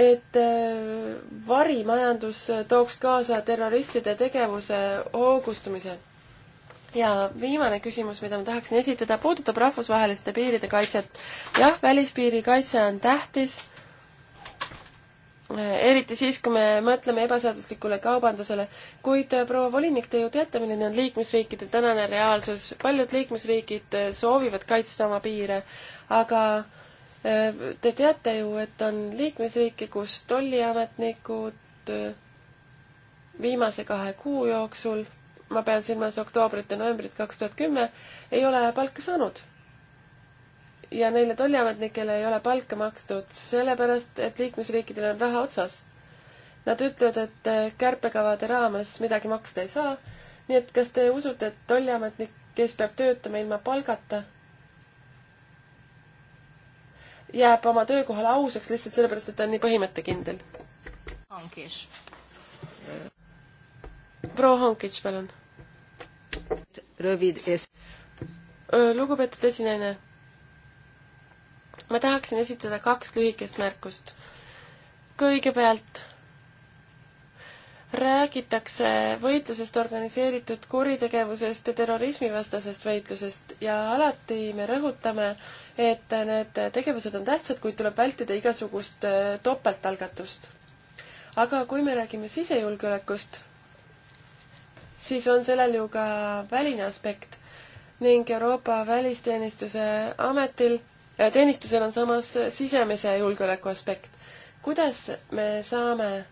et varimajandus tooks kaasa terroristide tegevuse hoogustumise ja viimane küsimus, mida ma tahaksin esitada, puudutab rahvusvaheliste piiride kaitset. jah, välispiiri kaitse on tähtis, eriti siis, kui me mõtleme ebaseaduslikule kaubandusele, kuid äh, proua volinik, te ju teate, milline on liikmesriikide tänane reaalsus, paljud liikmesriigid äh, soovivad kaitsta oma piire, aga äh, te teate ju, et on liikmesriike, kus tolliametnikud viimase kahe kuu jooksul ma pean silmas oktoobrit ja novembrit kaks tuhat kümme, ei ole palka saanud. ja neile tolliametnikele ei ole palka makstud sellepärast, et liikmesriikidel on raha otsas. Nad ütlevad, et kärpekavade raames midagi maksta ei saa, nii et kas te usute, et tolliametnik, kes peab töötama ilma palgata, jääb oma töökohale ausaks lihtsalt sellepärast, et ta on nii põhimõttekindel? ongi proua Hankits, palun. lugupeetud esineja, ma tahaksin esitada kaks lühikest märkust. kõigepealt räägitakse võitlusest organiseeritud kuritegevusest ja terrorismivastasest võitlusest ja alati me rõhutame, et need tegevused on tähtsad, kuid tuleb vältida igasugust äh, topeltalgatust. aga kui me räägime sisejulgeolekust, siis on sellel ju ka väline aspekt ning Euroopa välisteenistuse ametil, äh, teenistusel on samas sisemise julgeoleku aspekt. kuidas me saame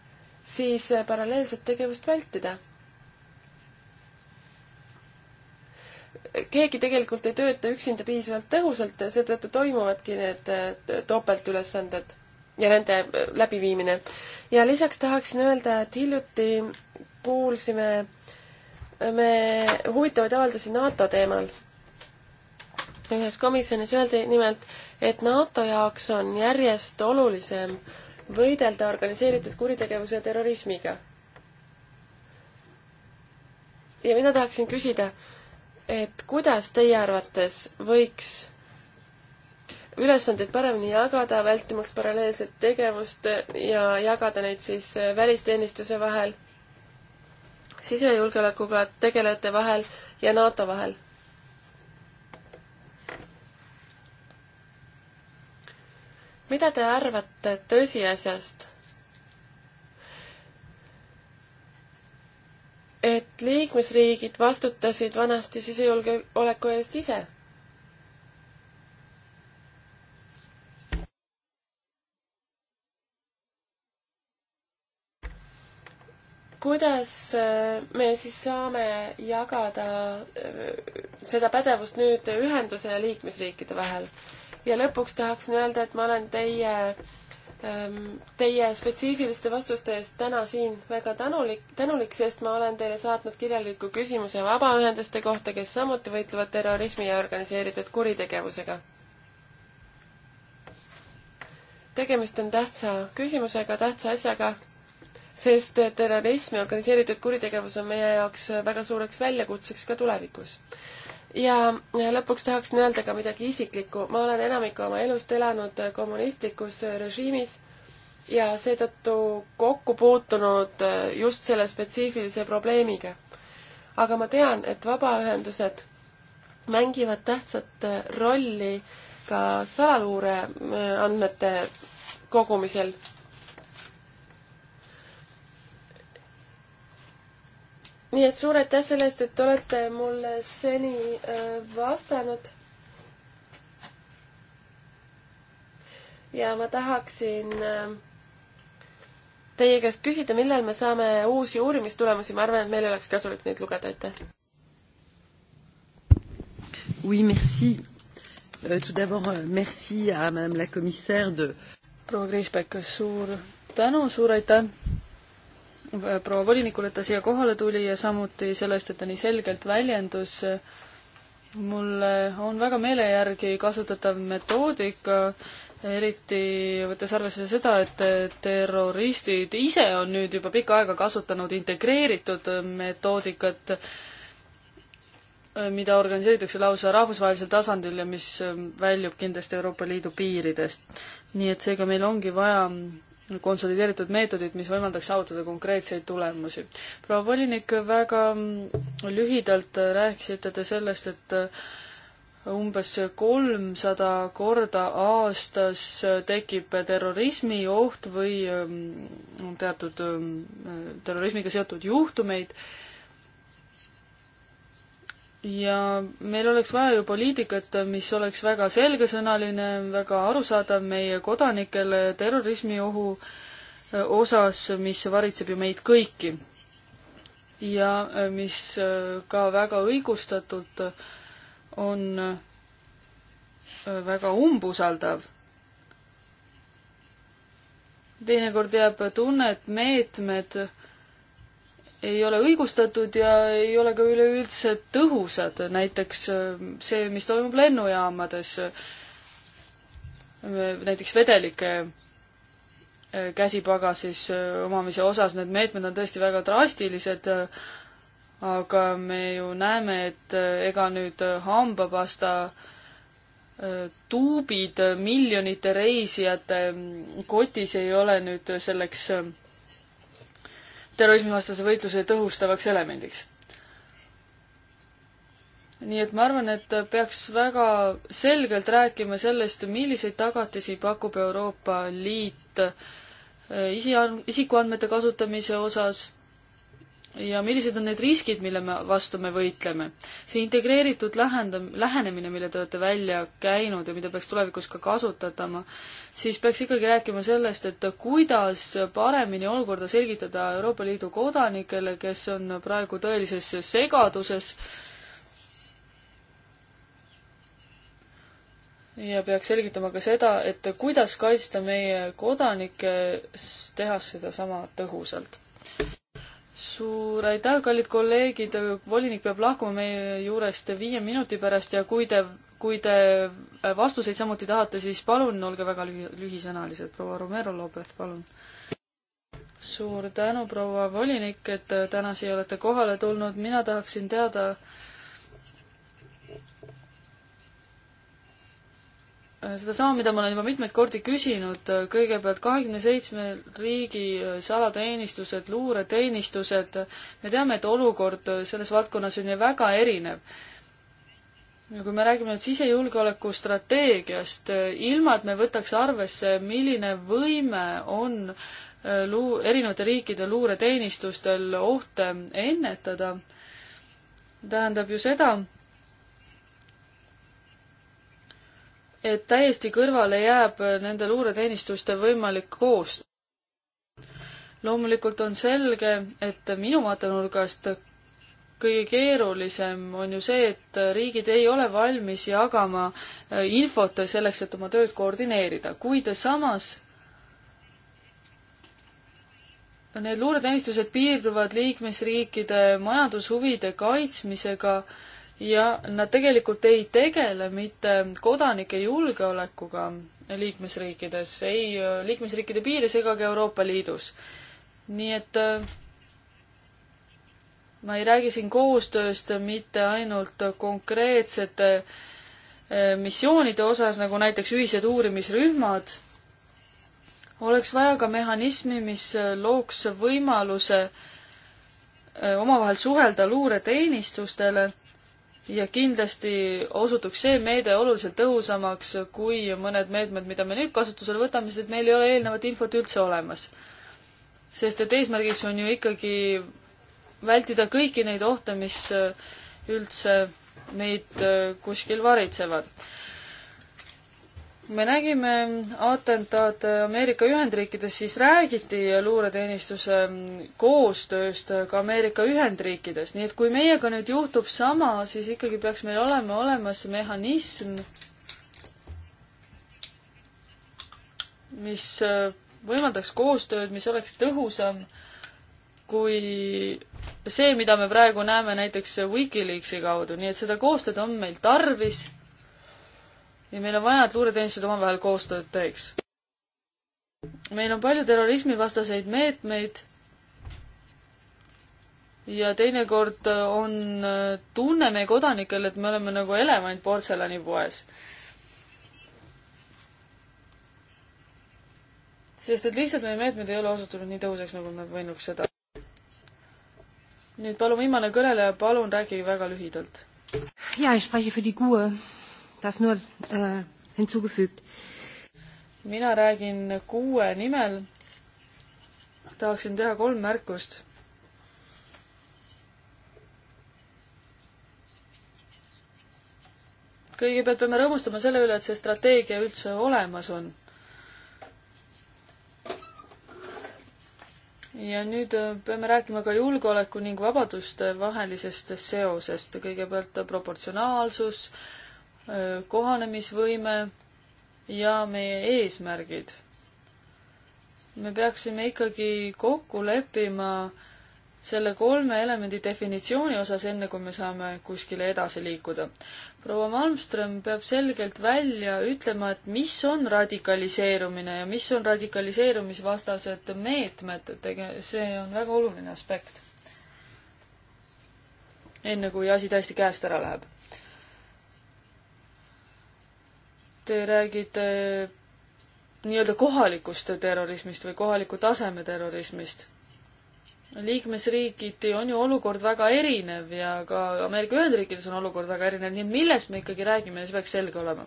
siis paralleelset tegevust vältida? keegi tegelikult ei tööta üksinda piisavalt tõhusalt, seetõttu toimuvadki need äh, topeltülesanded ja nende äh, läbiviimine. ja lisaks tahaksin öelda, et hiljuti kuulsime äh, me huvitavaid avaldusi NATO teemal. ühes komisjonis öeldi nimelt, et NATO jaoks on järjest olulisem võidelda organiseeritud kuritegevuse ja terrorismiga. ja mina tahaksin küsida, et kuidas teie arvates võiks ülesandeid paremini jagada, vältimaks paralleelset tegevust ja jagada neid siis välisteenistuse vahel sisejulgeolekuga tegelejate vahel ja NATO vahel. mida te arvate tõsiasjast, et liikmesriigid vastutasid vanasti sisejulgeoleku eest ise? kuidas äh, me siis saame jagada äh, seda pädevust nüüd ühenduse ja liikmesriikide vahel? ja lõpuks tahaksin öelda, et ma olen teie, ähm, teie spetsiifiliste vastuste eest täna siin väga tänulik, tänulik, sest ma olen teile saatnud kirjaliku küsimuse vabaühenduste kohta, kes samuti võitlevad terrorismi ja organiseeritud kuritegevusega tegemist on tähtsa küsimusega, tähtsa asjaga, sest terrorism ja organiseeritud kuritegevus on meie jaoks väga suureks väljakutseks ka tulevikus ja, ja lõpuks tahaksin öelda ka midagi isiklikku. ma olen enamiku oma elust elanud kommunistlikus režiimis ja seetõttu kokku puutunud just selle spetsiifilise probleemiga. aga ma tean, et vabaühendused mängivad tähtsat rolli ka salaluure andmete kogumisel nii et suur aitäh selle eest, et olete mulle seni äh, vastanud. ja ma tahaksin äh, teie käest küsida, millal me saame uusi uurimistulemusi, ma arvan, et meil oleks kasulik neid lugeda, aitäh. Oui, merci. Euh, tout d'abord, euh, merci à madame la commissaire de. proua Kriisbeck, suur tänu, suur aitäh proua volinikule, et ta siia kohale tuli ja samuti selle eest, et ta nii selgelt väljendus. mulle on väga meele järgi kasutatav metoodika, eriti võttes arvesse seda, et terroristid ise on nüüd juba pikka aega kasutanud integreeritud metoodikat, mida organiseeritakse lausa rahvusvahelisel tasandil ja mis väljub kindlasti Euroopa Liidu piiridest. nii et seega meil ongi vaja konsolideeritud meetodit, mis võimaldaks saavutada konkreetseid tulemusi. proua volinik, väga mm, lühidalt äh, rääkisite te sellest, et äh, umbes kolmsada korda aastas äh, tekib terrorismioht või mm, teatud mm, terrorismiga seotud juhtumeid ja meil oleks vaja ju poliitikat, mis oleks väga selgesõnaline, väga arusaadav meie kodanikele terrorismiohu äh, osas, mis varitseb ju meid kõiki. ja äh, mis äh, ka väga õigustatult on väga umbusaldav teinekord jääb tunne, et meetmed ei ole õigustatud ja ei ole ka üleüldse tõhusad, näiteks äh, see, mis toimub lennujaamades, äh, näiteks vedelike äh, käsipagasis omamise osas, need meetmed on tõesti väga drastilised, aga me ju näeme, et ega nüüd hambapasta tuubid miljonite reisijate mm, kotis ei ole nüüd selleks terrorismivastase võitluse tõhustavaks elemendiks. nii et ma arvan, et peaks väga selgelt rääkima sellest, milliseid tagatisi pakub Euroopa Liit eh, isian-, isikuandmete kasutamise osas ja millised on need riskid, mille me vastu me võitleme. see integreeritud lähendam-, lähenemine, mille te olete välja käinud ja mida peaks tulevikus ka kasutatama, siis peaks ikkagi rääkima sellest, et kuidas paremini olukorda selgitada Euroopa Liidu kodanikele, kes on praegu tõelises segaduses ja peaks selgitama ka seda, et kuidas kaitsta meie kodanikke, tehes sedasama tõhusalt suur aitäh, kallid kolleegid, volinik peab lahkuma meie juurest viie minuti pärast ja kui te, kui te vastuseid samuti tahate, siis palun olge väga lühi, lühisõnalised, proua Romero Lopez, palun. suur tänu, proua volinik, et täna siia olete kohale tulnud, mina tahaksin teada, sedasama, mida ma olen juba mitmeid kordi küsinud, kõigepealt kahekümne seitsme riigi salateenistused, luureteenistused, me teame, et olukord selles valdkonnas on ju väga erinev. ja kui me räägime nüüd sisejulgeoleku strateegiast, ilma et me võtaks arvesse, milline võime on äh, luu-, erinevate riikide luureteenistustel ohte ennetada, tähendab ju seda, et täiesti kõrvale jääb nende luureteenistuste võimalik koostöö. loomulikult on selge, et minu vaatenurgast kõige keerulisem on ju see, et riigid ei ole valmis jagama äh, infot selleks, et oma tööd koordineerida, kuid samas need luureteenistused piirduvad liikmesriikide majandushuvide kaitsmisega äh, ja nad tegelikult ei tegele mitte kodanike julgeolekuga liikmesriikides, ei liikmesriikide piires ega ka Euroopa Liidus. nii et äh, ma ei räägi siin koostööst mitte ainult konkreetsete äh, missioonide osas, nagu näiteks ühised uurimisrühmad, oleks vaja ka mehhanismi, mis äh, looks võimaluse omavahel suhelda luureteenistustele ja kindlasti osutuks see meede oluliselt tõhusamaks kui mõned meetmed, mida me nüüd kasutusele võtame, sest meil ei ole eelnevat infot üldse olemas. sest et eesmärgiks on ju ikkagi vältida kõiki neid ohte, mis üldse meid äh, kuskil varitsevad me nägime atentaate Ameerika Ühendriikides, siis räägiti luureteenistuse koostööst ka Ameerika Ühendriikides, nii et kui meiega nüüd juhtub sama, siis ikkagi peaks meil olema olemas mehhanism, mis äh, võimaldaks koostööd, mis oleks tõhusam kui see, mida me praegu näeme näiteks Wikileaksi kaudu, nii et seda koostööd on meil tarvis ja meil on vaja, et luureteenistused omavahel koostööd teeks. meil on palju terrorismivastaseid meetmeid ja teinekord äh, on äh, tunne meie kodanikel, et me oleme nagu elevant portselanipoes. sest et lihtsalt meie meetmed ei ole osutunud nii tõhusaks, nagu me võinuks seda. nüüd palun viimane kõneleja, palun rääkige väga lühidalt. jaa, ich spreche für die Kuue das nur äh, hinzugefügt. mina räägin kuue nimel. tahaksin teha kolm märkust. kõigepealt peame rõõmustama selle üle, et see strateegia üldse olemas on. ja nüüd äh, peame rääkima ka julgeoleku ning vabaduste vahelisest seosest, kõigepealt proportsionaalsus äh,, kohanemisvõime ja meie eesmärgid. me peaksime ikkagi kokku leppima selle kolme elemendi definitsiooni osas, enne kui me saame kuskile edasi liikuda. proua Malmström peab selgelt välja ütlema, et mis on radikaliseerumine ja mis on radikaliseerumisvastased meetmed, tege-, see on väga oluline aspekt. enne kui asi täiesti käest ära läheb Te räägite äh, nii-öelda kohalikust terrorismist või kohaliku taseme terrorismist. liikmesriigiti on ju olukord väga erinev ja ka Ameerika Ühendriikides on olukord väga erinev, nii et millest me ikkagi räägime, see peaks selge olema.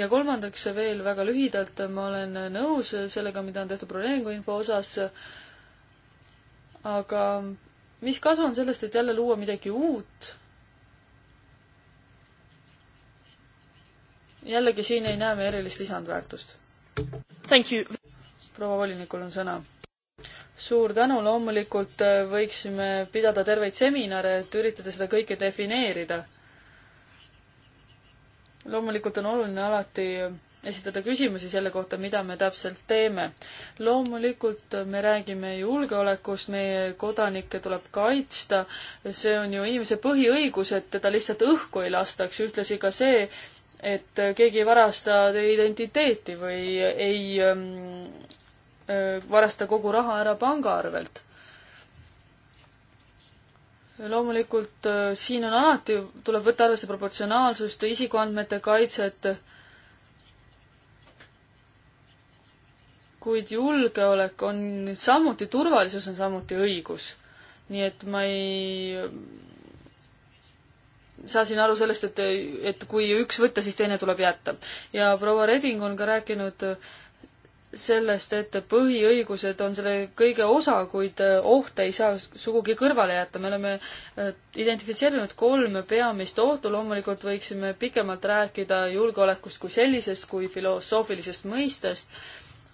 ja kolmandaks veel väga lühidalt, ma olen nõus sellega, mida on tehtud broneeringuinfo osas, aga mis kasu on sellest, et jälle luua midagi uut jällegi siin ei näe me erilist lisandväärtust. proua volinikul on sõna. suur tänu, loomulikult äh, võiksime pidada terveid seminare, et üritada seda kõike defineerida. loomulikult on oluline alati esitada küsimusi selle kohta, mida me täpselt teeme. loomulikult äh, me räägime julgeolekust, meie kodanikke tuleb kaitsta, see on ju inimese põhiõigus, et teda lihtsalt õhku ei lastaks, ühtlasi ka see, et keegi ei varasta teie identiteeti või ei ähm, äh, varasta kogu raha ära panga arvelt. loomulikult äh, siin on alati, tuleb võtta arvesse proportsionaalsust, isikuandmete kaitset, kuid julgeolek on samuti, turvalisus on samuti õigus. nii et ma ei saasin aru sellest, et, et kui üks võtta, siis teine tuleb jätta. ja proua Reding on ka rääkinud sellest, et põhiõigused on selle kõige osa, kuid ohte ei saa sugugi kõrvale jätta. me oleme äh, identifitseerinud kolm peamist ohtu, loomulikult võiksime pikemalt rääkida julgeolekust kui sellisest, kui filosoofilisest mõistest,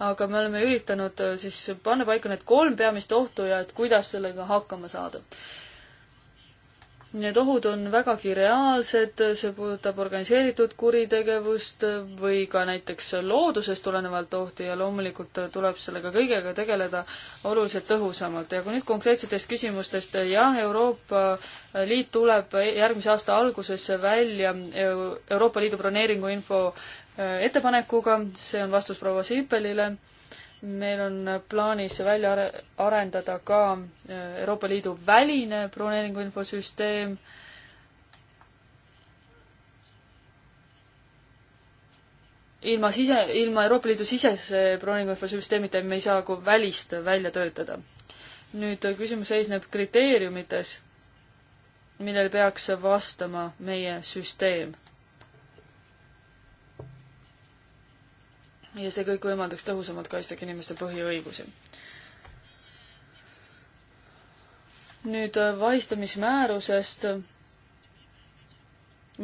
aga me oleme üritanud äh, siis panna paika need kolm peamist ohtu ja et kuidas sellega hakkama saada Need ohud on vägagi reaalsed, see puudutab organiseeritud kuritegevust või ka näiteks loodusest tulenevalt ohti ja loomulikult tuleb sellega kõigega tegeleda oluliselt tõhusamalt. ja kui nüüd konkreetsetest küsimustest, jah, Euroopa Liit tuleb järgmise aasta alguses välja Euroopa Liidu broneeringuinfo äh, ettepanekuga, see on vastus proua Siipelile meil on plaanis välja arendada ka äh, Euroopa Liidu väline broneeringu infosüsteem. ilma sise, ilma Euroopa Liidu sisese broneeringu infosüsteemita me ei saa ka välist välja töötada. nüüd äh, küsimus seisneb kriteeriumites, millel peaks vastama meie süsteem ja see kõik võimaldaks tõhusamalt kaitsta ka inimeste põhiõigusi. nüüd äh, vahistamismäärusest.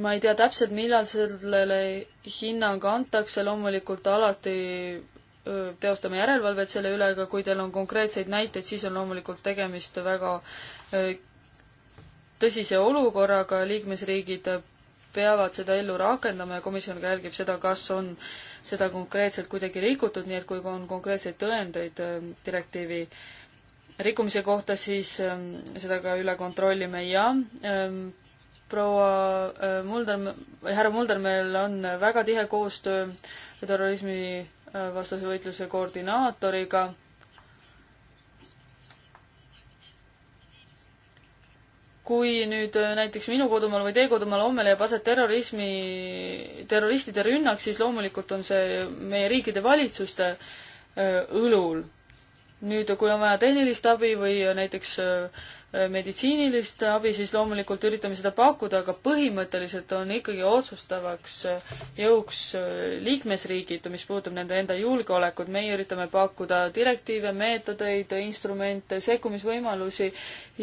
ma ei tea täpselt, millal sellele hinnang antakse, loomulikult alati äh, teostame järelevalvet selle üle, aga kui teil on konkreetseid näiteid, siis on loomulikult tegemist väga äh, tõsise olukorraga, liikmesriigid peavad seda ellu rakendama ja komisjon ka jälgib seda, kas on seda konkreetselt kuidagi rikutud, nii et kui on konkreetseid tõendeid ähm, direktiivi rikkumise kohta, siis ähm, seda ka üle kontrollime ja ähm, proua äh, Mulder, härra Mulder, meil on väga tihe koostöö terrorismi äh, vastase võitluse koordinaatoriga kui nüüd äh, näiteks minu kodumaal või teie kodumaal homme leiab aset terrorismi, terroristide rünnak, siis loomulikult on see meie riikide valitsuste äh, õlul. nüüd, kui on vaja tehnilist abi või äh, näiteks äh, Äh, meditsiinilist abi, siis loomulikult üritame seda pakkuda, aga põhimõtteliselt on ikkagi otsustavaks äh, jõuks äh, liikmesriigid, mis puudutab nende enda julgeolekut. meie üritame pakkuda direktiive, meetodeid, instrumente, sekkumisvõimalusi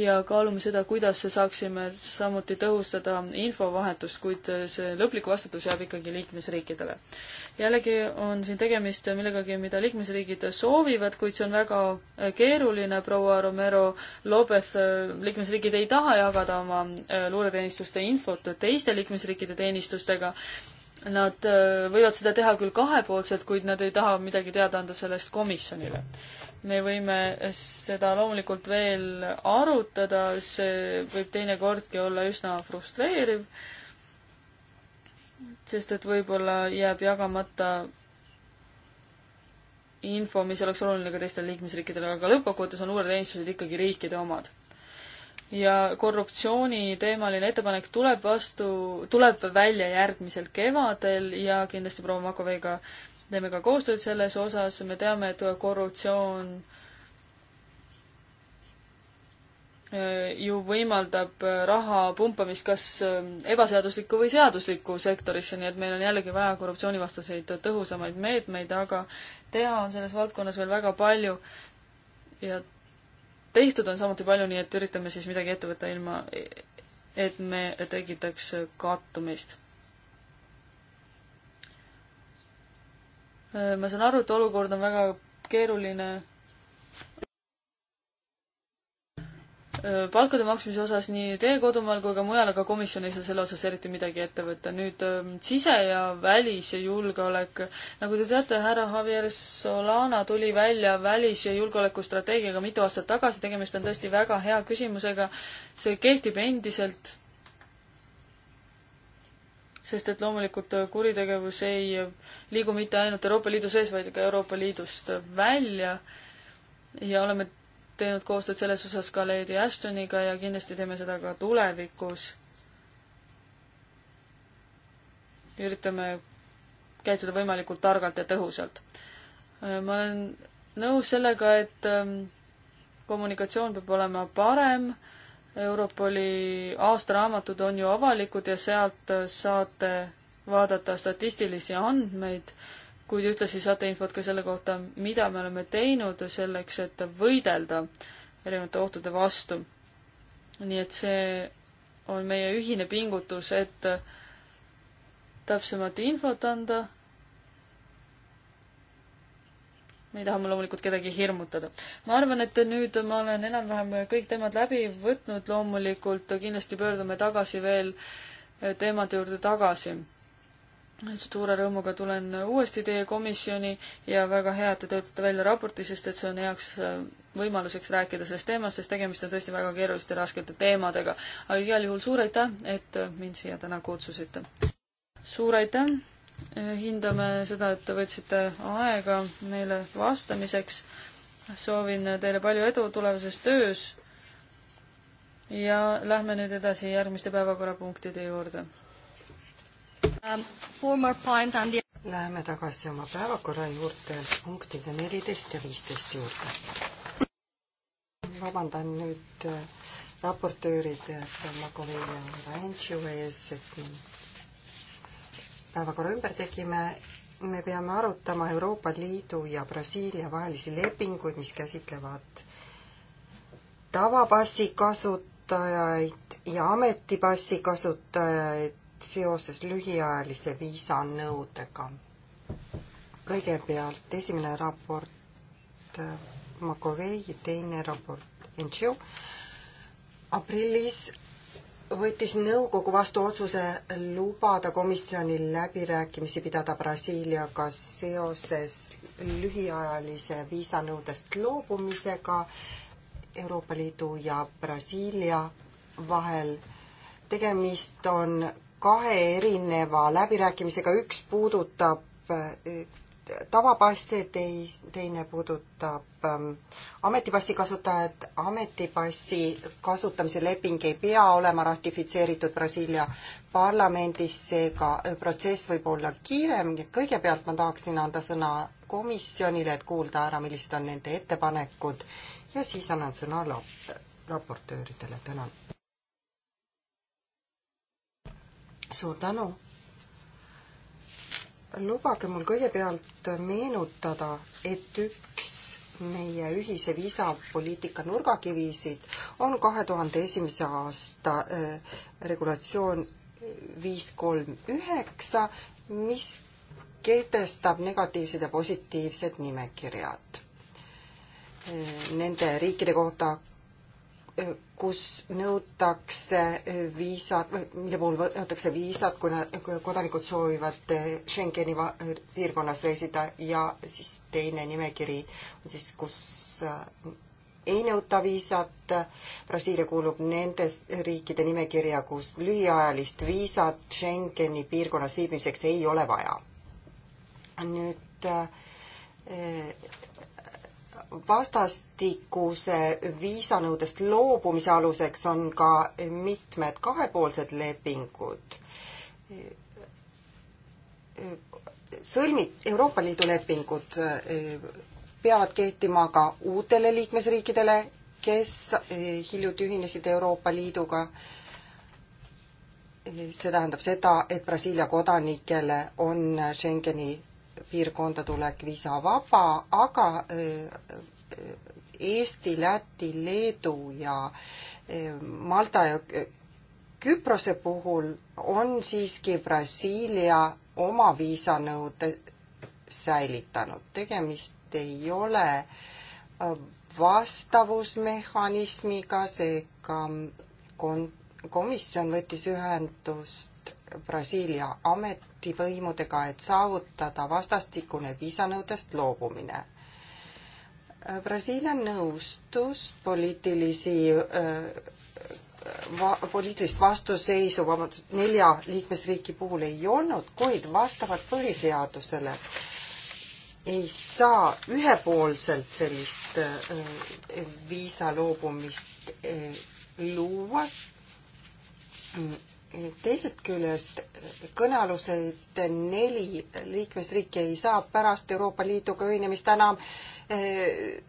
ja kaalume seda, kuidas saaksime samuti tõhustada infovahetust, kuid see lõplik vastutus jääb ikkagi liikmesriikidele. jällegi on siin tegemist millegagi, mida liikmesriigid soovivad, kuid see on väga keeruline, proua Romero Lobeth liikmesriigid ei taha jagada oma luureteenistuste infot teiste liikmesriikide teenistustega. Nad võivad seda teha küll kahepoolselt, kuid nad ei taha midagi teada anda sellest komisjonile. me võime seda loomulikult veel arutada, see võib teinekordki olla üsna frustreeriv, sest et võib-olla jääb jagamata info, mis oleks oluline ka teistele liikmesriikidele, aga lõppkokkuvõttes on luureteenistused ikkagi riikide omad ja korruptsiooniteemaline ettepanek tuleb vastu, tuleb välja järgmisel kevadel ja kindlasti proua Makoveiga teeme ka koostööd selles osas, me teame, et korruptsioon äh, ju võimaldab äh, raha pumpamist kas äh, ebaseaduslikku või seaduslikku sektorisse, nii et meil on jällegi vaja korruptsioonivastaseid tõhusamaid meetmeid, aga teha on selles valdkonnas veel väga palju ja tehtud on samuti palju, nii et üritame siis midagi ette võtta ilma, et me tekitaks kattumist. Äh, ma saan aru, et olukord on väga keeruline, palkade maksmise osas nii teie kodumaal kui ka mujal, aga komisjon ei saa selle osas eriti midagi ette võtta. nüüd sise- ja välis- ja julgeolek. nagu te teate, härra Javier Solana tuli välja välis- ja julgeolekustrateegiaga mitu aastat tagasi, tegemist on tõesti väga hea küsimusega. see kehtib endiselt. sest et loomulikult kuritegevus ei liigu mitte ainult Euroopa Liidu sees, vaid ka Euroopa Liidust välja ja oleme teinud koostööd selles osas ka Lady Ashtoniga ja kindlasti teeme seda ka tulevikus. üritame käituda võimalikult targalt ja tõhusalt. Äh, ma olen nõus sellega, et ähm, kommunikatsioon peab olema parem. Europoli aastaraamatud on ju avalikud ja sealt saate vaadata statistilisi andmeid kuid ühtlasi saate infot ka selle kohta, mida me oleme teinud selleks, et võidelda erinevate ohtude vastu. nii et see on meie ühine pingutus, et täpsemat infot anda. me ei taha loomulikult kedagi hirmutada. ma arvan, et nüüd ma olen enam-vähem kõik teemad läbi võtnud, loomulikult kindlasti pöördume tagasi veel teemade juurde tagasi suure rõõmuga tulen uuesti teie komisjoni ja väga hea, et te töötate välja raporti, sest et see on heaks äh, võimaluseks rääkida sellest teemast, sest tegemist on tõesti väga keeruliste, raskete teemadega. aga igal juhul suur aitäh, et äh, mind siia täna kutsusite. suur aitäh, äh, hindame seda, et te võtsite aega meile vastamiseks. soovin teile palju edu tulevases töös. ja lähme nüüd edasi järgmiste päevakorrapunktide juurde Um, Läheme tagasi oma päevakorra juurde punktide neliteist ja viisteist juurde. vabandan nüüd äh, raportööride Makovi ja Rantšu ees, et päevakorra ümber tegime. me peame arutama Euroopa Liidu ja Brasiilia vahelisi lepinguid, mis käsitlevad tavapassi kasutajaid ja ametipassi kasutajaid seoses lühiajalise viisanõudega. kõigepealt esimene raport äh, Makovei, teine raport Enšiu. aprillis võttis nõukogu vastu otsuse lubada komisjonil läbirääkimisi pidada Brasiiliaga seoses lühiajalise viisanõudest loobumisega Euroopa Liidu ja Brasiilia vahel tegemist on kahe erineva läbirääkimisega, üks puudutab eh, tavapasse, teis-, teine puudutab ähm, ametipassi kasutajat, ametipassi kasutamise leping ei pea olema ratifitseeritud Brasiilia parlamendis, seega äh, protsess võib olla kiirem, nii et kõigepealt ma tahaksin anda sõna komisjonile, et kuulda ära, millised on nende ettepanekud ja siis annan sõna rap-, raportööridele, tänan. suur tänu. lubage mul kõigepealt meenutada, et üks meie ühise viisapoliitika nurgakivisid on kahe tuhande esimese aasta äh, regulatsioon viis kolm üheksa, mis kehtestab negatiivsed ja positiivsed nimekirjad äh, nende riikide kohta, kus nõutakse viisat, mille puhul nõutakse viisat, kui nad, kodanikud soovivad Schengeni piirkonnas reisida ja siis teine nimekiri on siis, kus äh, ei nõuta viisat. Brasiilia kuulub nende riikide nimekirja, kus lühiajalist viisat Schengeni piirkonnas viibimiseks ei ole vaja. nüüd äh, vastastikuse viisanõudest loobumise aluseks on ka mitmed kahepoolsed lepingud. sõlmid, Euroopa Liidu lepingud eh, peavad kehtima ka uutele liikmesriikidele, kes eh, hiljuti ühinesid Euroopa Liiduga. Eh, see tähendab seda, et Brasiilia kodanikele on Schengeni piirkonda tulek viisavaba, aga äh, Eesti, Läti, Leedu ja äh, Malta ja Küprose puhul on siiski Brasiilia oma viisanõude säilitanud. tegemist ei ole äh, vastavusmehhanismiga, seega kon-, komisjon võttis ühendust Brasiilia ametivõimudega, et saavutada vastastikune viisanõudest loobumine. Brasiilia nõustus poliitilisi äh, va-, poliitilist vastuseisu, vabandust, nelja liikmesriiki puhul ei olnud, kuid vastavalt põhiseadusele ei saa ühepoolselt sellist äh, viisa loobumist äh, luua teisest küljest kõnealused neli liikmesriiki ei saa pärast Euroopa Liiduga ühinemist enam eh,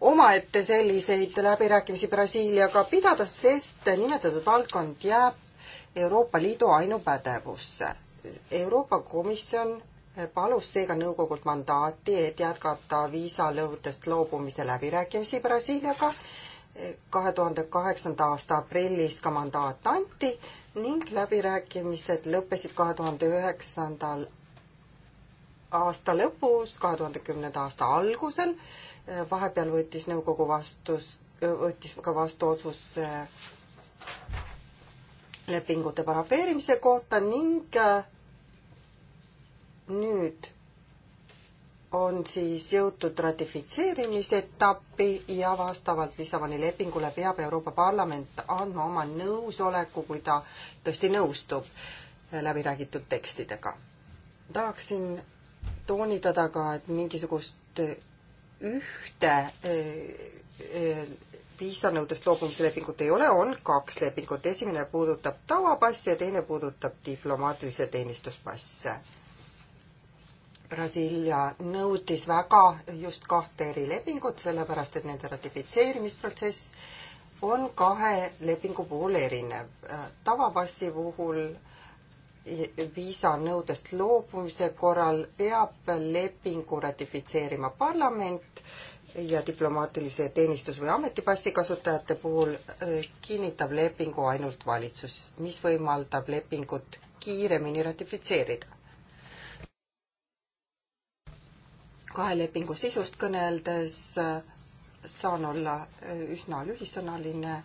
omaette selliseid läbirääkimisi Brasiiliaga pidada, sest nimetatud valdkond jääb Euroopa Liidu ainupädevusse. Euroopa Komisjon palus seega nõukogult mandaati, et jätkata viisalõudest loobumise läbirääkimisi Brasiiliaga kahe tuhande kaheksanda aasta aprillis ka mandaat anti ning läbirääkimised lõppesid kahe tuhande üheksandal aasta lõpus, kahe tuhande kümnenda aasta algusel. vahepeal võttis nõukogu vastus, võttis ka vastu otsuse lepingute parafeerimise kohta ning nüüd on siis jõutud ratifitseerimisetappi ja vastavalt Lissaboni lepingule peab Euroopa Parlament andma oma nõusoleku, kui ta tõesti nõustub läbiräägitud tekstidega. tahaksin toonitada ka, et mingisugust ühte eh, eh, viisanõudest loobumise lepingut ei ole, on kaks lepingut, esimene puudutab tavapassi ja teine puudutab diplomaatilise teenistuspasse Brasiilia nõudis väga just kahte erilepingut, sellepärast et nende ratifitseerimisprotsess on kahe lepingu puhul erinev. tavapassi puhul viisanõudest loobumise korral peab lepingu ratifitseerima parlament ja diplomaatilise teenistus- või ametipassi kasutajate puhul eh, kinnitab lepingu ainult valitsus, mis võimaldab lepingut kiiremini ratifitseerida kahe lepingu sisust kõneldes äh, saan olla äh, üsna lühisõnaline.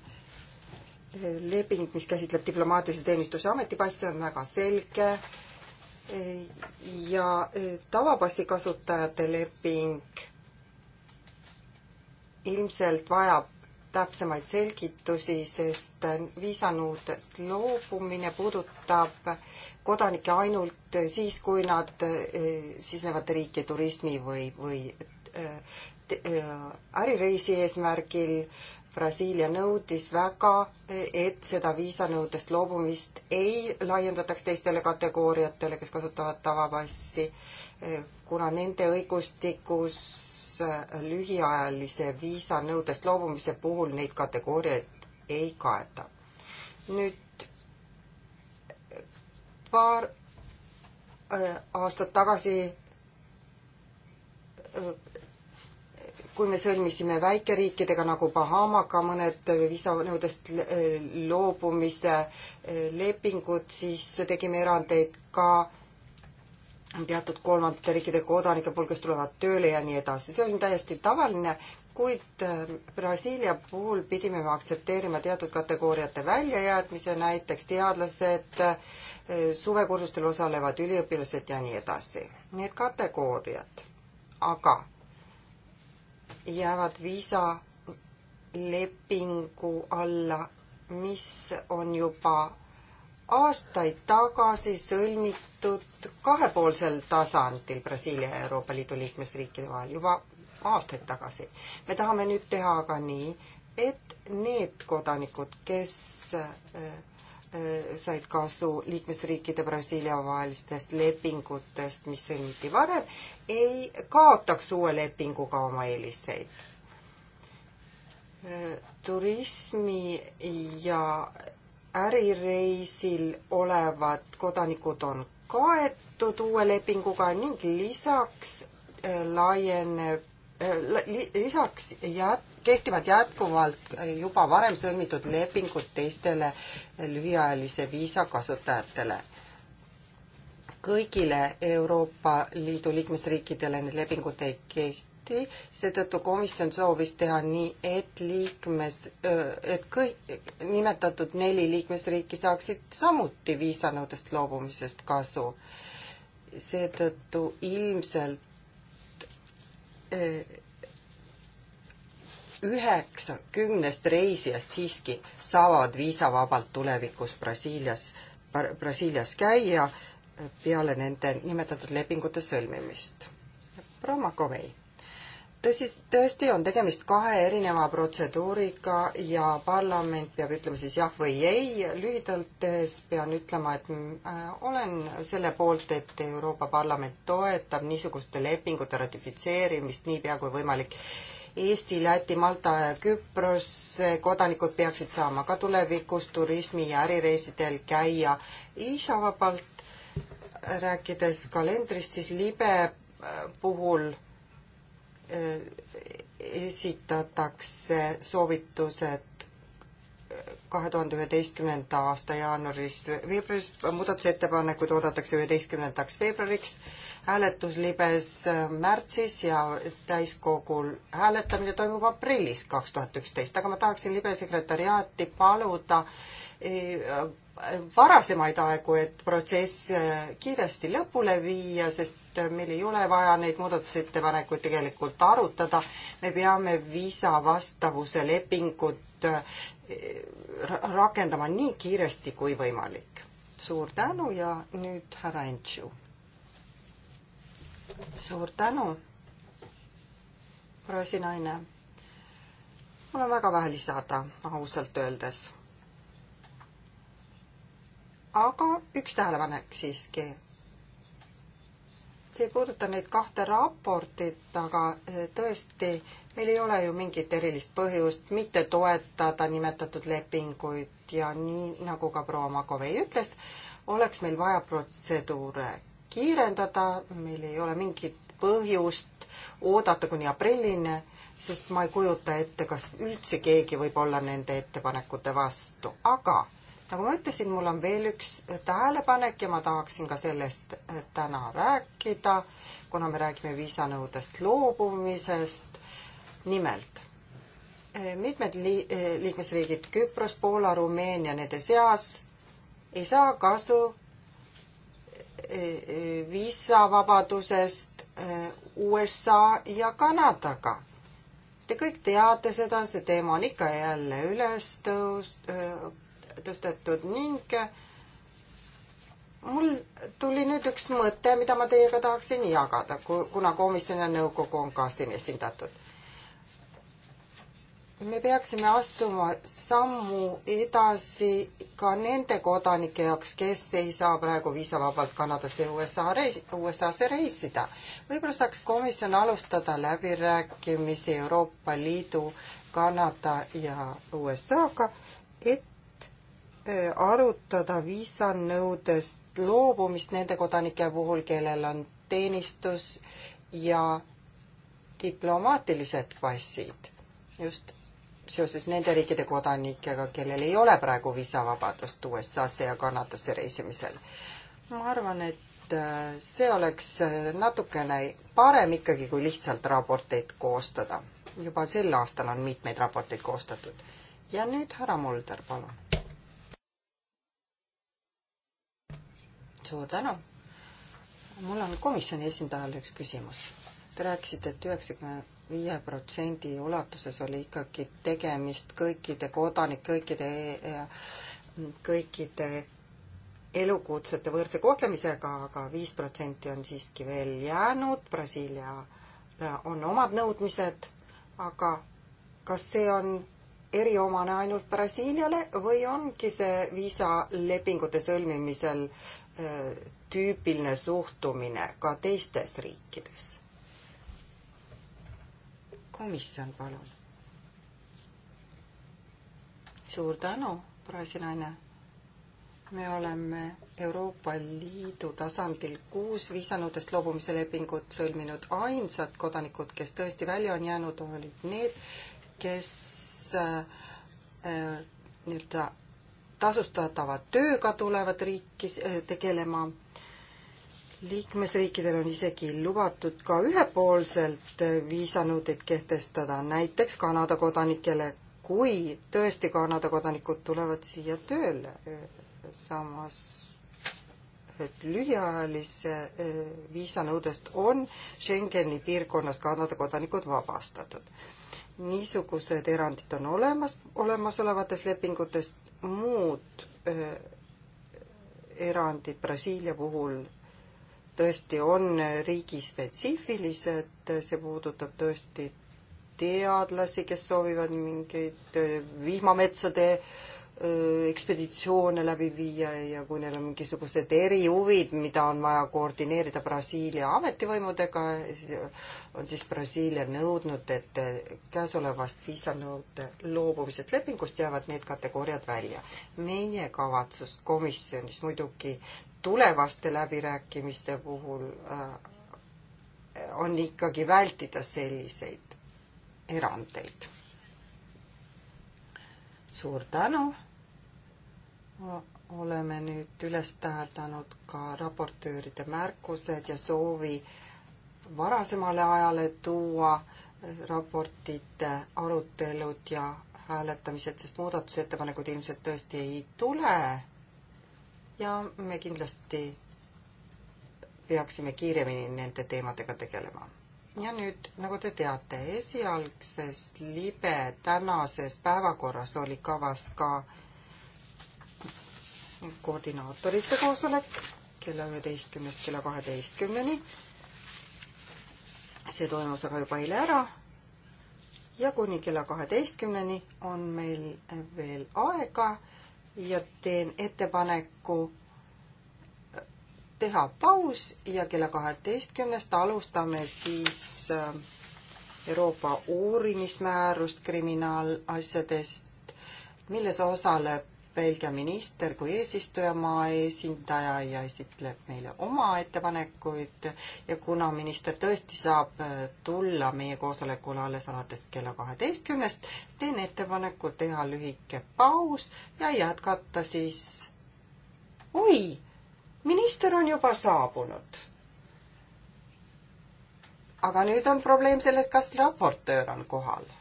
leping, mis käsitleb diplomaatilise teenistuse ametipasse, on väga selge ja äh, tavapassi kasutajate leping ilmselt vajab täpsemaid selgitusi, sest viisanõudest loobumine puudutab kodanikke ainult siis, kui nad eh, sisenevad riiki turismi või, või eh, eh, ärireisi eesmärgil. Brasiilia nõudis väga, et seda viisanõudest loobumist ei laiendataks teistele kategooriatele, kes kasutavad tavapassi, kuna nende õigustikus lühiajalise viisa nõudest loobumise puhul neid kategooriaid ei kaeta. nüüd paar äh, aastat tagasi äh, kui me sõlmisime väikeriikidega nagu Bahamaga mõned viisanõudest äh, loobumise lepingud, siis tegime erandeid ka teatud kolmandate riikide kodanike pool, kes tulevad tööle ja nii edasi, see on täiesti tavaline, kuid äh, Brasiilia puhul pidime me aktsepteerima teatud kategooriate väljajäätmise, näiteks teadlased, äh, suvekursustel osalevad üliõpilased ja nii edasi. Need kategooriad aga jäävad viisalepingu alla, mis on juba aastaid tagasi sõlmitud kahepoolsel tasandil Brasiilia ja Euroopa Liidu liikmesriikide vahel juba aastaid tagasi. me tahame nüüd teha aga nii, et need kodanikud, kes äh, äh, said kasu liikmesriikide Brasiilia vahelistest lepingutest, mis sõlmiti varem, ei kaotaks uue lepinguga oma eeliseid. Äh, turismi ja ärireisil olevad kodanikud on kaetud uue lepinguga ning lisaks eh, laieneb eh, lisaks jät-, kehtivad jätkuvalt juba varem sõlmitud lepingud teistele lühiajalise viisa kasutajatele. kõigile Euroopa Liidu liikmesriikidele need lepingud ei kehti lahti, seetõttu komisjon soovis teha nii, et liikmes, et kõik nimetatud neli liikmesriiki saaksid samuti viisanõudest loobumisest kasu. seetõttu ilmselt üheksa kümnest reisijast siiski saavad viisavabalt tulevikus Brasiilias, Brasiilias käia peale nende nimetatud lepingute sõlmimist. Roma Comey tõsi, tõesti on tegemist kahe erineva protseduuriga ja parlament peab ütlema siis jah või ei. lühidalt tehes pean ütlema, et äh, olen selle poolt, et Euroopa Parlament toetab niisuguste lepingute ratifitseerimist niipea kui võimalik Eesti, Läti, Malta ja Küpros äh, kodanikud peaksid saama ka tulevikus turismi- ja ärireisidel käia viisavabalt. rääkides kalendrist, siis libe äh, puhul esitatakse soovitused kahe tuhande üheteistkümnenda aasta jaanuaris, veebruaris, muudatusettepanekuid oodatakse üheteistkümnendaks veebruariks, hääletus libes märtsis ja täiskogul hääletamine toimub aprillis kaks tuhat üksteist, aga ma tahaksin libe sekretäriaati paluda e, varasemaid aegu, et protsess äh, kiiresti lõpule viia, sest äh, meil ei ole vaja neid muudatusettepanekuid tegelikult arutada. me peame viisa vastavuse lepingut äh, rakendama nii kiiresti kui võimalik. suur tänu ja nüüd härra Entšu. suur tänu, proua esinaine. mul on väga vähe lisada, ausalt öeldes aga üks tähelepanek siiski. see ei puuduta neid kahte raportit, aga eh, tõesti, meil ei ole ju mingit erilist põhjust mitte toetada nimetatud lepinguid ja nii, nagu ka proua Makovei ütles, oleks meil vaja protseduure kiirendada, meil ei ole mingit põhjust oodata kuni aprillini, sest ma ei kujuta ette, kas üldse keegi võib olla nende ettepanekute vastu, aga nagu ma ütlesin, mul on veel üks tähelepanek ja ma tahaksin ka sellest äh, täna rääkida, kuna me räägime viisanõudest loobumisest. nimelt, äh, mitmed li-, äh, liikmesriigid, Küpros, Poola, Rumeenia, nende seas ei saa kasu viisavabadusest USA ja Kanadaga. Te kõik teate seda, see teema on ikka ja jälle üles tõus-, tõstetud ning mul tuli nüüd üks mõte, mida ma teiega tahaksin jagada, kuna komisjon ja nõukogu on ka siin esindatud. me peaksime astuma sammu edasi ka nende kodanike jaoks, kes ei saa praegu viisavabalt Kanadast ja USA reis, USA-sse reisida. võib-olla saaks komisjon alustada läbirääkimisi Euroopa Liidu, Kanada ja USA-ga, et arutada viisanõudest loobumist nende kodanike puhul, kellel on teenistus ja diplomaatilised passid just seoses nende riikide kodanikega, kellel ei ole praegu viisavabadust USA-sse ja Kanadasse reisimisel. ma arvan, et äh, see oleks äh, natukene parem ikkagi, kui lihtsalt raporteid koostada. juba sel aastal on mitmeid raporteid koostatud. ja nüüd härra Mulder, palun. suur tänu. mul on komisjoni esindajale üks küsimus. Te rääkisite et, et üheksakümne viie protsendi ulatuses oli ikkagi tegemist kõikide kodanik, kõikide, kõikide elukutsete võrdse kohtlemisega, aga viis protsenti on siiski veel jäänud, Brasiilia on omad nõudmised, aga kas see on eriomane ainult Brasiiliale või ongi see viisalepingute sõlmimisel Äh, tüüpiline suhtumine ka teistes riikides? komisjon, palun. suur tänu, praesinaine. me oleme Euroopa Liidu tasandil kuus viisanõudest loobumise lepingut sõlminud. ainsad kodanikud, kes tõesti välja on jäänud, olid need, kes äh, äh nii-öelda tasustatava tööga tulevad riiki eh, tegelema. liikmesriikidel on isegi lubatud ka ühepoolselt eh, viisanõudeid kehtestada, näiteks Kanada kodanikele, kui tõesti Kanada kodanikud tulevad siia tööle. Eh, samas lühiajalise viisanõudest on Schengeni piirkonnas Kanada kodanikud vabastatud niisugused erandid on olemas, olemasolevates lepingutes muud erandid Brasiilia puhul tõesti on riigispetsiifilised, see puudutab tõesti teadlasi, kes soovivad mingeid vihmametsade äh, ekspeditsioone läbi viia ja kui neil on mingisugused erihuvid, mida on vaja koordineerida Brasiilia ametivõimudega, on siis Brasiilia nõudnud, et käesolevast viisanõude loobumisest lepingust jäävad need kategooriad välja. meie kavatsus komisjonis muidugi tulevaste läbirääkimiste puhul äh, on ikkagi vältida selliseid erandeid. suur tänu oleme nüüd üles täheldanud ka raportööride märkused ja soovi varasemale ajale tuua raportite arutelud ja hääletamised, sest muudatusettepanekud ilmselt tõesti ei tule. ja me kindlasti peaksime kiiremini nende teemadega tegelema. ja nüüd, nagu te teate, esialgses libe tänases päevakorras oli kavas ka koordinaatorite koosolek kella üheteistkümnest kella kaheteistkümneni. see toimus aga juba eile ära. ja kuni kella kaheteistkümneni on meil veel aega ja teen ettepaneku teha paus ja kella kaheteistkümnest alustame siis äh, Euroopa uurimismäärust kriminaalasjadest, milles osaleb Belgia minister kui eesistujamaa esindaja ja esitleb meile oma ettepanekuid ja kuna minister tõesti saab äh, tulla meie koosolekule alles alates kella kaheteistkümnest, teen ettepaneku teha lühike paus ja jätkata siis. oi, minister on juba saabunud. aga nüüd on probleem selles, kas raportöör on kohal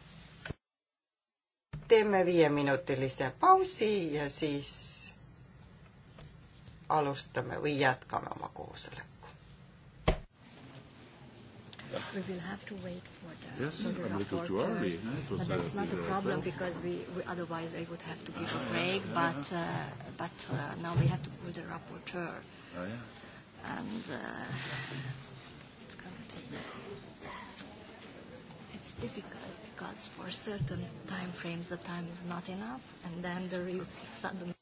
teeme viieminutilise pausi ja siis alustame või jätkame oma koosolekut. We will have to wait for the yes, for the a little too early. No, eh? it was but that's uh, not a problem because we, we otherwise I would have to give ah, a break. Yeah, yeah, but yeah. Uh, but uh, now we have to call the rapporteur, ah, yeah. and uh, it's going to be it's difficult because for certain time frames the time is not enough, and then there is suddenly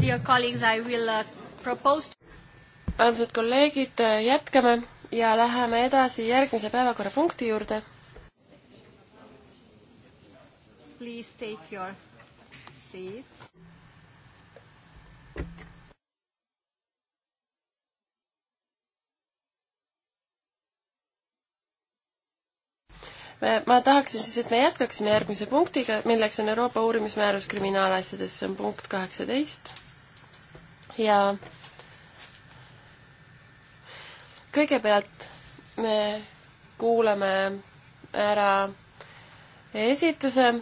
dear colleagues, I will uh, propose armsad kolleegid, äh, jätkame ja läheme edasi järgmise päevakorrapunkti juurde. Please take your seat. ma tahaksin siis, et me jätkaksime järgmise punktiga, milleks on Euroopa uurimismäärus kriminaalasjades, see on punkt kaheksateist ja kõigepealt me kuulame ära esituse,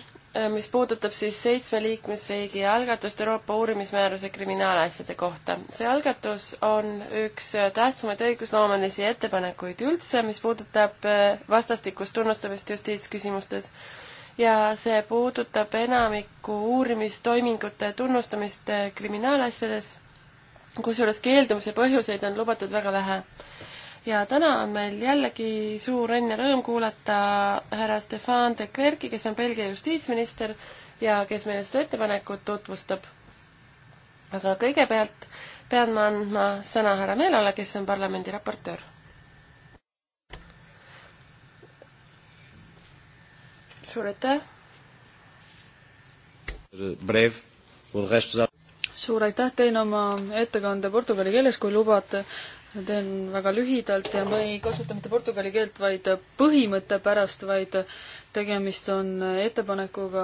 mis puudutab siis seitsme liikmesriigi algatust Euroopa uurimismääruse kriminaalasjade kohta. see algatus on üks tähtsamaid õigusloomelisi ettepanekuid üldse, mis puudutab äh, vastastikust tunnustamist justiitsküsimustes ja see puudutab enamiku uurimistoimingute tunnustamist äh, kriminaalasjades kusjuures keeldumise põhjuseid on lubatud väga vähe. ja täna on meil jällegi suur õnn ja rõõm kuulata härra Stefan de Klerki, kes on Belgia justiitsminister ja kes meile seda ettepanekut tutvustab. aga kõigepealt pean ma andma sõna härra Meelole, kes on parlamendi raportöör. suur aitäh! brev, o resto suur aitäh, teen oma ettekande portugali keeles, kui lubate. teen väga lühidalt ja ma ei kasuta mitte portugali keelt, vaid põhimõtte pärast, vaid tegemist on ettepanekuga,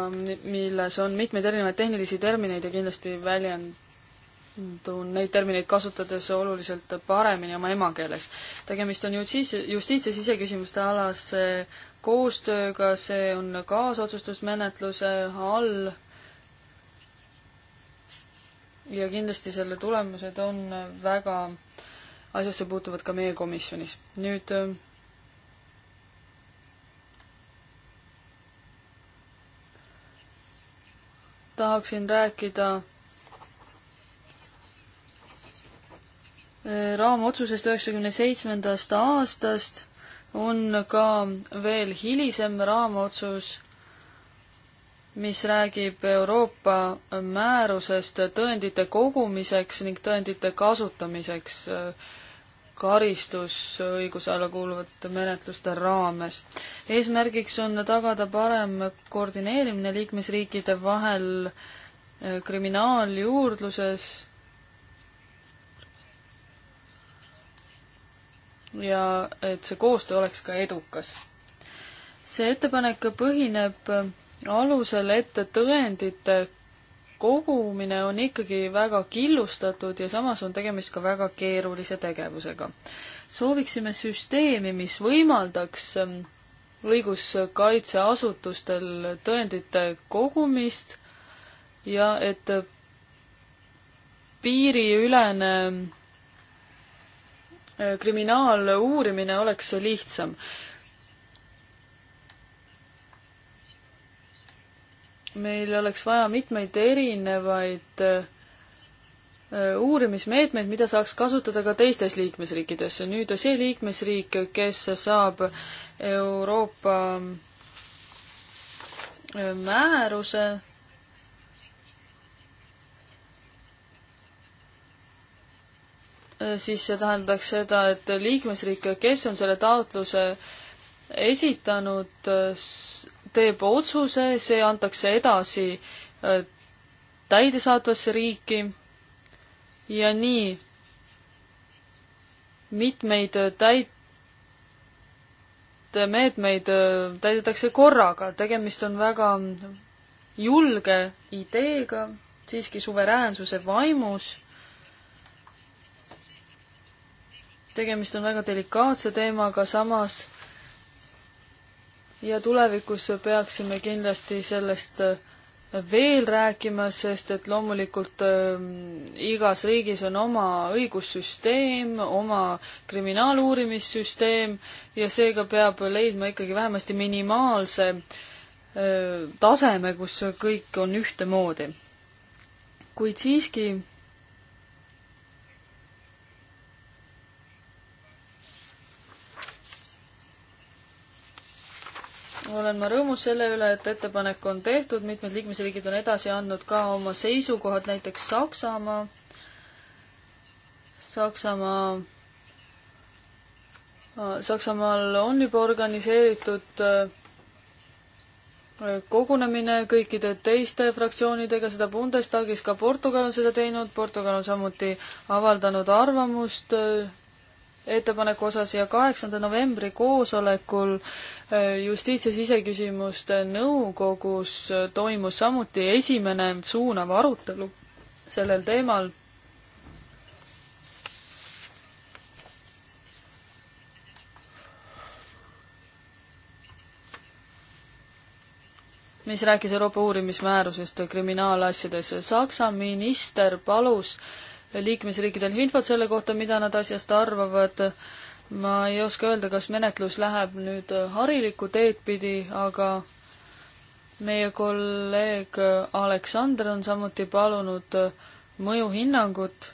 milles on mitmeid erinevaid tehnilisi termineid ja kindlasti väljendun neid termineid kasutades oluliselt paremini oma emakeeles. tegemist on justiits, justiits- ja siseküsimuste alase koostööga, see on kaasotsustusmenetluse all ja kindlasti selle tulemused on väga asjasse puutuvad ka meie komisjonis. nüüd äh, tahaksin rääkida äh, raamotsusest üheksakümne seitsmendast aastast on ka veel hilisem raamotsus mis räägib Euroopa määrusest tõendite kogumiseks ning tõendite kasutamiseks äh, karistusõiguse alla kuuluvate menetluste raames. eesmärgiks on tagada parem koordineerimine liikmesriikide vahel äh, kriminaaljuurdluses ja et see koostöö oleks ka edukas. see ettepanek põhineb alusel, et tõendite kogumine on ikkagi väga killustatud ja samas on tegemist ka väga keerulise tegevusega. sooviksime süsteemi, mis võimaldaks ähm, õiguskaitseasutustel tõendite kogumist ja et piiriülene äh, kriminaaluurimine oleks lihtsam. meil oleks vaja mitmeid erinevaid äh, uurimismeetmeid, mida saaks kasutada ka teistes liikmesriikides. nüüd see liikmesriik, kes saab Euroopa äh, määruse äh, siis see tähendaks seda, et liikmesriik, kes on selle taotluse esitanud, teeb otsuse, see antakse edasi äh, täidesaatvasse riiki ja nii mitmeid äh, täit-, meetmeid äh, täidetakse korraga, tegemist on väga julge ideega, siiski suveräänsuse vaimus tegemist on väga delikaatse teemaga, samas ja tulevikus peaksime kindlasti sellest äh, veel rääkima, sest et loomulikult äh, igas riigis on oma õigussüsteem, oma kriminaaluurimissüsteem ja seega peab leidma ikkagi vähemasti minimaalse äh, taseme, kus kõik on ühtemoodi. kuid siiski olen ma rõõmus selle üle, et ettepanek on tehtud, mitmed liikmesriigid on edasi andnud ka oma seisukohad, näiteks Saksamaa. Saksamaa, Saksamaal on juba organiseeritud äh, kogunemine kõikide teiste fraktsioonidega, seda Bundestagis, ka Portugal on seda teinud, Portugal on samuti avaldanud arvamust äh, ettepaneku osas ja kaheksanda novembri koosolekul äh, justiits- ja siseküsimuste nõukogus äh, toimus samuti esimene suunav arutelu sellel teemal. mis rääkis Euroopa uurimismäärusest kriminaalasjades. Saksa minister palus äh, liikmesriikidel infot selle kohta, mida nad asjast arvavad. ma ei oska öelda, kas menetlus läheb nüüd harilikku teed pidi, aga meie kolleeg Aleksander on samuti palunud mõjuhinnangut.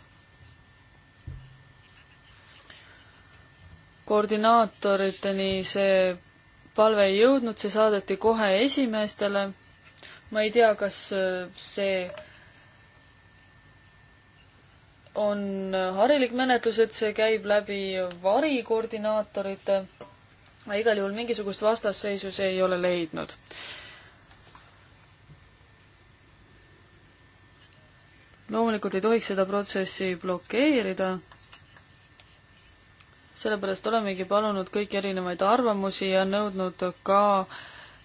koordinaatoriteni see palve ei jõudnud, see saadeti kohe esimeestele. ma ei tea, kas see on harilik menetlus, et see käib läbi varikoordinaatorite, aga igal juhul mingisugust vastasseisu see ei ole leidnud. loomulikult ei tohiks seda protsessi blokeerida, sellepärast olemegi palunud kõiki erinevaid arvamusi ja nõudnud ka äh,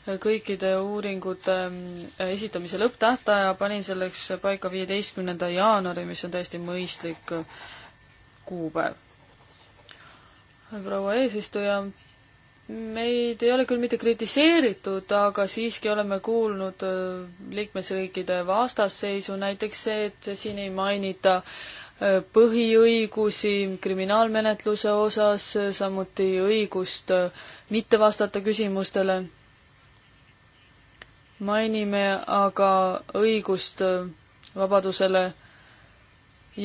kõikide uuringute mm, esitamise lõpptähtaja, panin selleks paika viieteistkümnenda jaanuari, mis on täiesti mõistlik kuupäev. proua eesistuja, meid ei ole küll mitte kritiseeritud, aga siiski oleme kuulnud äh, liikmesriikide vastasseisu, näiteks see, et siin ei mainita äh, põhiõigusi kriminaalmenetluse osas, samuti õigust äh, mitte vastata küsimustele mainime aga õigust äh, vabadusele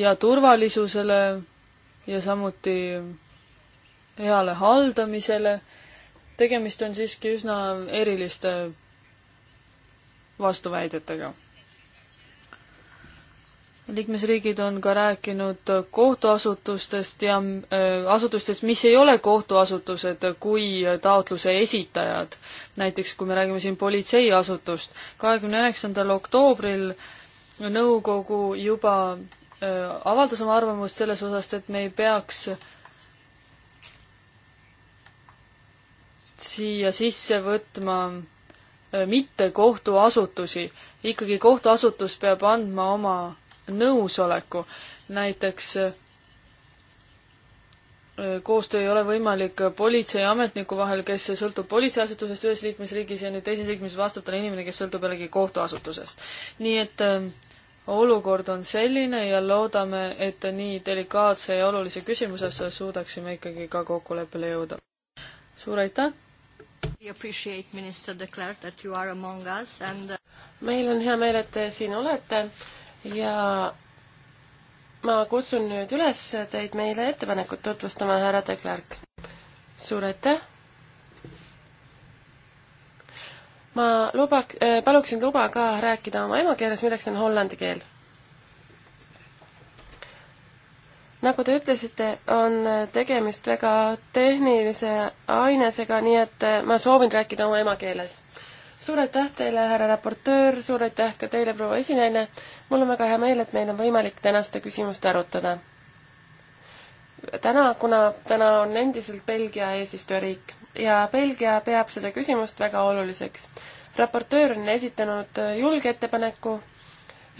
ja turvalisusele ja samuti heale haldamisele. tegemist on siiski üsna eriliste vastuväidetega liikmesriigid on ka rääkinud kohtuasutustest ja äh, asutustest, mis ei ole kohtuasutused kui taotluse esitajad. näiteks kui me räägime siin politseiasutust, kahekümne üheksandal oktoobril nõukogu juba äh, avaldas oma arvamust selles osas, et me ei peaks siia sisse võtma äh, mitte kohtuasutusi, ikkagi kohtuasutus peab andma oma nõusoleku. näiteks äh, koostöö ei ole võimalik politseiametniku vahel, kes sõltub politseiasutusest ühes liikmesriigis ja nüüd teises liikmesriigis vastab talle inimene, kes sõltub jällegi kohtuasutusest. nii et äh, olukord on selline ja loodame, et nii delikaatse ja olulise küsimuse osas suudaksime ikkagi ka kokkuleppele jõuda. suur aitäh! Uh, meil on hea meel, et te siin olete ja ma kutsun nüüd üles teid meile ettepanekut tutvustama, härra de Klerk. suur aitäh! ma lubak- äh,, paluksin luba ka rääkida oma emakeeles, milleks on hollandi keel. nagu te ütlesite, on tegemist väga tehnilise ainesega, nii et äh, ma soovin rääkida oma emakeeles suur aitäh teile, härra raportöör, suur aitäh ka teile, proua esinaine. mul on väga hea meel, et meil on võimalik täna seda küsimust arutada. täna, kuna täna on endiselt Belgia eesistujariik ja Belgia peab seda küsimust väga oluliseks. raportöör on esitanud julge ettepaneku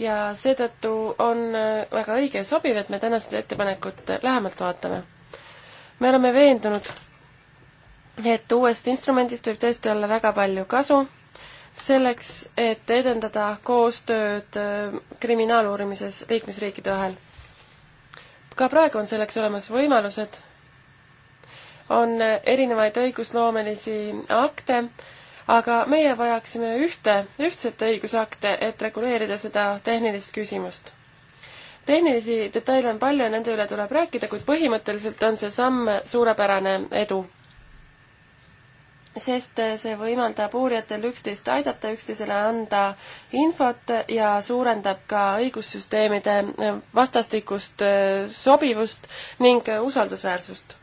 ja seetõttu on väga õige ja sobiv, et me täna seda ettepanekut lähemalt vaatame. me oleme veendunud, et uuest instrumendist võib tõesti olla väga palju kasu selleks, et edendada koostööd äh, kriminaaluurimises liikmesriikide vahel. ka praegu on selleks olemas võimalused, on erinevaid õigusloomelisi akte, aga meie vajaksime ühte, ühtset õigusakte, et reguleerida seda tehnilist küsimust. tehnilisi detaile on palju ja nende üle tuleb rääkida, kuid põhimõtteliselt on see samm suurepärane edu sest see võimaldab uurijatel üksteist aidata, üksteisele anda infot ja suurendab ka õigussüsteemide vastastikust äh, sobivust ning usaldusväärsust.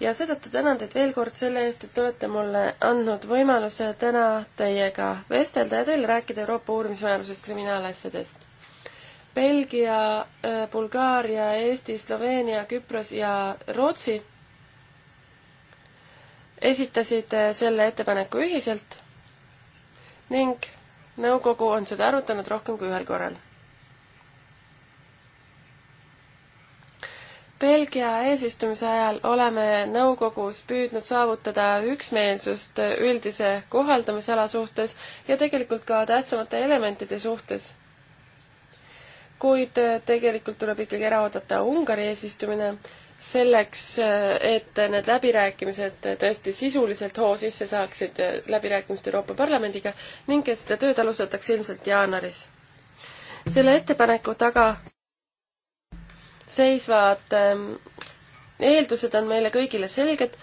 ja seetõttu tänan teid veel kord selle eest, et olete mulle andnud võimaluse täna teiega vestelda ja teile rääkida Euroopa uurimismäärusest kriminaalasjadest. Belgia, äh, Bulgaaria, Eesti, Sloveenia, Küpros ja Rootsi esitasid äh, selle ettepaneku ühiselt ning nõukogu on seda arutanud rohkem kui ühel korral. Belgia eesistumise ajal oleme nõukogus püüdnud saavutada üksmeelsust üldise kohaldamisala suhtes ja tegelikult ka tähtsamate elementide suhtes. kuid äh, tegelikult tuleb ikkagi ära oodata Ungari eesistumine selleks, et need läbirääkimised tõesti sisuliselt hoo sisse saaksid, eh, läbirääkimised Euroopa Parlamendiga, ning seda tööd alustatakse ilmselt jaanuaris. selle ettepaneku taga seisvad ehm, eeldused on meile kõigile selged,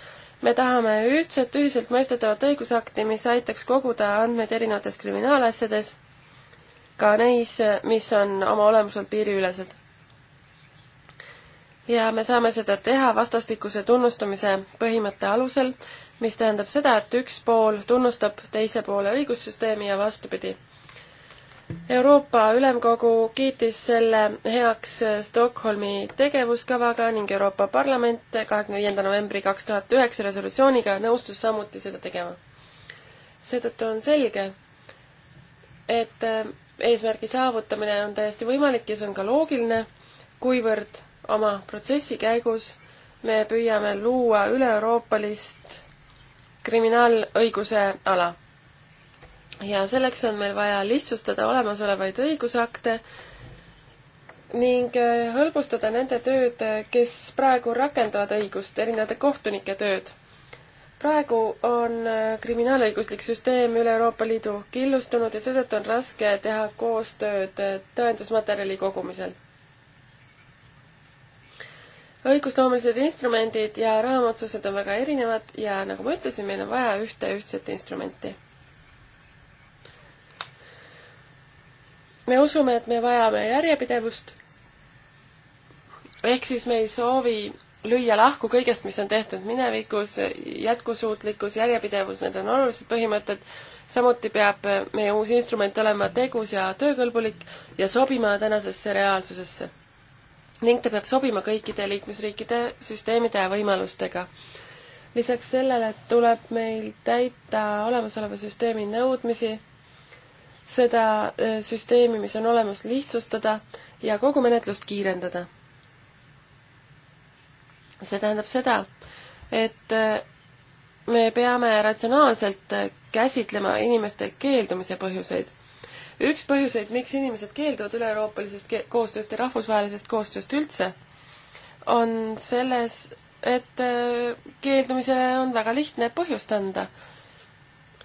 me tahame ühtset, ühiselt mõistetavat õigusakti, mis aitaks koguda andmeid erinevates kriminaalasjades, ka neis, mis on oma olemuselt piiriülesed ja me saame seda teha vastastikuse tunnustamise põhimõtte alusel, mis tähendab seda, et üks pool tunnustab teise poole õigussüsteemi ja vastupidi. Euroopa Ülemkogu kiitis selle heaks Stockholmi tegevuskavaga ning Euroopa Parlament kahekümne viienda novembri kaks tuhat üheksa resolutsiooniga nõustus samuti seda tegema. seetõttu on selge, et eesmärgi saavutamine on täiesti võimalik ja see on ka loogiline, kuivõrd oma protsessi käigus me püüame luua üle-euroopalist kriminaalõiguse ala. ja selleks on meil vaja lihtsustada olemasolevaid õigusakte ning äh, hõlbustada nende tööd, äh, kes praegu rakendavad õigust, erinevate kohtunike tööd. praegu on äh, kriminaalõiguslik süsteem üle Euroopa Liidu killustunud ja seetõttu on raske teha koostööd tõendusmaterjali kogumisel õigusloomelised instrumendid ja raamotsused on väga erinevad ja nagu ma ütlesin, meil on vaja ühte ühtset instrumenti. me usume, et me vajame järjepidevust. ehk siis me ei soovi lüüa lahku kõigest, mis on tehtud minevikus, jätkusuutlikkus, järjepidevus, need on olulised põhimõtted. samuti peab meie uus instrument olema tegus ja töökõlbulik ja sobima tänasesse reaalsusesse ning ta peab sobima kõikide liikmesriikide süsteemide ja võimalustega. lisaks sellele tuleb meil täita olemasoleva süsteemi nõudmisi, seda äh, süsteemi, mis on olemas, lihtsustada ja kogu menetlust kiirendada. see tähendab seda, et äh, me peame ratsionaalselt äh, käsitlema inimeste keeldumise põhjuseid üks põhjuseid, miks inimesed keelduvad üle-euroopalisest koostööst ja rahvusvahelisest koostööst üldse, on selles, et äh, keeldumisele on väga lihtne põhjust anda.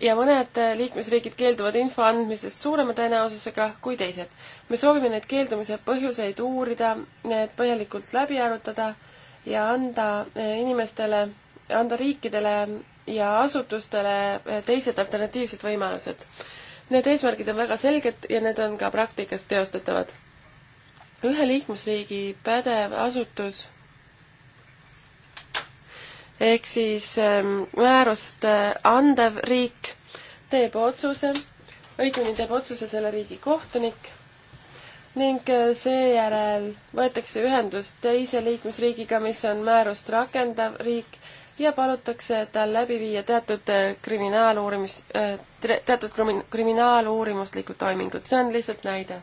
ja mõned äh, liikmesriigid keelduvad info andmisest suurema tõenäosusega kui teised. me soovime neid keeldumise põhjuseid uurida, need põhjalikult läbi arutada ja anda äh, inimestele, anda riikidele ja asutustele teised alternatiivsed võimalused Need eesmärgid on väga selged ja need on ka praktikas teostatavad. ühe liikmesriigi pädev asutus ehk siis ähm, määrust äh, andev riik teeb otsuse, õigemini teeb otsuse selle riigi kohtunik ning äh, seejärel võetakse ühendust teise liikmesriigiga, mis on määrust rakendav riik ja palutakse tal läbi viia teatud äh, kriminaaluurimis, äh, teatud kriminaaluurimuslikud toimingud, see on lihtsalt näide.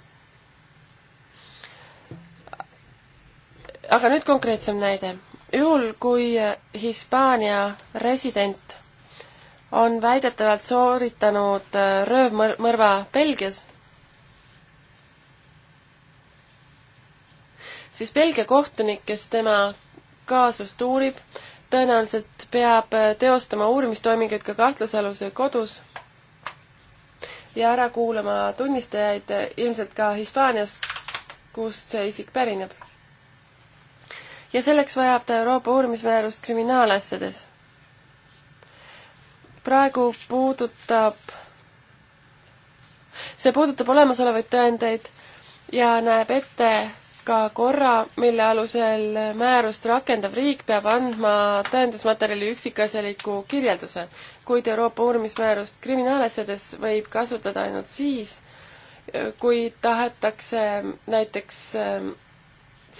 aga nüüd konkreetsem näide. juhul, kui äh, Hispaania resident on väidetavalt sooritanud röövmõrva Belgias, siis Belgia kohtunik, kes tema kaasust uurib, tõenäoliselt peab äh, teostama uurimistoiminguid ka kahtlusaluse kodus ja ära kuulama tunnistajaid äh, ilmselt ka Hispaanias, kust see isik pärineb. ja selleks vajab ta Euroopa uurimismäärust kriminaalasjades. praegu puudutab, see puudutab olemasolevaid tõendeid ja näeb ette ka korra, mille alusel määrust rakendav riik peab andma tõendusmaterjali üksikasjaliku kirjelduse, kuid Euroopa uurimismäärust kriminaalasjades võib kasutada ainult siis, kui tahetakse näiteks ähm,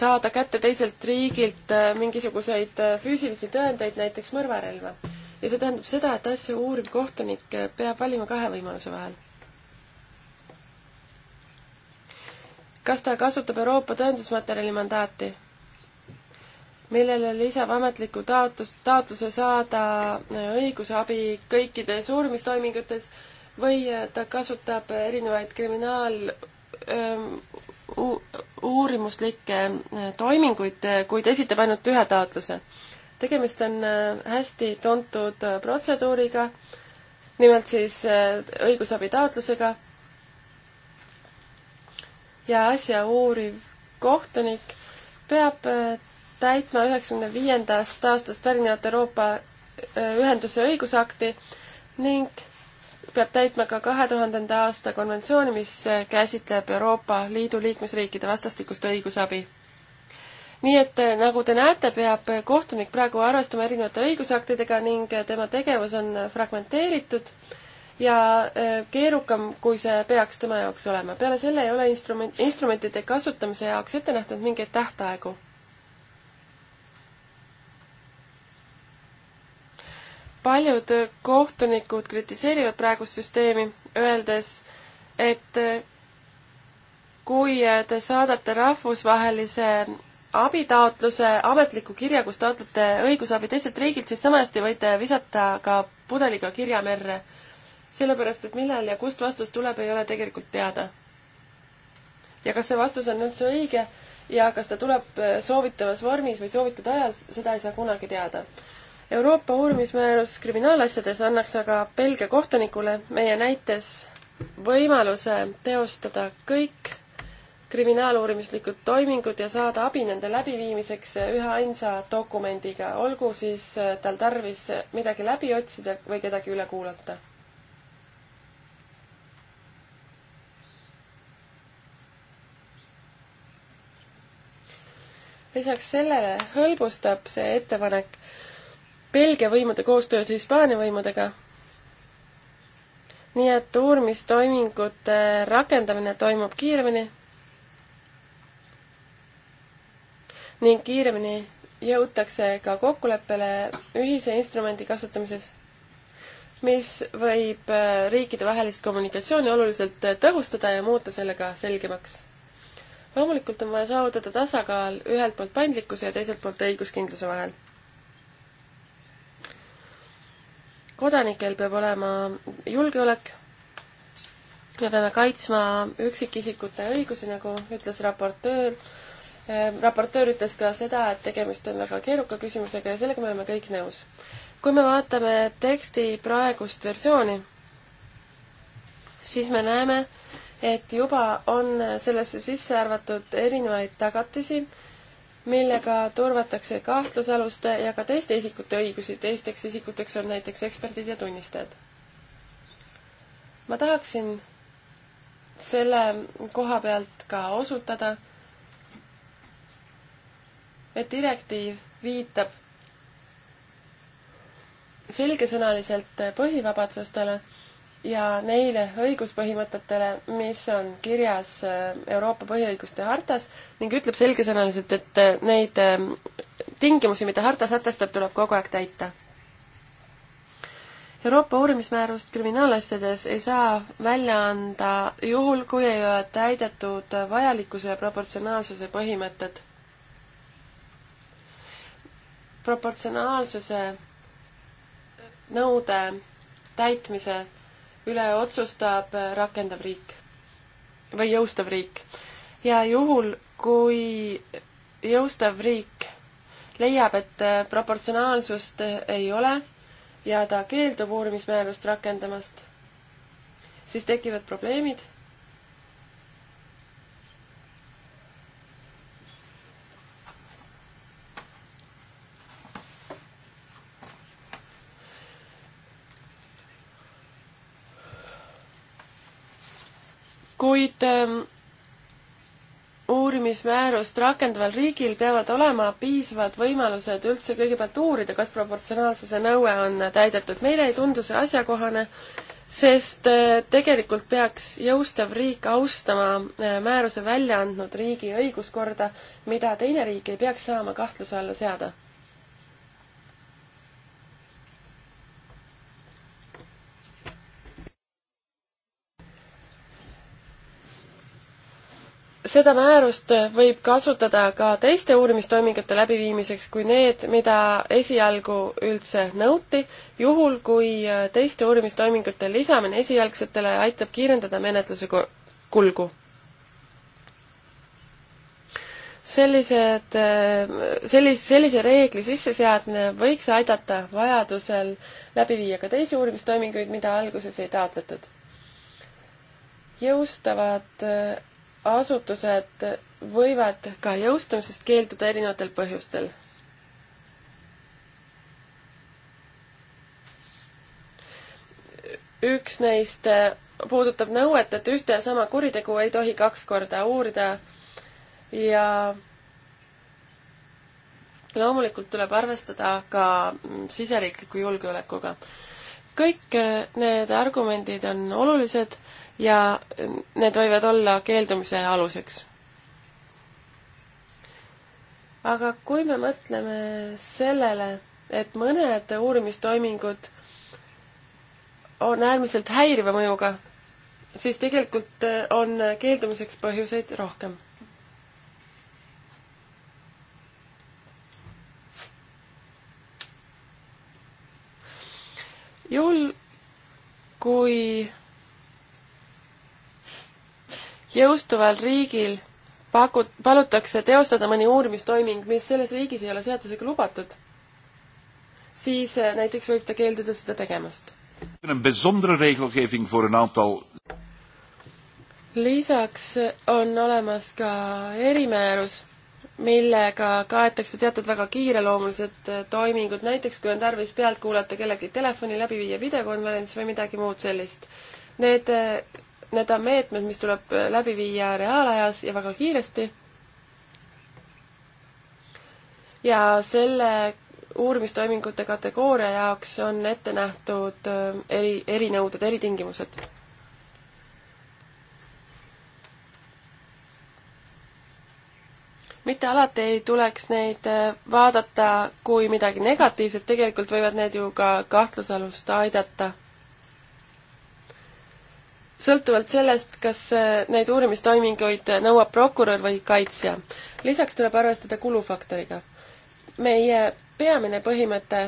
saada kätte teiselt riigilt äh, mingisuguseid äh, füüsilisi tõendeid, näiteks mõrvarelva. ja see tähendab seda, et asja uuriv kohtunik äh, peab valima kahe võimaluse vahel kas ta kasutab Euroopa tõendusmaterjali mandaati, millele lisab ametliku taotlus, taotluse saada äh, õigusabi kõikides uurimistoimingutes või äh, ta kasutab erinevaid kriminaal ähm, uurimuslikke äh, toiminguid, kuid esitab ainult ühe taotluse. tegemist on hästi tuntud protseduuriga, nimelt siis õigusabi taotlusega ja asja uuriv kohtunik peab äh, täitma üheksakümne viiendast aastast pärinevat Euroopa äh, ühenduse õigusakti ning peab täitma ka kahe tuhandenda aasta konventsiooni, mis äh, käsitleb Euroopa Liidu liikmesriikide vastastikust õigusabi. nii et nagu te näete, peab kohtunik praegu arvestama erinevate õigusaktidega ning tema tegevus on fragmenteeritud ja äh, keerukam, kui see peaks tema jaoks olema. peale selle ei ole instrument, instrumentide kasutamise jaoks ette nähtud mingeid tähtaegu. paljud kohtunikud kritiseerivad praegust süsteemi, öeldes, et äh, kui te saadate rahvusvahelise abitaotluse, ametliku kirja, kus taotlete õigusabi teiselt riigilt, siis sama hästi võite visata ka pudeliga kirja merre sellepärast, et millal ja kust vastus tuleb, ei ole tegelikult teada. ja kas see vastus on üldse õige ja kas ta tuleb äh, soovitavas vormis või soovitud ajal, seda ei saa kunagi teada. Euroopa uurimismäärus kriminaalasjades annaks aga Belgia kohtunikule meie näites võimaluse teostada kõik kriminaaluurimislikud toimingud ja saada abi nende läbiviimiseks üheainsa dokumendiga, olgu siis äh, tal tarvis midagi läbi otsida või kedagi üle kuulata. lisaks sellele hõlbustab see ettepanek Belgia võimude koostööd Hispaania võimudega, nii et uurimistoimingute rakendamine toimub kiiremini ning kiiremini jõutakse ka kokkuleppele ühise instrumendi kasutamises, mis võib äh, riikidevahelist kommunikatsiooni oluliselt äh, tõhustada ja muuta selle ka selgemaks loomulikult on vaja saavutada tasakaal ühelt poolt paindlikkuse ja teiselt poolt õiguskindluse vahel. kodanikel peab olema julgeolek, me peame kaitsma üksikisikute õigusi, nagu ütles raportöör, eh, raportöör ütles ka seda, et tegemist on väga keeruka küsimusega ja sellega me oleme kõik nõus. kui me vaatame teksti praegust versiooni, siis me näeme, et juba on sellesse sisse arvatud erinevaid tagatisi, millega turvatakse kahtlusaluste ja ka teiste isikute õigusi, teisteks isikuteks on näiteks eksperdid ja tunnistajad. ma tahaksin selle koha pealt ka osutada, et direktiiv viitab selgesõnaliselt põhivabadustele ja neile õiguspõhimõtetele, mis on kirjas äh, Euroopa põhiõiguste hartas ning ütleb selgesõnaliselt, et äh, neid äh, tingimusi, mida harta sätestab, tuleb kogu aeg täita. Euroopa uurimismäärust kriminaalasjades ei saa välja anda juhul, kui ei ole täidetud vajalikkuse ja proportsionaalsuse põhimõtted. proportsionaalsuse nõude täitmise üle otsustab äh, rakendav riik või jõustav riik. ja juhul, kui jõustav riik leiab, et äh, proportsionaalsust äh, ei ole ja ta keeldub uurimismäärust rakendamast, siis tekivad probleemid kuid ähm, uurimismäärust rakendaval riigil peavad olema piisavad võimalused üldse kõigepealt uurida, kas proportsionaalsuse nõue on täidetud. meile ei tundu see asjakohane, sest äh, tegelikult peaks jõustav riik austama äh, määruse välja andnud riigi õiguskorda, mida teine riik ei peaks saama kahtluse alla seada seda määrust võib kasutada ka teiste uurimistoimingute läbiviimiseks kui need, mida esialgu üldse nõuti, juhul kui äh, teiste uurimistoimingute lisamine esialgsetele aitab kiirendada menetluse kulgu. sellised, äh, sellis-, sellise reegli sisseseadmine võiks aidata vajadusel läbi viia ka teisi uurimistoiminguid, mida alguses ei taotletud. jõustavad äh, asutused võivad ka jõustumisest keelduda erinevatel põhjustel. üks neist puudutab nõuet, et ühte ja sama kuritegu ei tohi kaks korda uurida ja loomulikult tuleb arvestada ka siseriikliku julgeolekuga. kõik need argumendid on olulised ja need võivad olla keeldumise aluseks. aga kui me mõtleme sellele, et mõned uurimistoimingud on äärmiselt häiriva mõjuga, siis tegelikult on keeldumiseks põhjuseid rohkem. juhul, kui jõustuval riigil pakut-, palutakse teostada mõni uurimistoiming, mis selles riigis ei ole seadusega lubatud, siis eh, näiteks võib ta keelduda seda tegemast. lisaks on olemas ka erimäärus, millega kaetakse teatud väga kiireloomulised eh, toimingud, näiteks kui on tarvis pealt kuulata kellegi telefoni, läbi viia videokonverents või midagi muud sellist. Need eh, Need on meetmed, mis tuleb äh, läbi viia reaalajas ja väga kiiresti. ja selle uurimistoimingute kategooria jaoks on ette nähtud äh, eri, erinõuded, eritingimused. mitte alati ei tuleks neid äh, vaadata kui midagi negatiivset, tegelikult võivad need ju ka kahtlusalust aidata sõltuvalt sellest, kas äh, neid uurimistoiminguid nõuab prokurör või kaitsja. lisaks tuleb arvestada kulufaktoriga. meie peamine põhimõte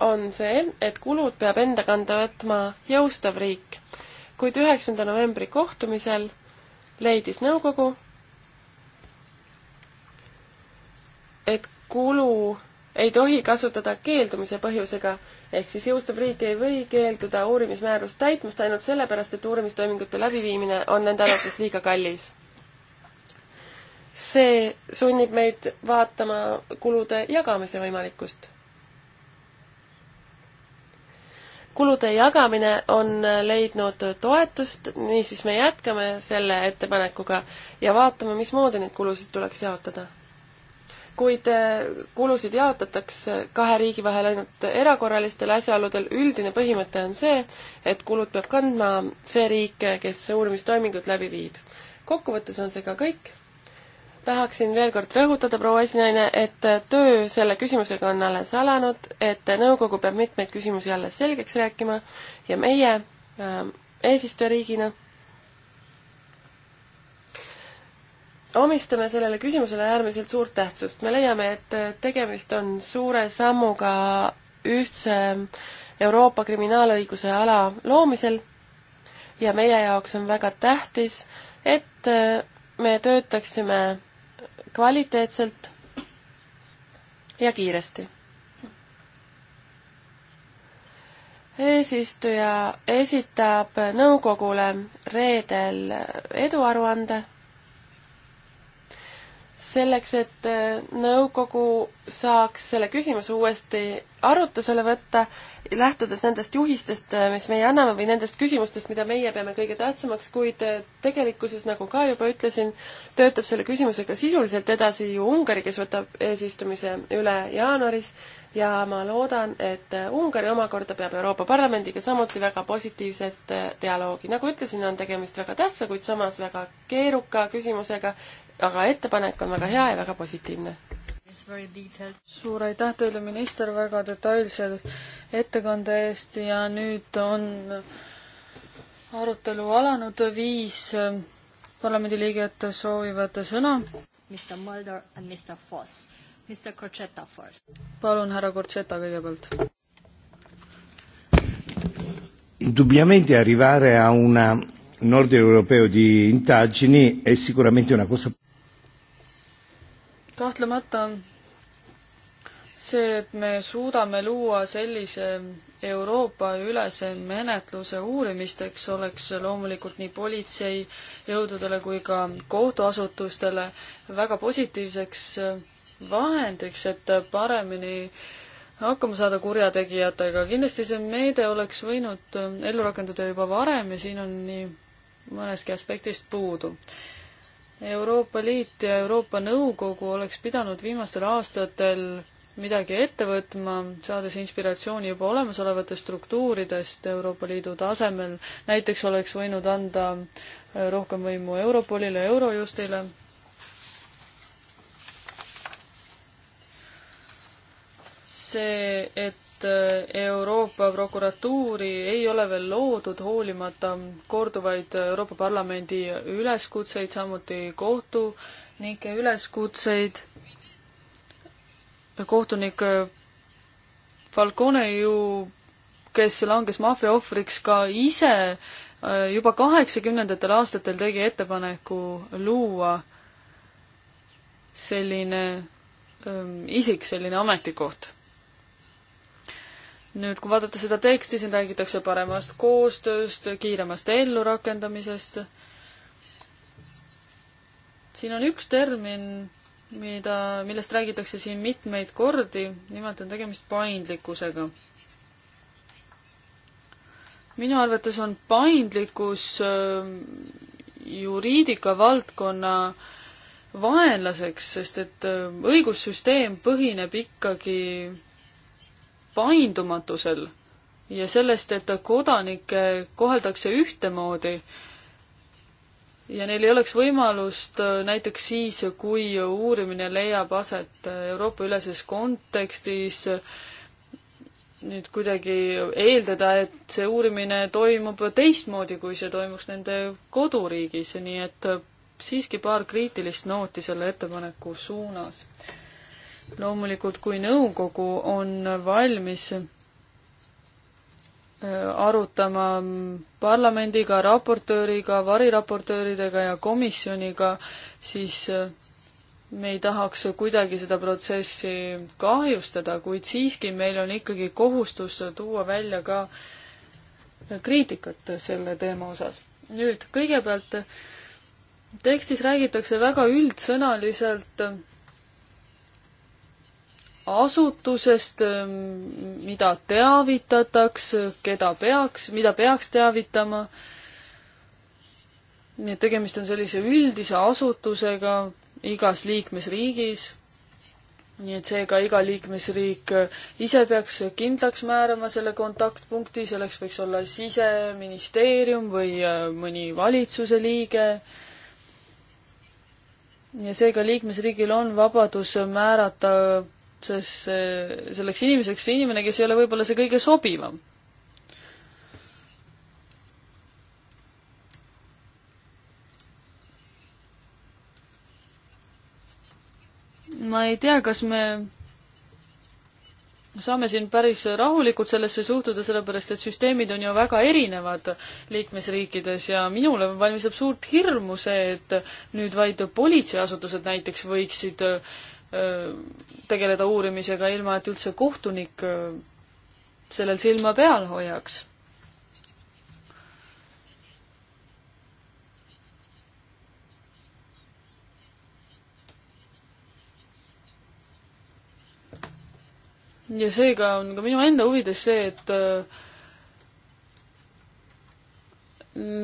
on see, et kulud peab enda kanda võtma jõustav riik, kuid üheksanda novembri kohtumisel leidis nõukogu, et kulu ei tohi kasutada keeldumise põhjusega, ehk siis jõustuv riik ei või keelduda uurimismäärust täitmast ainult sellepärast, et uurimistoimingute läbiviimine on nende arvates liiga kallis. see sunnib meid vaatama kulude jagamise võimalikkust. kulude jagamine on leidnud toetust, niisiis me jätkame selle ettepanekuga ja vaatame, mismoodi neid kulusid tuleks jaotada kuid äh, kulusid jaotatakse kahe riigi vahel ainult erakorralistel asjaoludel. üldine põhimõte on see, et kulud peab kandma see riik, kes uurimistoimingut läbi viib. kokkuvõttes on see ka kõik. tahaksin veel kord rõhutada, proua esinaine, et töö selle küsimusega on alles alanud, et nõukogu peab mitmeid küsimusi alles selgeks rääkima ja meie äh, eesistujariigina omistame sellele küsimusele äärmiselt suurt tähtsust. me leiame, et tegemist on suure sammuga ühtse Euroopa kriminaalõiguse ala loomisel ja meie jaoks on väga tähtis, et me töötaksime kvaliteetselt ja kiiresti. eesistuja esitab nõukogule reedel eduaruande selleks, et äh, nõukogu saaks selle küsimuse uuesti arutusele võtta, lähtudes nendest juhistest, äh, mis meie anname või nendest küsimustest, mida meie peame kõige tähtsamaks, kuid äh, tegelikkuses, nagu ka juba ütlesin, töötab selle küsimusega sisuliselt edasi ju Ungari, kes võtab eesistumise üle jaanuaris ja ma loodan, et Ungari omakorda peab Euroopa Parlamendiga samuti väga positiivset dialoogi. nagu ütlesin, on tegemist väga tähtsa, kuid samas väga keeruka küsimusega aga ettepanek on väga hea ja väga positiivne. suur aitäh teile, minister, väga detailse ettekande eest ja nüüd on arutelu alanud, viis parlamendiliiget soovivad sõna. Mr Mulder and Mr Foss. Mr Crocetta first. palun, härra Crocetta kõigepealt. Indubbiamente arrivare a una nord europeo di indagini è sicuramente una cosa kahtlemata see, et me suudame luua sellise Euroopa-ülese menetluse uurimisteks, oleks loomulikult nii politseijõududele kui ka kohtuasutustele väga positiivseks vahendiks, et paremini hakkama saada kurjategijatega. kindlasti see meede oleks võinud ellu rakenduda juba varem ja siin on nii mõneski aspektist puudu. Euroopa Liit ja Euroopa Nõukogu oleks pidanud viimastel aastatel midagi ette võtma, saades inspiratsiooni juba olemasolevatest struktuuridest Euroopa Liidu tasemel. näiteks oleks võinud anda äh, rohkem võimu Europolile, Eurojustile. see, et et eh, Euroopa prokuratuuri ei ole veel loodud, hoolimata korduvaid Euroopa Parlamendi üleskutseid, samuti kohtunike üleskutseid. kohtunik Falcone ju, kes langes maffia ohvriks ka ise, eh, juba kaheksakümnendatel aastatel tegi ettepaneku luua selline eh, isik, selline ametikoht nüüd, kui vaadata seda teksti, siin räägitakse paremast koostööst, kiiremast ellurakendamisest. siin on üks termin, mida, millest räägitakse siin mitmeid kordi, nimelt on tegemist paindlikkusega. minu arvates on paindlikkus äh, juriidika valdkonna vaenlaseks, sest et äh, õigussüsteem põhineb ikkagi paindumatusel ja sellest, et kodanikke koheldakse ühtemoodi ja neil ei oleks võimalust äh, näiteks siis, kui uurimine leiab aset äh, Euroopa-üleses kontekstis, nüüd kuidagi eeldada, et see uurimine toimub teistmoodi, kui see toimuks nende koduriigis, nii et äh, siiski paar kriitilist nooti selle ettepaneku suunas loomulikult, kui nõukogu on valmis äh, arutama parlamendiga, raportööriga, variraportööridega ja komisjoniga, siis äh, me ei tahaks kuidagi seda protsessi kahjustada, kuid siiski meil on ikkagi kohustus tuua välja ka äh, kriitikat selle teema osas. nüüd kõigepealt tekstis räägitakse väga üldsõnaliselt asutusest, ähm, mida teavitatakse, keda peaks, mida peaks teavitama. nii et tegemist on sellise üldise asutusega igas liikmesriigis. nii et seega iga liikmesriik ise peaks kindlaks määrama selle kontaktpunkti, selleks võiks olla siseministeerium või äh, mõni valitsuse liige ja seega liikmesriigil on vabadus määrata sest see, selleks inimeseks see inimene, kes ei ole võib-olla see kõige sobivam. ma ei tea, kas me saame siin päris rahulikult sellesse suhtuda, sellepärast et süsteemid on ju väga erinevad liikmesriikides ja minule valmistab suurt hirmu see, et nüüd vaid politseiasutused näiteks võiksid äh, tegeleda uurimisega, ilma et üldse kohtunik sellel silma peal hoiaks. ja seega on ka minu enda huvides see, et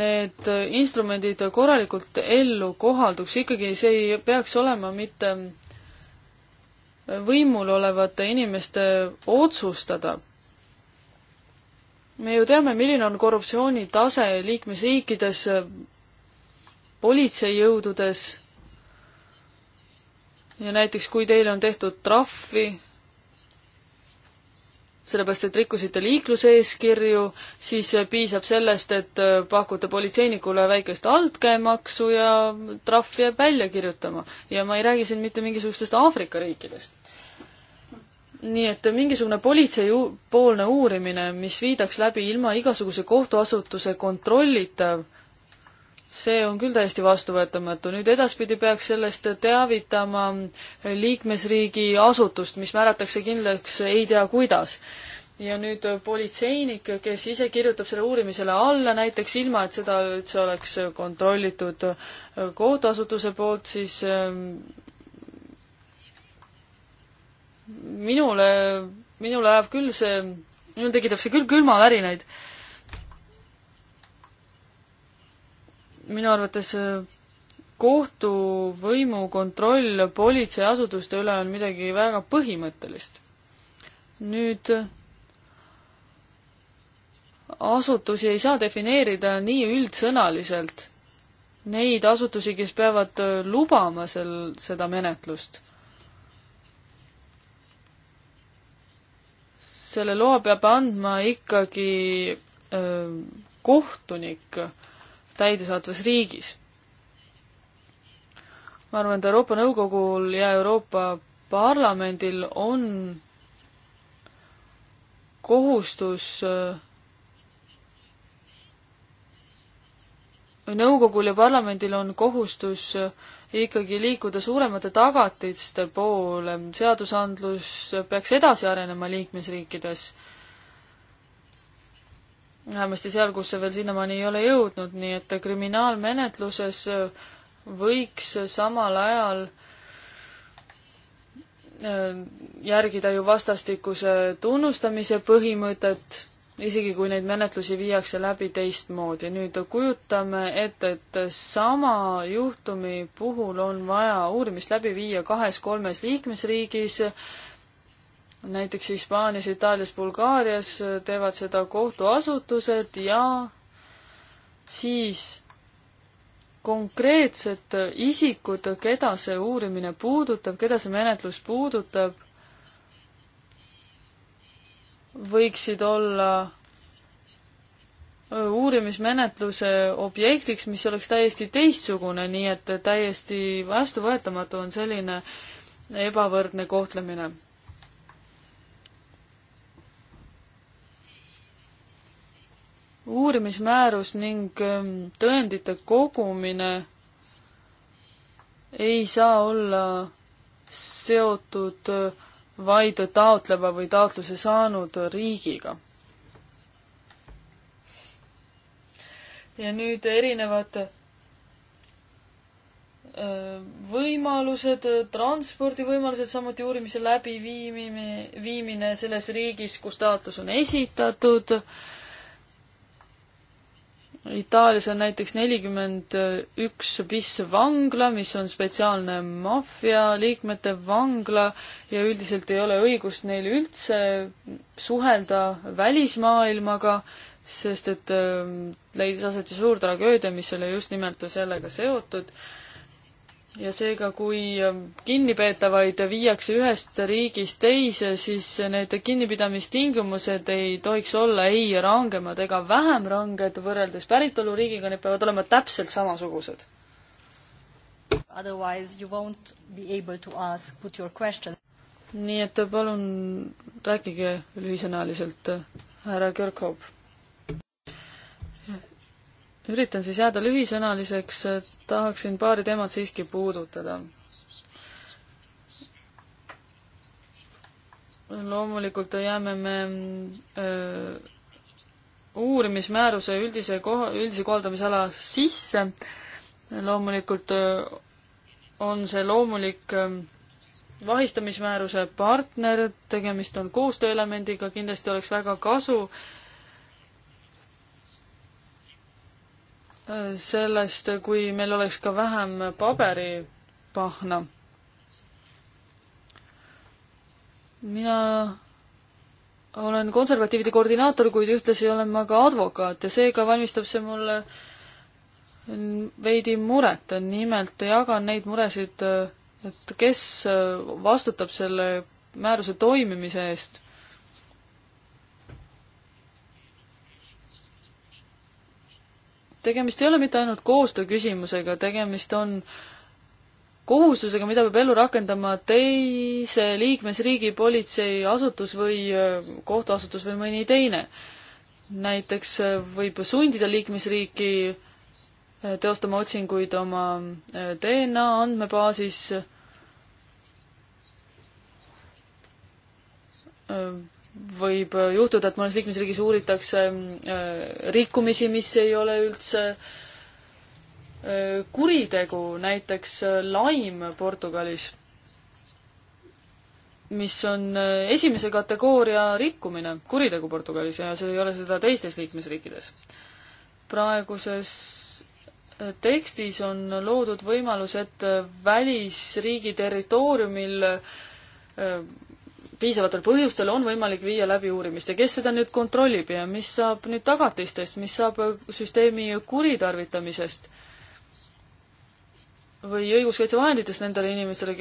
need instrumendid korralikult ellu kohalduks, ikkagi see ei peaks olema mitte äh, võimul olevate inimeste otsustada. me ju teame, milline on korruptsiooni tase liikmesriikides, politseijõududes ja näiteks kui teile on tehtud trahvi sellepärast, et rikkusite liikluseeskirju, siis piisab sellest, et pakute politseinikule väikest altkäemaksu ja trahv jääb välja kirjutama. ja ma ei räägi siin mitte mingisugustest Aafrika riikidest. nii et mingisugune politseipoolne uurimine, mis viidaks läbi ilma igasuguse kohtuasutuse kontrollita, see on küll täiesti vastuvõetamatu. nüüd edaspidi peaks sellest teavitama liikmesriigi asutust, mis määratakse kindlaks ei tea kuidas. ja nüüd politseinik, kes ise kirjutab selle uurimisele alla, näiteks ilma, et seda üldse oleks kontrollitud kohtuasutuse poolt, siis ähm, minule, minule ajab küll see, minul tekitab see küll külmavärinaid minu arvates äh, kohtuvõimu kontroll politseiasutuste üle on midagi väga põhimõttelist. nüüd asutusi ei saa defineerida nii üldsõnaliselt. Neid asutusi, kes peavad äh, lubama sel, seda menetlust. selle loa peab andma ikkagi öö, äh, kohtunik täidesaatvas riigis. ma arvan, et Euroopa Nõukogul ja Euroopa Parlamendil on kohustus äh, nõukogul ja parlamendil on kohustus äh, ikkagi liikuda suuremate tagatiste poole, seadusandlus peaks edasi arenema liikmesriikides vähemasti seal, kus see veel sinnamaani ei ole jõudnud, nii et kriminaalmenetluses võiks samal ajal äh, järgida ju vastastikuse tunnustamise põhimõtet, isegi kui neid menetlusi viiakse läbi teistmoodi. nüüd kujutame ette, et sama juhtumi puhul on vaja uurimist läbi viia kahes-kolmes liikmesriigis, näiteks Hispaanias, Itaalias, Bulgaarias teevad seda kohtuasutused ja siis konkreetsed isikud, keda see uurimine puudutab, keda see menetlus puudutab, võiksid olla uurimismenetluse objektiks, mis oleks täiesti teistsugune, nii et täiesti vastuvõetamatu on selline ebavõrdne kohtlemine uurimismäärus ning ähm, tõendite kogumine ei saa olla seotud äh, vaid taotleva või taotluse saanud riigiga. ja nüüd erinevad äh, võimalused, transpordivõimalused, samuti uurimise läbiviimine, viimine selles riigis, kus taotlus on esitatud äh,, Itaalias on näiteks nelikümmend üks Bis vangla, mis on spetsiaalne maffia liikmete vangla ja üldiselt ei ole õigust neil üldse suhelda välismaailmaga, sest et ähm, leidis aset ju suur tragöödia, mis oli just nimelt sellega seotud ja seega, kui kinnipeetavaid viiakse ühest riigist teise, siis need kinnipidamistingimused ei tohiks olla ei rangemad ega vähem ranged võrreldes päritoluriigiga, need peavad olema täpselt samasugused. Otherwise you won't be able to ask, put your question. nii et palun rääkige lühisõnaliselt, härra Kirkhope üritan siis jääda lühisõnaliseks, tahaksin paari teemat siiski puudutada. loomulikult jääme me öö, uurimismääruse üldise koha, üldise kohaldamisala sisse, loomulikult öö, on see loomulik öö, vahistamismääruse partner, tegemist on koostööelemendiga, kindlasti oleks väga kasu, sellest, kui meil oleks ka vähem paberipahna. mina olen konservatiivide koordinaator, kuid ühtlasi olen ma ka advokaat ja seega valmistab see mulle veidi muret, nimelt jagan neid muresid, et kes vastutab selle määruse toimimise eest tegemist ei ole mitte ainult koostöö küsimusega, tegemist on kohustusega, mida peab ellu rakendama teise liikmesriigi politseiasutus või äh, kohtuasutus või mõni teine. näiteks äh, võib sundida liikmesriiki äh, teostama otsinguid oma DNA andmebaasis võib äh, juhtuda, et mõnes liikmesriigis uuritakse mm, äh, rikkumisi, mis ei ole üldse äh, kuritegu, näiteks laim Portugalis, mis on esimese kategooria rikkumine, kuritegu Portugalis ja see ei ole seda teistes liikmesriikides. praeguses tekstis on loodud võimalus, et välisriigi territooriumil piisavatel põhjustel on võimalik viia läbi uurimist ja kes seda nüüd kontrollib ja mis saab nüüd tagatistest, mis saab äh, süsteemi kuritarvitamisest või õiguskaitsevahenditest nendele inimestele,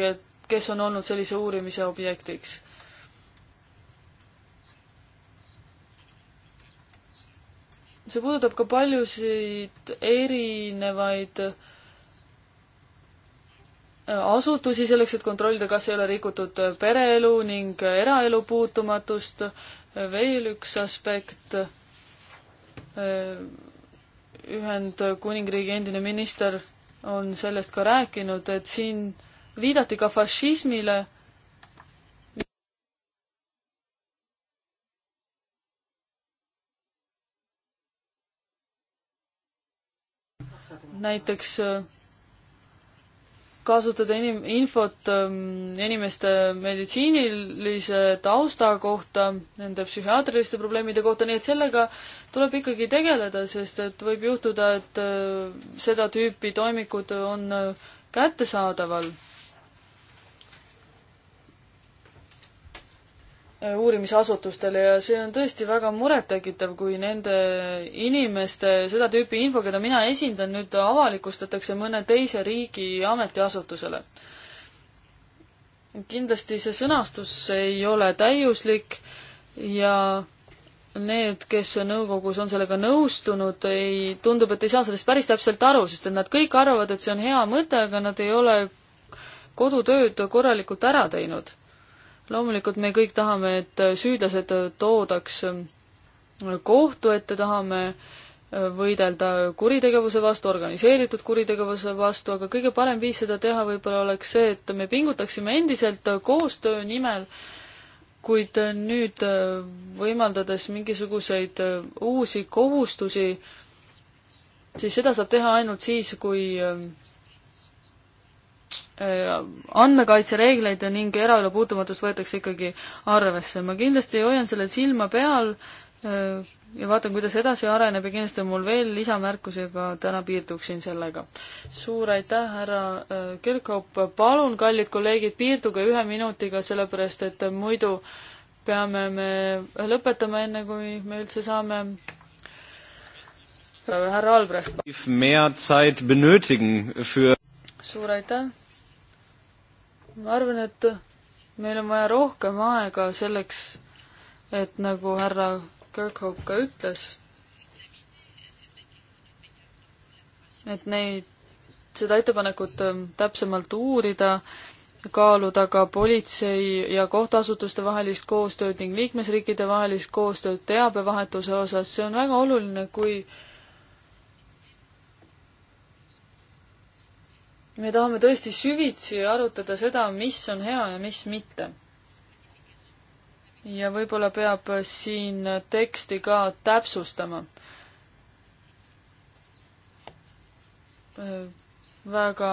kes on olnud sellise uurimise objektiks? see puudutab ka paljusid erinevaid äh, asutusi selleks, et kontrollida, kas ei ole rikutud pereelu ning eraelu puutumatust. veel üks aspekt. Ühendkuningriigi endine minister on sellest ka rääkinud, et siin viidati ka fašismile näiteks kasutada inim-, infot ähm, inimeste meditsiinilise tausta kohta, nende psühhiaatriliste probleemide kohta, nii et sellega tuleb ikkagi tegeleda, sest et võib juhtuda, et äh, seda tüüpi toimikud on äh, kättesaadaval uurimisasutustele ja see on tõesti väga murettekitav, kui nende inimeste, seda tüüpi info, keda mina esindan, nüüd avalikustatakse mõne teise riigi ametiasutusele. kindlasti see sõnastus ei ole täiuslik ja need, kes nõukogus on sellega nõustunud, ei, tundub, et ei saa sellest päris täpselt aru, sest et nad kõik arvavad, et see on hea mõte, aga nad ei ole kodutööd korralikult ära teinud loomulikult me kõik tahame, et süüdlased toodaks kohtu ette, tahame võidelda kuritegevuse vastu, organiseeritud kuritegevuse vastu, aga kõige parem viis seda teha võib-olla oleks see, et me pingutaksime endiselt koostöö nimel, kuid nüüd võimaldades mingisuguseid uusi kohustusi, siis seda saab teha ainult siis, kui Äh, andmekaitsereegleid ning eraelu puutumatust võetakse ikkagi arvesse. ma kindlasti hoian selle silma peal äh, ja vaatan, kuidas edasi areneb ja kindlasti on mul veel lisamärkusi, aga täna piirduksin sellega. suur aitäh, härra äh, Kirkhoop, palun, kallid kolleegid, piirduge ühe minutiga, sellepärast et muidu peame me lõpetama, enne kui me üldse saame härra Albrecht. suur aitäh ma arvan, et meil on vaja rohkem aega selleks, et nagu härra Kirkhope ka ütles, et neid, seda ettepanekut ähm, täpsemalt uurida, kaaluda ka politsei ja kohtuasutuste vahelist koostööd ning liikmesriikide vahelist koostööd teabevahetuse osas, see on väga oluline, kui me tahame tõesti süvitsi arutada seda, mis on hea ja mis mitte. ja võib-olla peab siin teksti ka täpsustama. väga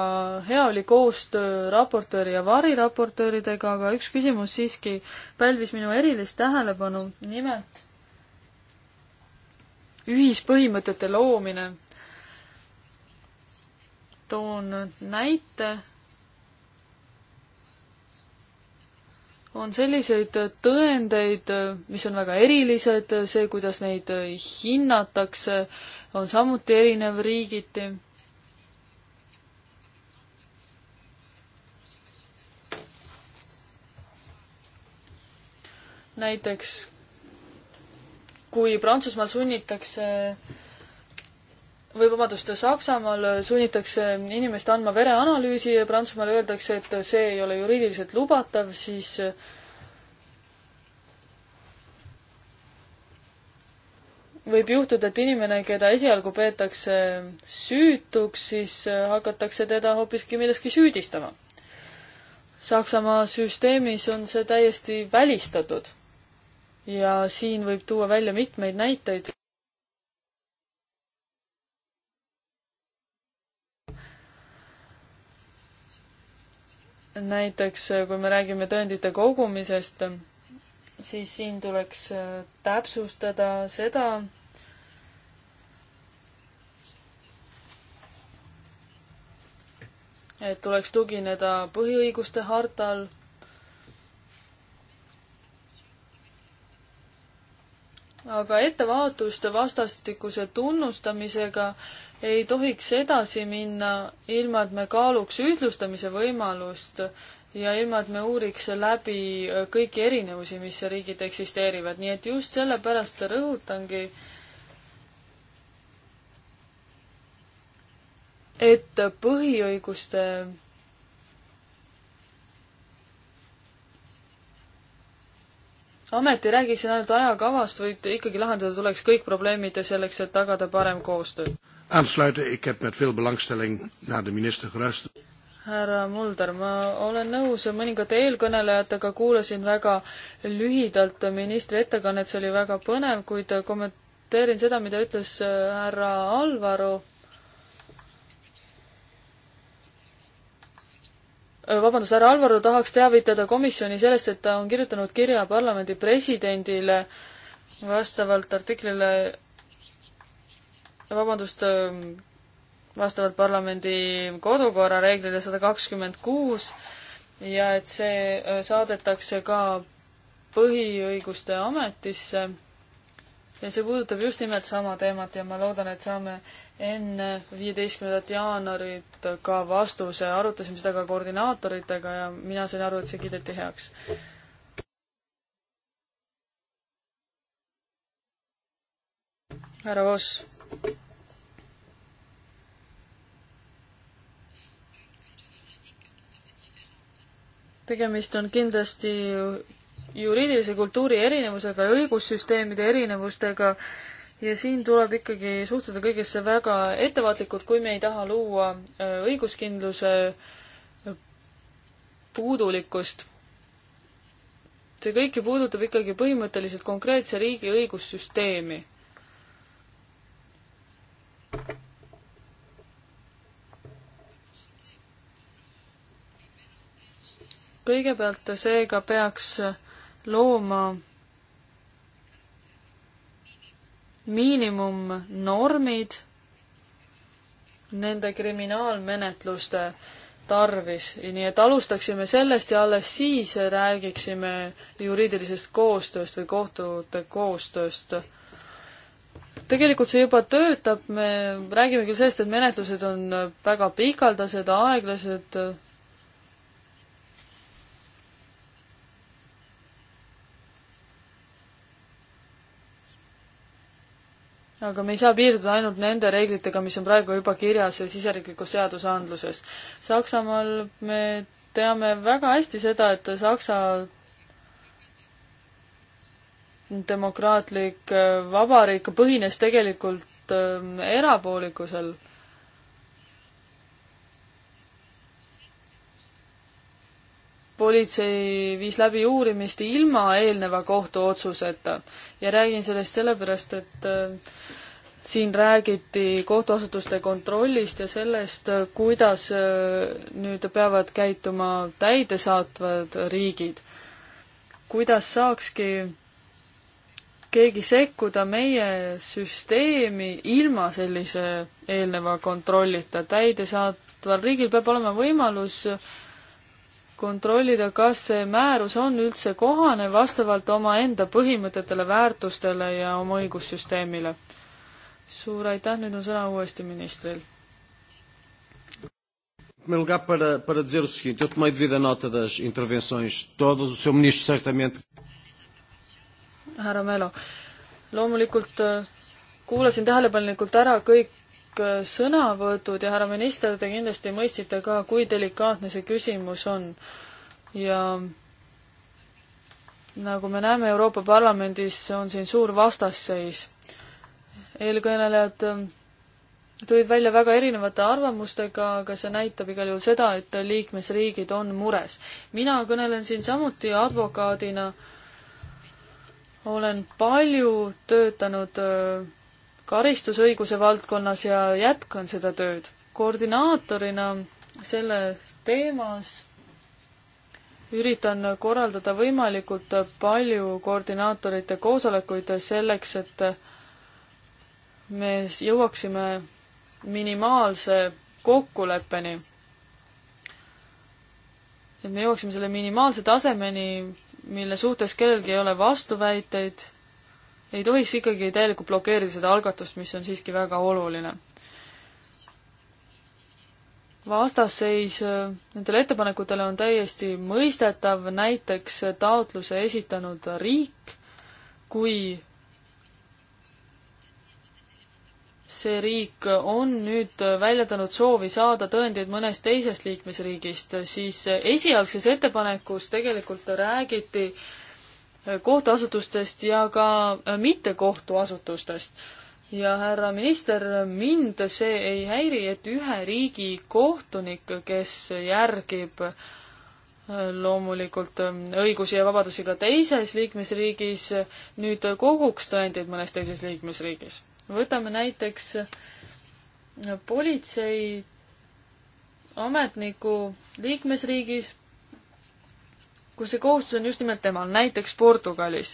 hea oli koostöö raportööri ja variraportööridega, aga üks küsimus siiski pälvis minu erilist tähelepanu, nimelt ühispõhimõtete loomine toon näite, on selliseid tõendeid, mis on väga erilised, see, kuidas neid hinnatakse, on samuti erinev riigiti näiteks kui Prantsusmaal sunnitakse või vabandust, Saksamaal sunnitakse inimest andma vereanalüüsi ja Prantsusmaal öeldakse, et see ei ole juriidiliselt lubatav, siis võib juhtuda, et inimene, keda esialgu peetakse süütuks, siis hakatakse teda hoopiski milleski süüdistama. Saksamaa süsteemis on see täiesti välistatud. ja siin võib tuua välja mitmeid näiteid näiteks äh, kui me räägime tõendite kogumisest, siis siin tuleks äh, täpsustada seda, et tuleks tugineda põhiõiguste hartal aga ettevaatuste vastastikuse tunnustamisega ei tohiks edasi minna, ilma et me kaaluks ühtlustamise võimalust ja ilma, et me uuriks läbi kõiki erinevusi, mis riigid eksisteerivad, nii et just sellepärast rõhutangi, et põhiõiguste amet ei räägiks siin ainult ajakavast, vaid ikkagi lahendada tuleks kõik probleemid ja selleks, et tagada parem koostöö aansluiten. Ik heb met veel belangstelling naar de minister geluisterd. härra Mulder, ma olen nõus mõningate eelkõnelejatega, kuulasin väga lühidalt ministri ettekannet, see oli väga põnev, kuid kommenteerin seda, mida ütles äh, härra Alvaru äh, vabandust, härra Alvaru tahaks teavitada komisjoni sellest, et ta on kirjutanud kirja parlamendi presidendile vastavalt artiklile vabandust, ähm, vastavalt parlamendi kodukorra reeglile sada kakskümmend kuus ja et see äh, saadetakse ka põhiõiguste ametisse. ja see puudutab just nimelt sama teemat ja ma loodan, et saame enne viieteistkümnendat jaanuarit ka vastuse. arutasime seda ka koordinaatoritega ja mina sain aru, et see kiideti heaks. härra Voss tegemist on kindlasti juriidilise kultuuri erinevusega ja õigussüsteemide erinevustega ja siin tuleb ikkagi suhtuda kõigesse väga ettevaatlikult, kui me ei taha luua äh, õiguskindluse äh, puudulikkust. see kõik ju puudutab ikkagi põhimõtteliselt konkreetse riigi õigussüsteemi. kõigepealt seega peaks looma miinimumnormid nende kriminaalmenetluste tarvis, nii et alustaksime sellest ja alles siis räägiksime juriidilisest koostööst või kohtute koostööst. tegelikult see juba töötab, me räägime küll sellest, et menetlused on väga pikaldased, aeglased, aga me ei saa piirduda ainult nende reeglitega, mis on praegu juba kirjas siseriiklikus seadusandluses. Saksamaal me teame väga hästi seda, et Saksa demokraatlik vabariik põhines tegelikult ähm, erapoolikusel äh, politsei viis läbi uurimist ilma eelneva kohtuotsuseta ja räägin sellest sellepärast, et äh, siin räägiti kohtuasutuste kontrollist ja sellest, äh, kuidas äh, nüüd peavad käituma täidesaatvad riigid. kuidas saakski keegi sekkuda meie süsteemi ilma sellise eelneva kontrollita, täidesaatval riigil peab olema võimalus äh, kontrollida, kas see määrus on üldse kohane vastavalt omaenda põhimõtetele, väärtustele ja oma õigussüsteemile. suur aitäh, nüüd on sõna uuesti ministril. Em primeiro lugar, para, para dizer o seguinte, eu tomei devida nota das intervenções todas, o seu ministro certamente. härra Melo, loomulikult eh, kuulasin tähelepanelikult ära kõik kõik äh, sõnavõtud ja härra minister, te kindlasti mõistsite ka, kui delikaatne see küsimus on. ja nagu me näeme, Euroopa Parlamendis on siin suur vastasseis. eelkõnelejad äh, tulid välja väga erinevate arvamustega, aga see näitab igal juhul seda, et liikmesriigid on mures. mina kõnelen siin samuti advokaadina, olen palju töötanud öö, äh, karistusõiguse valdkonnas ja jätkan seda tööd. koordinaatorina selle teemas üritan korraldada võimalikult palju koordinaatorite koosolekuid selleks, et me jõuaksime minimaalse kokkuleppeni. et me jõuaksime selle minimaalse tasemeni, mille suhtes kellelgi ei ole vastuväiteid ei tohiks ikkagi täielikult blokeerida seda algatust, mis on siiski väga oluline. vastasseis äh, nendele ettepanekutele on täiesti mõistetav, näiteks äh, taotluse esitanud riik, kui see riik on nüüd äh, väljendanud soovi saada tõendeid mõnest teisest liikmesriigist, siis esialgses ettepanekus tegelikult räägiti äh, kohtuasutustest ja ka mittekohtuasutustest. ja härra minister, mind see ei häiri, et ühe riigi kohtunik, kes järgib äh, loomulikult äh, õigusi ja vabadusi ka teises liikmesriigis, nüüd koguks tõendeid mõnes teises liikmesriigis. võtame näiteks äh, politseiametniku liikmesriigis kus see kohustus on just nimelt temal, näiteks Portugalis.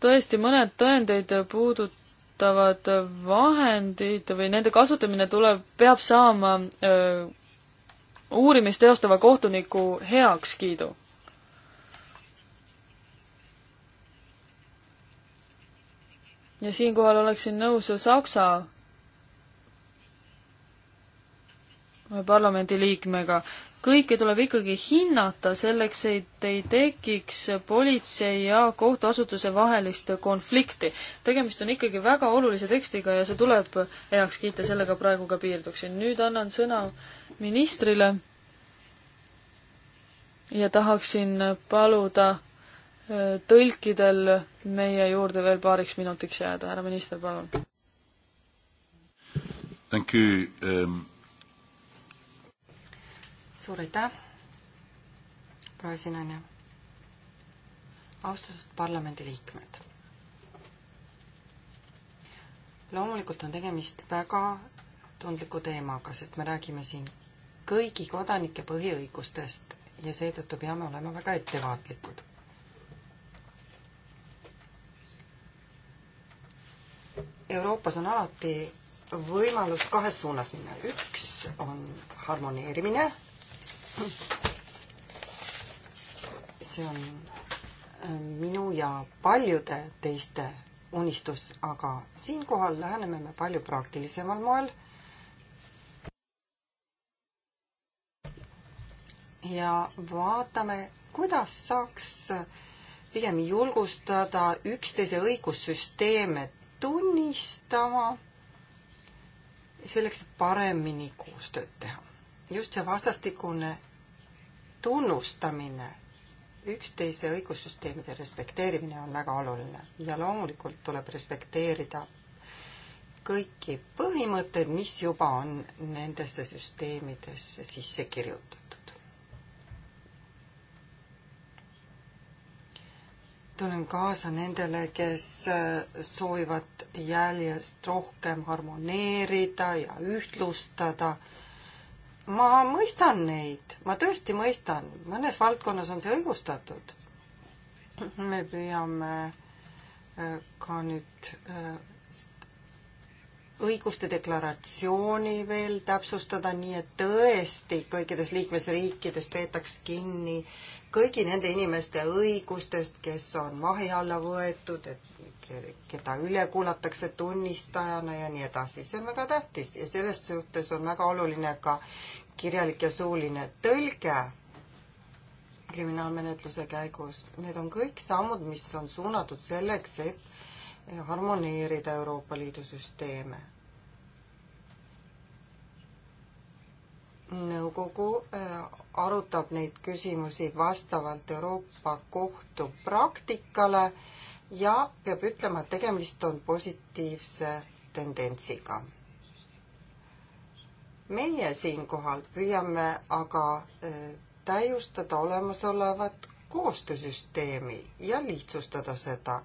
tõesti, mõned tõendeid puudutavad vahendid või nende kasutamine tuleb, peab saama öö, uurimist teostava kohtuniku heakskiidu. ja siinkohal oleksin nõus Saksa parlamendi liikmega kõike tuleb ikkagi hinnata, selleks et ei tekiks politsei ja kohtuasutuse vahelist konflikti. tegemist on ikkagi väga olulise tekstiga ja see tuleb heaks kiita, sellega praegu ka piirduksin. nüüd annan sõna ministrile ja tahaksin paluda äh, tõlkidel meie juurde veel paariks minutiks jääda. härra minister, palun. Thank you um, suur aitäh, proua Sinane. austatud parlamendiliikmed. loomulikult on tegemist väga tundliku teemaga, sest me räägime siin kõigi kodanike põhiõigustest ja seetõttu peame olema väga ettevaatlikud. Euroopas on alati võimalus kahes suunas minna. üks on harmoneerimine see on äh, minu ja paljude teiste unistus, aga siinkohal läheneme me palju praktilisemal moel. ja vaatame, kuidas saaks pigem julgustada üksteise õigussüsteeme tunnistama selleks, et paremini koostööd teha just see vastastikune tunnustamine, üksteise õigussüsteemide respekteerimine on väga oluline ja loomulikult tuleb respekteerida kõiki põhimõtteid, mis juba on nendesse süsteemidesse sisse kirjutatud. tulen kaasa nendele, kes äh, soovivad jäljest rohkem harmoneerida ja ühtlustada äh, ma mõistan neid, ma tõesti mõistan, mõnes valdkonnas on see õigustatud. me püüame äh, ka nüüd äh, õiguste deklaratsiooni veel täpsustada, nii et tõesti kõikides liikmesriikides peetaks kinni kõigi nende inimeste õigustest, kes on vahi alla võetud, et keda üle kuulatakse tunnistajana ja nii edasi, see on väga tähtis ja selles suhtes on väga oluline ka kirjalik ja suuline tõlge kriminaalmenetluse käigus. Need on kõik sammud, mis on suunatud selleks, et harmoneerida Euroopa Liidu süsteeme. nõukogu äh, arutab neid küsimusi vastavalt Euroopa Kohtu praktikale ja peab ütlema, et tegemist on positiivse tendentsiga. meie siinkohal püüame aga äh, täiustada olemasolevat koostöösüsteemi ja lihtsustada seda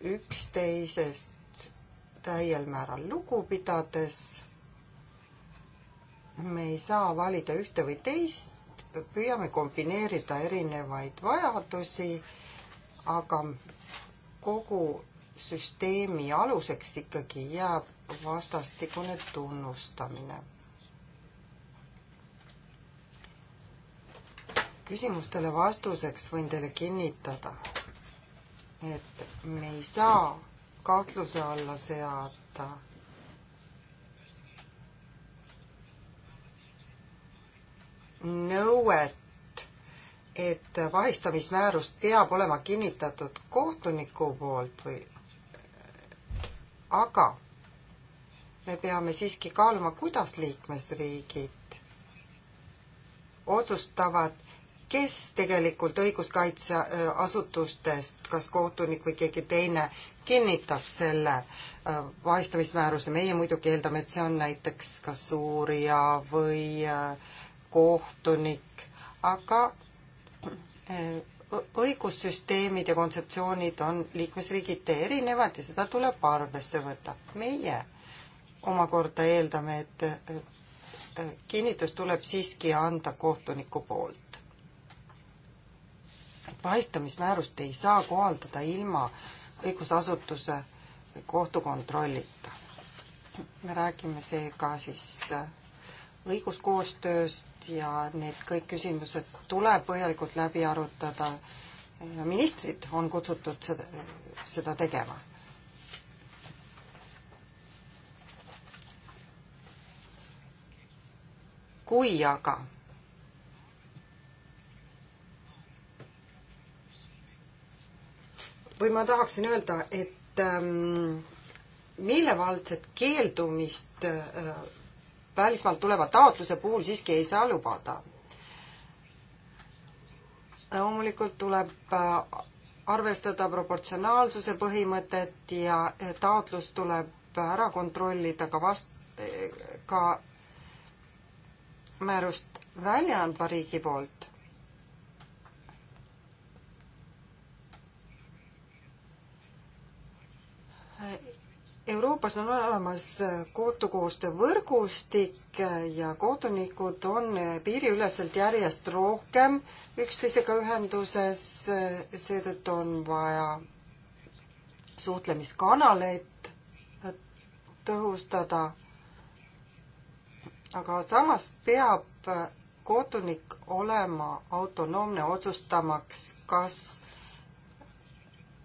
üksteisest täiel määral lugu pidades. me ei saa valida ühte või teist, püüame kombineerida erinevaid vajadusi, aga kogu süsteemi aluseks ikkagi jääb vastastikune tunnustamine. küsimustele vastuseks võin teile kinnitada, et me ei saa kahtluse alla seada nõuet et vahistamismäärus peab olema kinnitatud kohtuniku poolt või aga me peame siiski kaaluma, kuidas liikmesriigid otsustavad, kes tegelikult õiguskaitseasutustest, kas kohtunik või keegi teine, kinnitab selle äh, vahistamismääruse, meie muidugi eeldame, et see on näiteks kas uurija või äh, kohtunik, aga Äh, õigussüsteemid ja kontseptsioonid on liikmesriigiti erinevad ja seda tuleb arvesse võtta. meie omakorda eeldame, et äh, äh, kinnitus tuleb siiski anda kohtuniku poolt. vahistamismäärust ei saa kohaldada ilma õigusasutuse või kohtukontrollita. me räägime seega siis õiguskoostööst, ja need kõik küsimused tuleb põhjalikult läbi arutada. ministrid on kutsutud seda, seda tegema. kui aga või ma tahaksin öelda, et ähm, meelevaldset keeldumist äh, välismaalt tuleva taotluse puhul siiski ei saa lubada. loomulikult tuleb äh, arvestada proportsionaalsuse põhimõtet ja äh, taotlus tuleb ära kontrollida ka vast-, ka määrust välja andva riigi poolt. Euroopas on olemas kohtukoostöö võrgustik ja kohtunikud on piiriüleselt järjest rohkem üksteisega ühenduses, seetõttu on vaja suhtlemiskanaleid tõhustada. aga samas peab kohtunik olema autonoomne otsustamaks, kas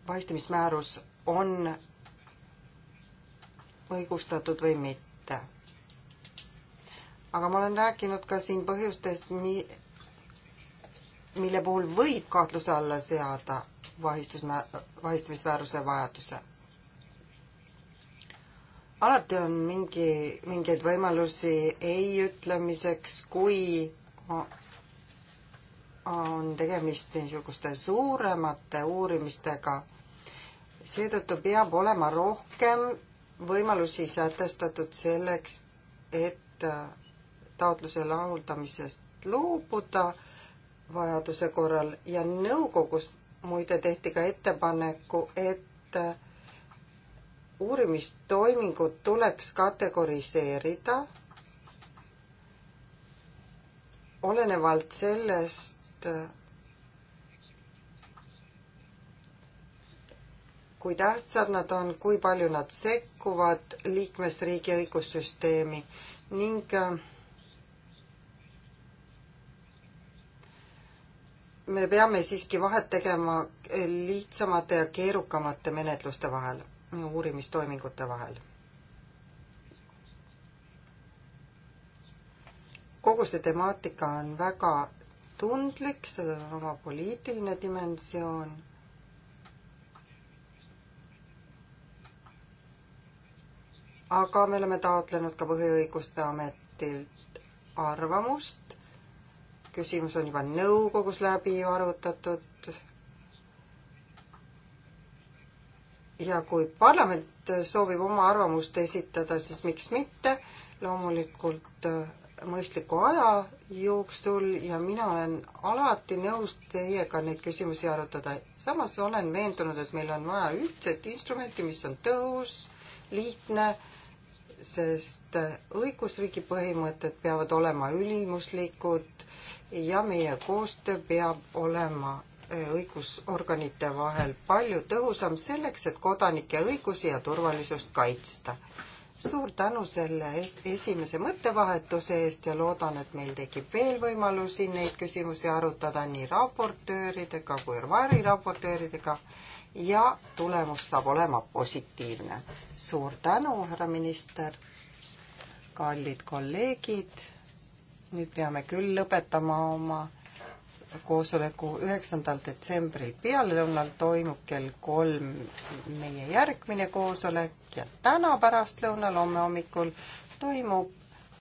vaistamismäärus on õigustatud või mitte. aga ma olen rääkinud ka siin põhjustest, nii, mille puhul võib kahtluse alla seada vahistus, vahistamisvääruse vajaduse. alati on mingi, mingeid võimalusi ei ütlemiseks, kui on tegemist niisuguste suuremate uurimistega. seetõttu peab olema rohkem võimalusi sätestatud selleks, et äh, taotluse rahuldamisest loobuda vajaduse korral ja nõukogus muide tehti ka ettepaneku, et äh, uurimistoimingud tuleks kategoriseerida olenevalt sellest, äh, kui tähtsad nad on, kui palju nad sekkuvad liikmesriigi õigussüsteemi ning äh, me peame siiski vahet tegema lihtsamate ja keerukamate menetluste vahel, uurimistoimingute vahel kogu see temaatika on väga tundlik, sellel on oma poliitiline dimensioon. aga me oleme taotlenud ka Põhiõiguste Ametilt arvamust. küsimus on juba nõukogus läbi arutatud. ja kui parlament soovib oma arvamust esitada, siis miks mitte, loomulikult äh, mõistliku aja jooksul ja mina olen alati nõus teiega neid küsimusi arutada. samas olen veendunud, et meil on vaja ühtset instrumenti, mis on tõhus, lihtne äh, sest õigusriigi põhimõtted peavad olema ülimuslikud ja meie koostöö peab olema äh, õigusorganite vahel palju tõhusam selleks, et kodanike õigusi ja turvalisust kaitsta. suur tänu selle esimese mõttevahetuse eest ja loodan, et meil tekib veel võimalusi neid küsimusi arutada nii raportööridega kui variraportööridega ja tulemus saab olema positiivne. suur tänu, härra minister, kallid kolleegid, nüüd peame küll lõpetama oma koosoleku üheksandal detsembril pealelõunal toimub kell kolm meie järgmine koosolek ja täna pärastlõunal, homme hommikul toimub